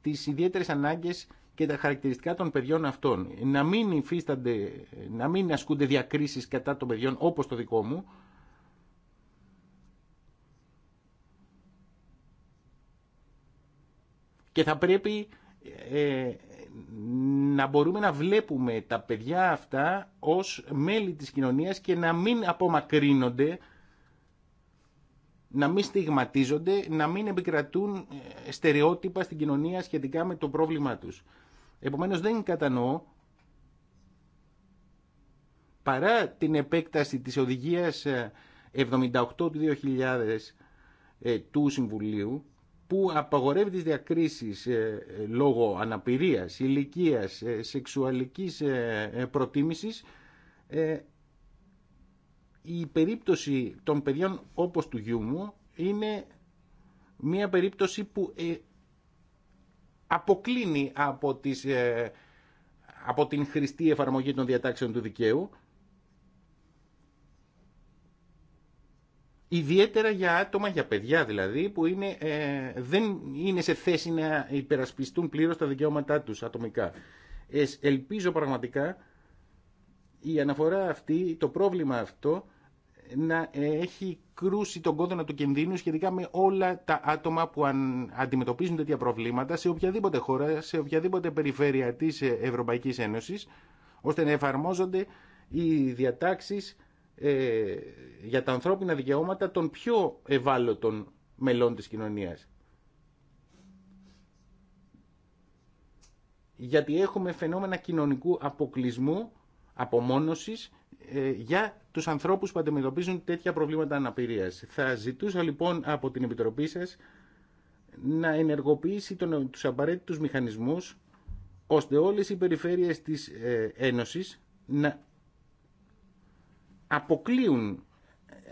τις ιδιαίτερες ανάγκες και τα χαρακτηριστικά των παιδιών αυτών. Να μην να μην ασκούνται διακρίσεις κατά των παιδιών όπως το δικό μου, και θα πρέπει ε, να μπορούμε να βλέπουμε τα παιδιά αυτά ως μέλη της κοινωνίας και να μην απομακρύνονται, να μην στιγματίζονται, να μην επικρατούν ε, στερεότυπα στην κοινωνία σχετικά με το πρόβλημά τους. Επομένως δεν κατανοώ παρά την επέκταση της οδηγίας 78 ε, του 2000 του Συμβουλίου που απαγορεύει τις διακρίσεις ε, ε, λόγω αναπηρίας, ηλικίας, ε, σεξουαλικής προτίμησης, η περίπτωση των παιδιών όπως του γιού μου είναι μια περίπτωση που αποκλίνει από, τις, από την χρηστή εφαρμογή των διατάξεων του δικαίου Ιδιαίτερα για άτομα, για παιδιά δηλαδή, που είναι, ε, δεν είναι σε θέση να υπερασπιστούν πλήρως τα δικαιώματά τους ατομικά. ελπίζω πραγματικά η αναφορά αυτή, το πρόβλημα αυτό, να έχει κρούσει τον κόδωνα του κινδύνου σχετικά με όλα τα άτομα που αντιμετωπίζουν τέτοια προβλήματα σε οποιαδήποτε χώρα, σε οποιαδήποτε περιφέρεια της Ευρωπαϊκής Ένωσης, ώστε να εφαρμόζονται οι διατάξεις ε, για τα ανθρώπινα δικαιώματα των πιο ευάλωτων μελών της κοινωνίας. Γιατί έχουμε φαινόμενα κοινωνικού αποκλεισμού, απομόνωσης ε, για τους ανθρώπους που αντιμετωπίζουν τέτοια προβλήματα αναπηρίας. Θα ζητούσα λοιπόν από την Επιτροπή σας να ενεργοποιήσει τον, τους απαραίτητους μηχανισμούς ώστε όλες οι περιφέρειες της ε, Ένωσης να αποκλείουν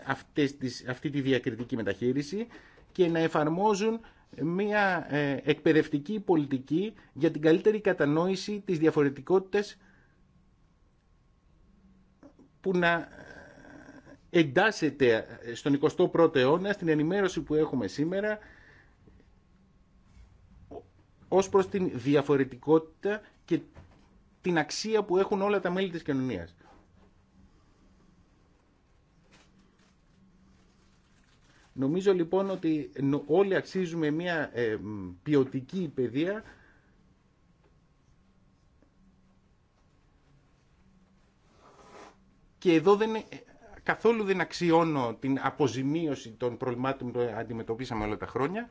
αυτές τις, αυτή τη διακριτική μεταχείριση και να εφαρμόζουν μια ε, εκπαιδευτική πολιτική για την καλύτερη κατανόηση της διαφορετικότητας που να εντάσσεται στον 21ο αιώνα στην ενημέρωση που έχουμε σήμερα ως προς την διαφορετικότητα και την αξία που έχουν όλα τα μέλη της κοινωνίας. Νομίζω λοιπόν ότι όλοι αξίζουμε μια ε, ποιοτική παιδεία και εδώ δεν, καθόλου δεν αξιώνω την αποζημίωση των προβλημάτων που αντιμετωπίσαμε όλα τα χρόνια,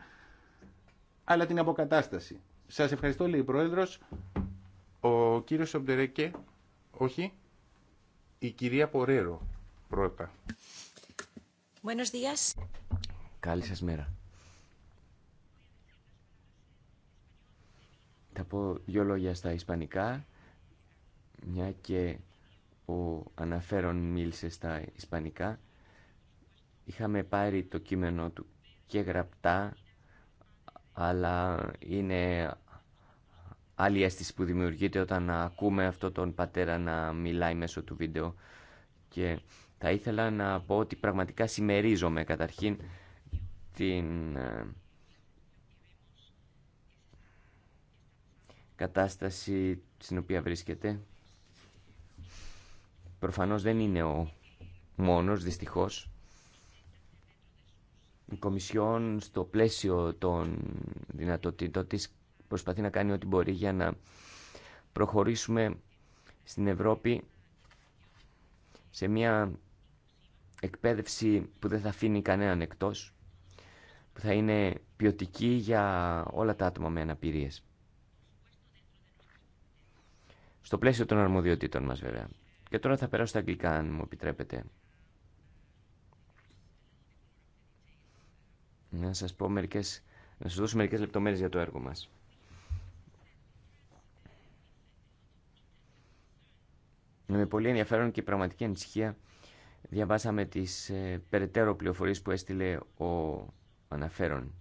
αλλά την αποκατάσταση. Σας ευχαριστώ, λέει η Πρόεδρος. Ο κύριος Σομπτερέκε, όχι, η κυρία Πορέρο πρώτα. Buenos días. Καλή σας μέρα. Θα πω δύο λόγια στα ισπανικά, μια και ο αναφέρον μίλησε στα ισπανικά. Είχαμε πάρει το κείμενο του και γραπτά, αλλά είναι άλλη αίσθηση που δημιουργείται όταν ακούμε αυτό τον πατέρα να μιλάει μέσω του βίντεο και θα ήθελα να πω ότι πραγματικά συμμερίζομαι καταρχήν την ε, κατάσταση στην οποία βρίσκεται. Προφανώς δεν είναι ο μόνος, δυστυχώς. Η Κομισιόν στο πλαίσιο των δυνατοτήτων της προσπαθεί να κάνει ό,τι μπορεί για να προχωρήσουμε στην Ευρώπη σε μια εκπαίδευση που δεν θα αφήνει κανέναν εκτός, που θα είναι ποιοτική για όλα τα άτομα με αναπηρίες. Στο πλαίσιο των αρμοδιοτήτων μας βέβαια. Και τώρα θα περάσω στα αγγλικά, αν μου επιτρέπετε. Να σας πω μερικές, να σας δώσω μερικές λεπτομέρειες για το έργο μας. Με πολύ ενδιαφέρον και πραγματική ανησυχία Διαβάσαμε τις ε, περαιτέρω πληροφορίες που έστειλε ο αναφέρον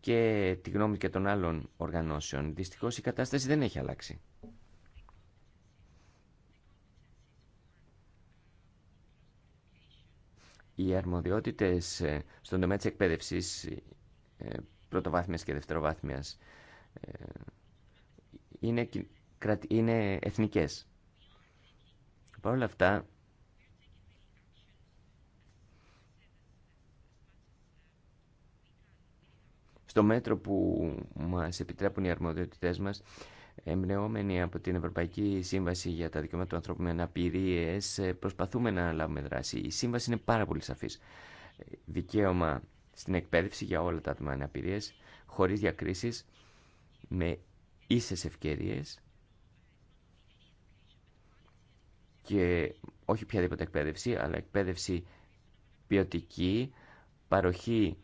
και τη γνώμη και των άλλων οργανώσεων. Δυστυχώς η κατάσταση δεν έχει αλλάξει. Οι αρμοδιότητες ε, στον τομέα της εκπαίδευσης ε, πρωτοβάθμιας και δευτεροβάθμιας είναι, είναι εθνικές. Παρ' όλα αυτά στο μέτρο που μας επιτρέπουν οι αρμοδιότητές μας, εμπνεόμενοι από την Ευρωπαϊκή Σύμβαση για τα Δικαιώματα των ανθρώπων με Αναπηρίες, ε, προσπαθούμε να λάβουμε δράση. Η σύμβαση είναι πάρα πολύ σαφής. Δικαίωμα στην εκπαίδευση για όλα τα άτομα αναπηρίες, χωρίς διακρίσεις, με ίσες ευκαιρίες και όχι οποιαδήποτε εκπαίδευση, αλλά εκπαίδευση ποιοτική, παροχή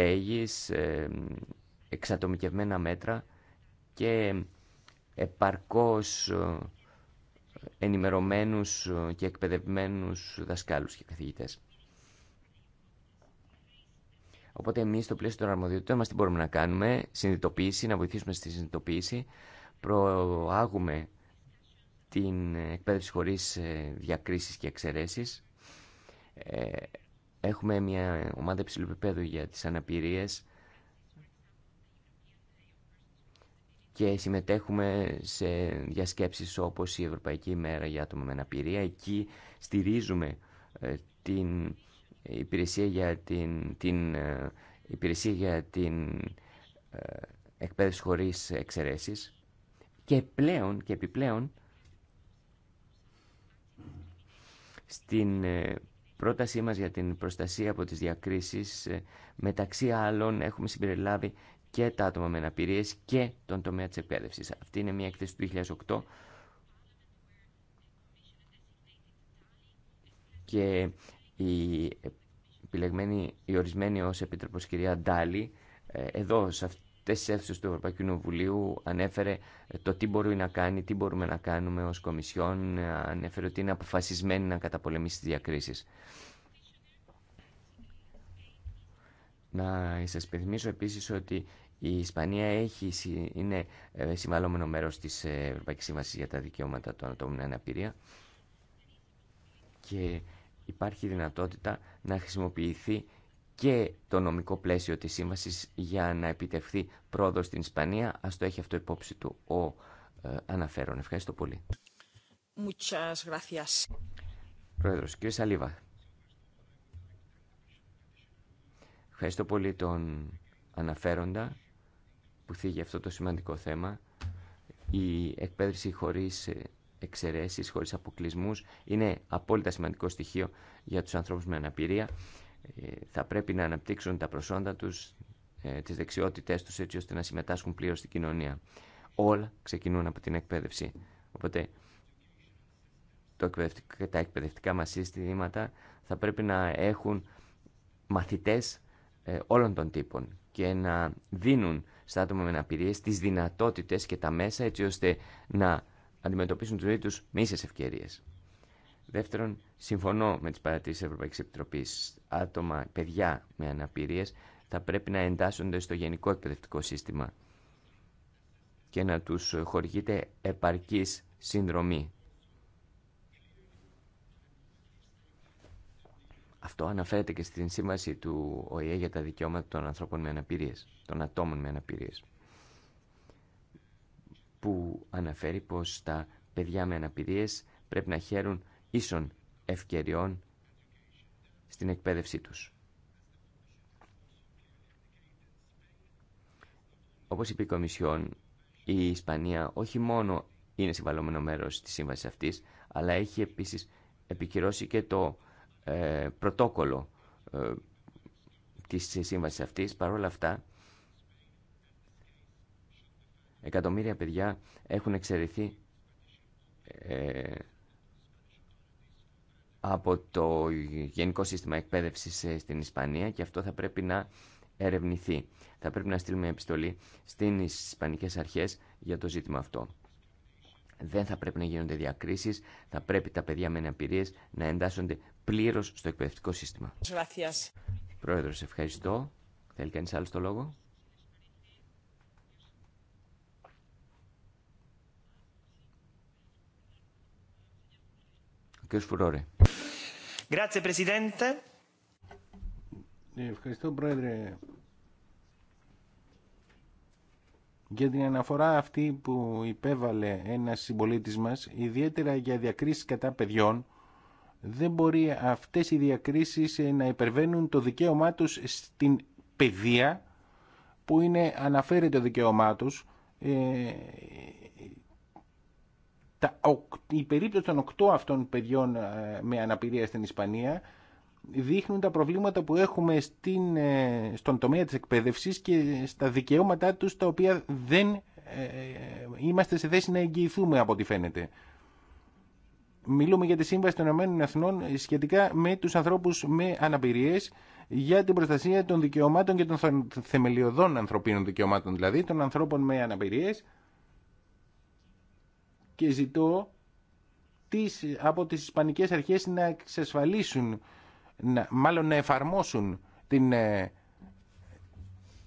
στέγης, ε, εξατομικευμένα μέτρα και επαρκώς ε, ενημερωμένους ε, και εκπαιδευμένους δασκάλους και καθηγητές. Οπότε εμείς στο πλαίσιο των αρμοδιοτήτων μας τι μπορούμε να κάνουμε, συνειδητοποίηση, να βοηθήσουμε στη συνειδητοποίηση, προάγουμε την εκπαίδευση χωρίς διακρίσεις και εξαιρέσεις, Έχουμε μια ομάδα υψηλού επίπεδου για τις αναπηρίες και συμμετέχουμε σε διασκέψεις όπως η Ευρωπαϊκή μέρα για άτομα με αναπηρία. Εκεί στηρίζουμε ε, την υπηρεσία για την, την ε, υπηρεσία για την ε, εκπαίδευση χωρίς εξαιρέσεις και πλέον και επιπλέον στην πρότασή μας για την προστασία από τις διακρίσεις, ε, μεταξύ άλλων έχουμε συμπεριλάβει και τα άτομα με αναπηρίες και τον τομέα της εκπαίδευσης. Αυτή είναι μια εκθέση του 2008 και η επιλεγμένη, η ορισμένη ως Επίτροπος κυρία Ντάλη, ε, εδώ σε αυτή τέσσερις του Ευρωπαϊκού Κοινοβουλίου ανέφερε το τι μπορεί να κάνει, τι μπορούμε να κάνουμε ως Κομισιόν, ανέφερε ότι είναι αποφασισμένη να καταπολεμήσει τις διακρίσεις. Να σα πενθυμίσω επίσης ότι η Ισπανία έχει, είναι ε, συμβαλόμενο μέρος τη ε, Ευρωπαϊκή Σύμβασης για τα Δικαιώματα των Ατόμων Αναπηρία και υπάρχει δυνατότητα να χρησιμοποιηθεί και το νομικό πλαίσιο της σύμβασης για να επιτευχθεί πρόοδος στην Ισπανία. Ας το έχει αυτό υπόψη του ο ε, αναφέρον. Ευχαριστώ πολύ. Muchas gracias. Πρόεδρος, κύριε Σαλίβα. Ευχαριστώ πολύ τον αναφέροντα που θίγει αυτό το σημαντικό θέμα. Η εκπαίδευση χωρίς εξαιρέσεις, χωρίς αποκλεισμούς είναι απόλυτα σημαντικό στοιχείο για τους ανθρώπους με αναπηρία ε, θα πρέπει να αναπτύξουν τα προσόντα τους, ε, τις δεξιότητές τους έτσι ώστε να συμμετάσχουν πλήρως στην κοινωνία. Όλα ξεκινούν από την εκπαίδευση. Οπότε το τα εκπαιδευτικά μας συστήματα θα πρέπει να έχουν μαθητές ε, όλων των τύπων και να δίνουν στα άτομα με αναπηρίες τις δυνατότητες και τα μέσα έτσι ώστε να αντιμετωπίσουν τους τους με ίσες ευκαιρίες. Δεύτερον, συμφωνώ με τις παρατηρήσεις τη Ευρωπαϊκή Επιτροπή. Άτομα, παιδιά με αναπηρίες θα πρέπει να εντάσσονται στο γενικό εκπαιδευτικό σύστημα και να τους χορηγείται επαρκής συνδρομή. Αυτό αναφέρεται και στην σύμβαση του ΟΗΕ για τα δικαιώματα των ανθρώπων με αναπηρίες, των ατόμων με αναπηρίες, που αναφέρει πως τα παιδιά με αναπηρίες πρέπει να χαίρουν ίσων ευκαιριών στην εκπαίδευσή τους. Όπως είπε η Κομισιόν, η Ισπανία όχι μόνο είναι συμβαλλόμενο μέρος της σύμβασης αυτής, αλλά έχει επίσης επικυρώσει και το ε, πρωτόκολλο ε, της σύμβασης αυτής. Παρ' όλα αυτά, εκατομμύρια παιδιά έχουν εξαιρεθεί ε, από το Γενικό Σύστημα Εκπαίδευσης ε, στην Ισπανία και αυτό θα πρέπει να ερευνηθεί. Θα πρέπει να στείλουμε επιστολή στις Ισπανικές Αρχές για το ζήτημα αυτό. Δεν θα πρέπει να γίνονται διακρίσεις, θα πρέπει τα παιδιά με αναπηρίες να εντάσσονται πλήρως στο εκπαιδευτικό σύστημα. Gracias. Πρόεδρος, ευχαριστώ. Θέλει κανείς άλλο το λόγο. Κύριε Σπουρόρη. Ευχαριστώ, Πρόεδρε. Για την αναφορά αυτή που υπέβαλε ένας συμπολίτης μας, ιδιαίτερα για διακρίσεις κατά παιδιών, δεν μπορεί αυτές οι διακρίσεις ε, να υπερβαίνουν το δικαίωμά τους στην παιδεία που είναι αναφέρεται το δικαίωμά τους ε, η περίπτωση των οκτώ αυτών παιδιών ε, με αναπηρία στην Ισπανία δείχνουν τα προβλήματα που έχουμε στην, ε, στον τομέα της εκπαίδευσης και στα δικαιώματά τους τα οποία δεν ε, είμαστε σε θέση να εγγυηθούμε από ό,τι φαίνεται. Μιλούμε για τη Σύμβαση των Ηνωμένων Εθνών σχετικά με τους ανθρώπους με αναπηρίες για την προστασία των δικαιωμάτων και των θεμελιωδών ανθρωπίνων δικαιωμάτων, δηλαδή των ανθρώπων με αναπηρίες και ζητώ από τις Ισπανικές αρχές να εξασφαλίσουν, μάλλον να εφαρμόσουν την, ε,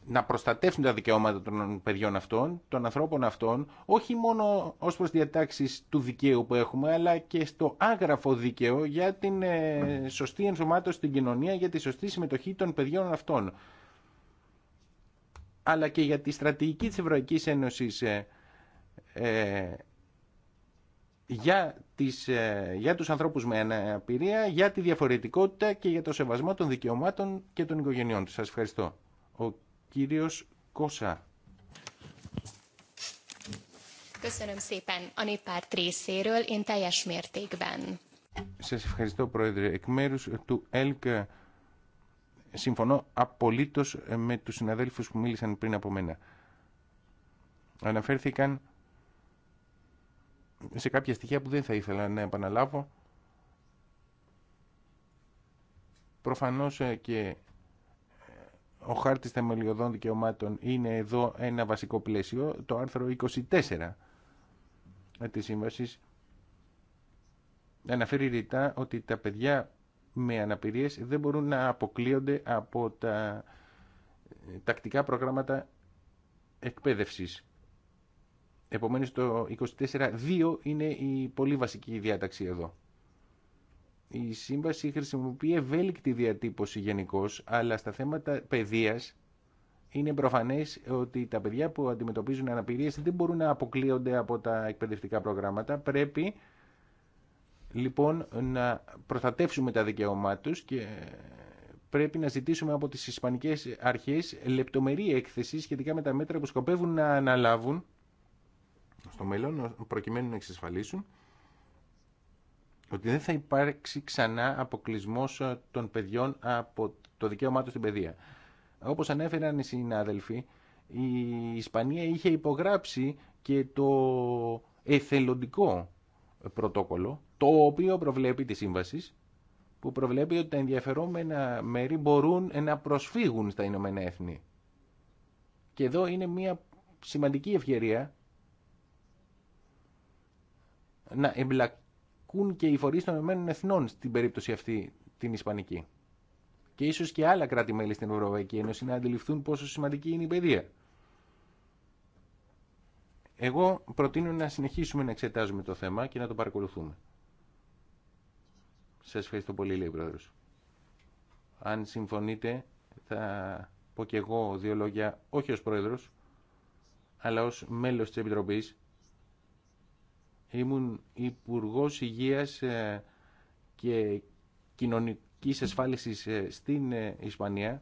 να προστατεύσουν τα δικαιώματα των παιδιών αυτών, των ανθρώπων αυτών, όχι μόνο ως προς διατάξεις του δικαίου που έχουμε, αλλά και στο άγραφο δίκαιο για την ε, σωστή ενσωμάτωση στην κοινωνία, για τη σωστή συμμετοχή των παιδιών αυτών. Αλλά και για τη στρατηγική της Ευρωπαϊκής Ένωσης ε, για, τις, ε, για τους ανθρώπους με αναπηρία, για τη διαφορετικότητα και για το σεβασμό των δικαιωμάτων και των οικογενειών τους. Σας ευχαριστώ. Ο κύριος Κώσα. Σας ευχαριστώ, Πρόεδρε. Εκ μέρου του ΕΛΚ ε, συμφωνώ απολύτως με τους συναδέλφου που μίλησαν πριν από μένα. Αναφέρθηκαν σε κάποια στοιχεία που δεν θα ήθελα να επαναλάβω. Προφανώς ε, και ε, ο χάρτης θεμελιωδών δικαιωμάτων είναι εδώ ένα βασικό πλαίσιο, το άρθρο 24 της Σύμβασης αναφέρει ρητά ότι τα παιδιά με αναπηρίες δεν μπορούν να αποκλείονται από τα ε, τακτικά προγράμματα εκπαίδευσης. Επομένως το 24.2 είναι η πολύ βασική διάταξη εδώ. Η σύμβαση χρησιμοποιεί ευέλικτη διατύπωση γενικώ, αλλά στα θέματα παιδείας είναι προφανές ότι τα παιδιά που αντιμετωπίζουν αναπηρίες δεν μπορούν να αποκλείονται από τα εκπαιδευτικά προγράμματα. Πρέπει λοιπόν να προστατεύσουμε τα δικαιώμά τους και πρέπει να ζητήσουμε από τις Ισπανικές αρχές λεπτομερή έκθεση σχετικά με τα μέτρα που σκοπεύουν να αναλάβουν στο μέλλον προκειμένου να εξασφαλίσουν ότι δεν θα υπάρξει ξανά αποκλεισμό ε, των παιδιών από το δικαίωμά του στην παιδεία. Όπως ανέφεραν οι συνάδελφοι, η Ισπανία είχε υπογράψει και το εθελοντικό πρωτόκολλο, το οποίο προβλέπει τη σύμβαση, που προβλέπει ότι τα ενδιαφερόμενα μέρη μπορούν να προσφύγουν στα Ηνωμένα Έθνη. Και εδώ είναι μια σημαντική ευκαιρία να εμπλακούν και οι φορεί των Ηνωμένων Εθνών στην περίπτωση αυτή την Ισπανική. Και ίσως και άλλα κράτη-μέλη στην Ευρωπαϊκή Ένωση να αντιληφθούν πόσο σημαντική είναι η παιδεία. Εγώ προτείνω να συνεχίσουμε να εξετάζουμε το θέμα και να το παρακολουθούμε. Σα ευχαριστώ πολύ, λέει ο Πρόεδρος. Αν συμφωνείτε, θα πω και εγώ δύο λόγια, όχι ω πρόεδρο, αλλά ω μέλο τη επιτροπή ήμουν υπουργό υγεία ε, και κοινωνική ασφάλιση ε, στην ε, Ισπανία.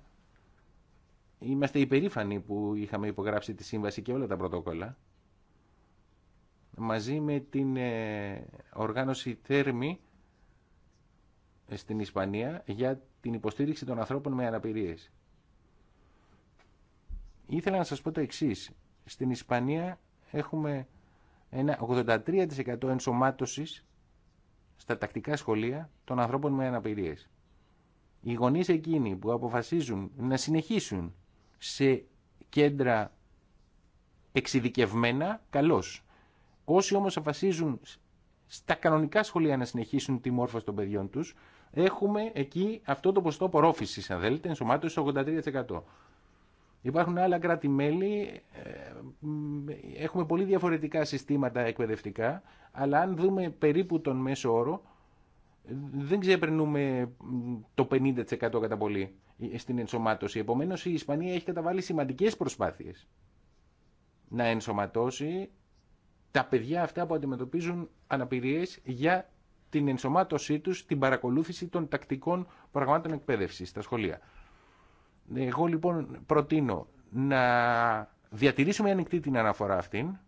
Είμαστε υπερήφανοι που είχαμε υπογράψει τη σύμβαση και όλα τα πρωτόκολλα. Μαζί με την οργάνωση Θέρμη στην Ισπανία για την υποστήριξη των ανθρώπων με αναπηρίες. Ήθελα να σας πω το εξής. Στην Ισπανία έχουμε ένα 83% ενσωμάτωσης στα τακτικά σχολεία των ανθρώπων με αναπηρίες. Οι γονείς εκείνοι που αποφασίζουν να συνεχίσουν σε κέντρα εξειδικευμένα, καλώς. Όσοι όμως αποφασίζουν στα κανονικά σχολεία να συνεχίσουν τη μόρφωση των παιδιών τους, έχουμε εκεί αυτό το ποσοστό απορρόφησης, αν θέλετε, ενσωμάτωση 83%. Υπάρχουν άλλα κράτη-μέλη, ε, έχουμε πολύ διαφορετικά συστήματα εκπαιδευτικά, αλλά αν δούμε περίπου τον μέσο όρο, δεν ξεπερνούμε το 50% κατά πολύ ε, στην ενσωμάτωση. Επομένως η Ισπανία έχει καταβάλει σημαντικές προσπάθειες να ενσωματώσει τα παιδιά αυτά που αντιμετωπίζουν αναπηρίες για την ενσωμάτωσή τους, την παρακολούθηση των τακτικών προγραμμάτων εκπαίδευσης στα σχολεία. Εγώ λοιπόν προτείνω να διατηρήσουμε ανοιχτή την αναφορά αυτή.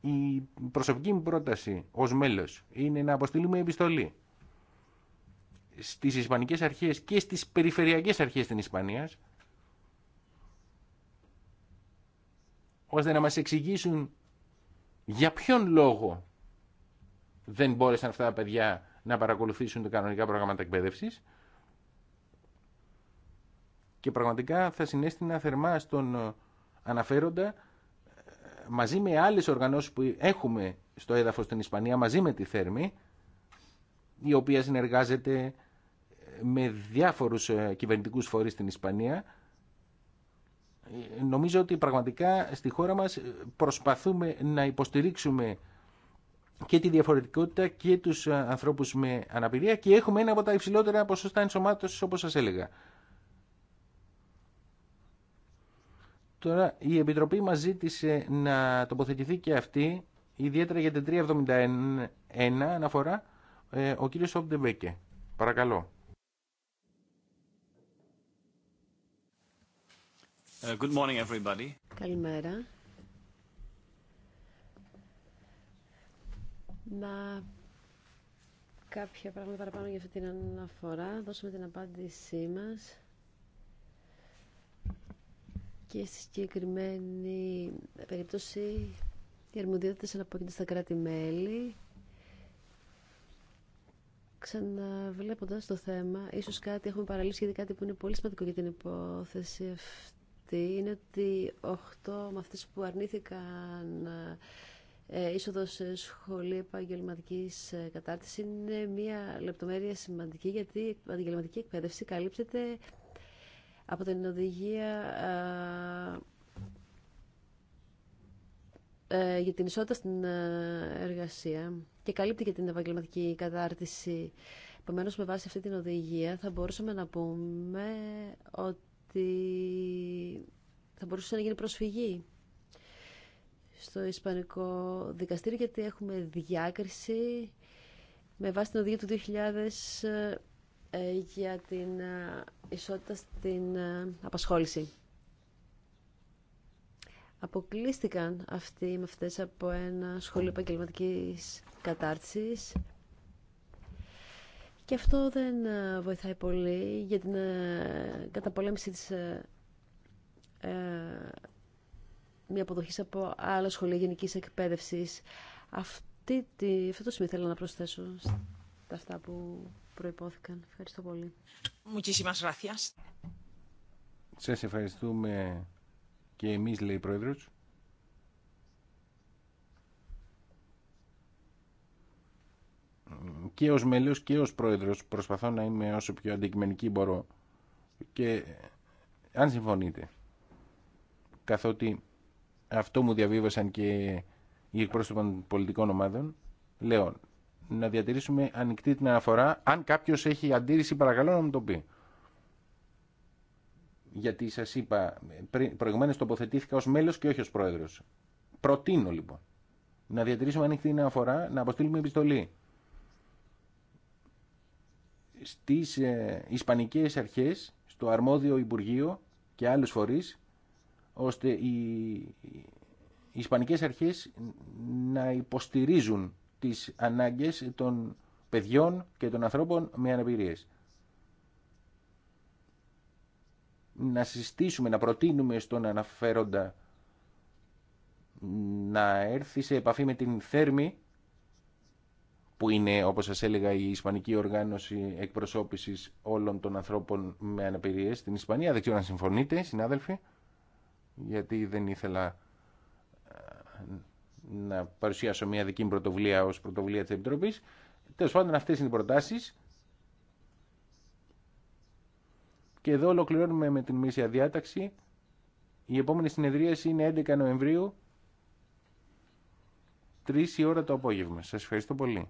Η προσωπική μου πρόταση ως μέλος είναι να αποστείλουμε επιστολή στις Ισπανικές αρχές και στις περιφερειακές αρχές της Ισπανίας ώστε να μας εξηγήσουν για ποιον λόγο δεν μπόρεσαν αυτά τα παιδιά να παρακολουθήσουν τα κανονικά προγράμματα εκπαίδευσης και πραγματικά θα συνέστηνα θερμά στον ε, αναφέροντα ε, μαζί με άλλες οργανώσεις που έχουμε στο έδαφος στην Ισπανία, μαζί με τη Θέρμη, η οποία συνεργάζεται ε, με διάφορους κυβερνητικούς φορείς στην Ισπανία. Νομίζω ότι πραγματικά στη χώρα μας προσπαθούμε να υποστηρίξουμε και τη διαφορετικότητα και τους ανθρώπους με αναπηρία και έχουμε ένα από τα υψηλότερα ποσοστά ενσωμάτωσης όπως σας έλεγα. Τώρα η Επιτροπή μας ζήτησε να τοποθετηθεί και αυτή, ιδιαίτερα για την 371 αναφορά, ε, ο κύριος Σοπντεμπέκε. Παρακαλώ. Ε, good morning everybody. Καλημέρα. Να κάποια πράγματα παραπάνω για αυτή την αναφορά. Δώσουμε την απάντησή μας και στη συγκεκριμένη περίπτωση οι αρμοδιότητες αναπόκειται στα κράτη-μέλη. Ξαναβλέποντας το θέμα, ίσως κάτι έχουμε παραλύσει γιατί κάτι που είναι πολύ σημαντικό για την υπόθεση αυτή είναι ότι 8 με αυτές που αρνήθηκαν ε, είσοδο σε σχολή επαγγελματική ε, κατάρτιση είναι μια λεπτομέρεια σημαντική γιατί η επαγγελματική εκπαίδευση καλύπτεται από την οδηγία ε, ε, για την ισότητα στην ε, εργασία και καλύπτει και την επαγγελματική κατάρτιση. Επομένω, με βάση αυτή την οδηγία θα μπορούσαμε να πούμε ότι θα μπορούσε να γίνει προσφυγή στο Ισπανικό Δικαστήριο γιατί έχουμε διάκριση με βάση την οδηγία του ε, για την ε, ισότητα στην ε, απασχόληση. Αποκλείστηκαν αυτοί με αυτές από ένα σχολείο επαγγελματική κατάρτισης και αυτό δεν βοηθάει πολύ για την καταπολέμηση της μια αποδοχή από άλλα σχολεία γενική εκπαίδευση. Αυτό το σημείο θέλω να προσθέσω στα αυτά που προϋπόθηκαν. Ευχαριστώ πολύ. Σας ευχαριστούμε και εμείς, λέει η Πρόεδρος. Και ως μέλος και ως Πρόεδρος προσπαθώ να είμαι όσο πιο αντικειμενική μπορώ. Και αν συμφωνείτε, καθότι αυτό μου διαβίβασαν και οι εκπρόσωποι των πολιτικών ομάδων, λέω να διατηρήσουμε ανοιχτή την αναφορά. Αν κάποιο έχει αντίρρηση παρακαλώ να μου το πει. Γιατί σας είπα, προηγουμένω τοποθετήθηκα ως μέλος και όχι ως πρόεδρος. Προτείνω λοιπόν να διατηρήσουμε ανοιχτή την αναφορά, να αποστείλουμε επιστολή στις ε, Ισπανικές αρχές, στο αρμόδιο Υπουργείο και άλλους φορεί, ώστε οι, οι Ισπανικές αρχές να υποστηρίζουν τις ανάγκες των παιδιών και των ανθρώπων με αναπηρίες. Να συστήσουμε, να προτείνουμε στον αναφέροντα να έρθει σε επαφή με την Θέρμη που είναι, όπως σας έλεγα, η Ισπανική Οργάνωση Εκπροσώπησης όλων των ανθρώπων με αναπηρίες στην Ισπανία. Δεν ξέρω αν συμφωνείτε, συνάδελφοι, γιατί δεν ήθελα ε, να παρουσιάσω μια δική μου πρωτοβουλία ως πρωτοβουλία της Επιτροπής. Τέλο πάντων αυτές είναι οι προτάσεις. Και εδώ ολοκληρώνουμε με την μίσια διάταξη. Η επόμενη συνεδρίαση είναι 11 Νοεμβρίου, 3 η ώρα το απόγευμα. Σας ευχαριστώ πολύ.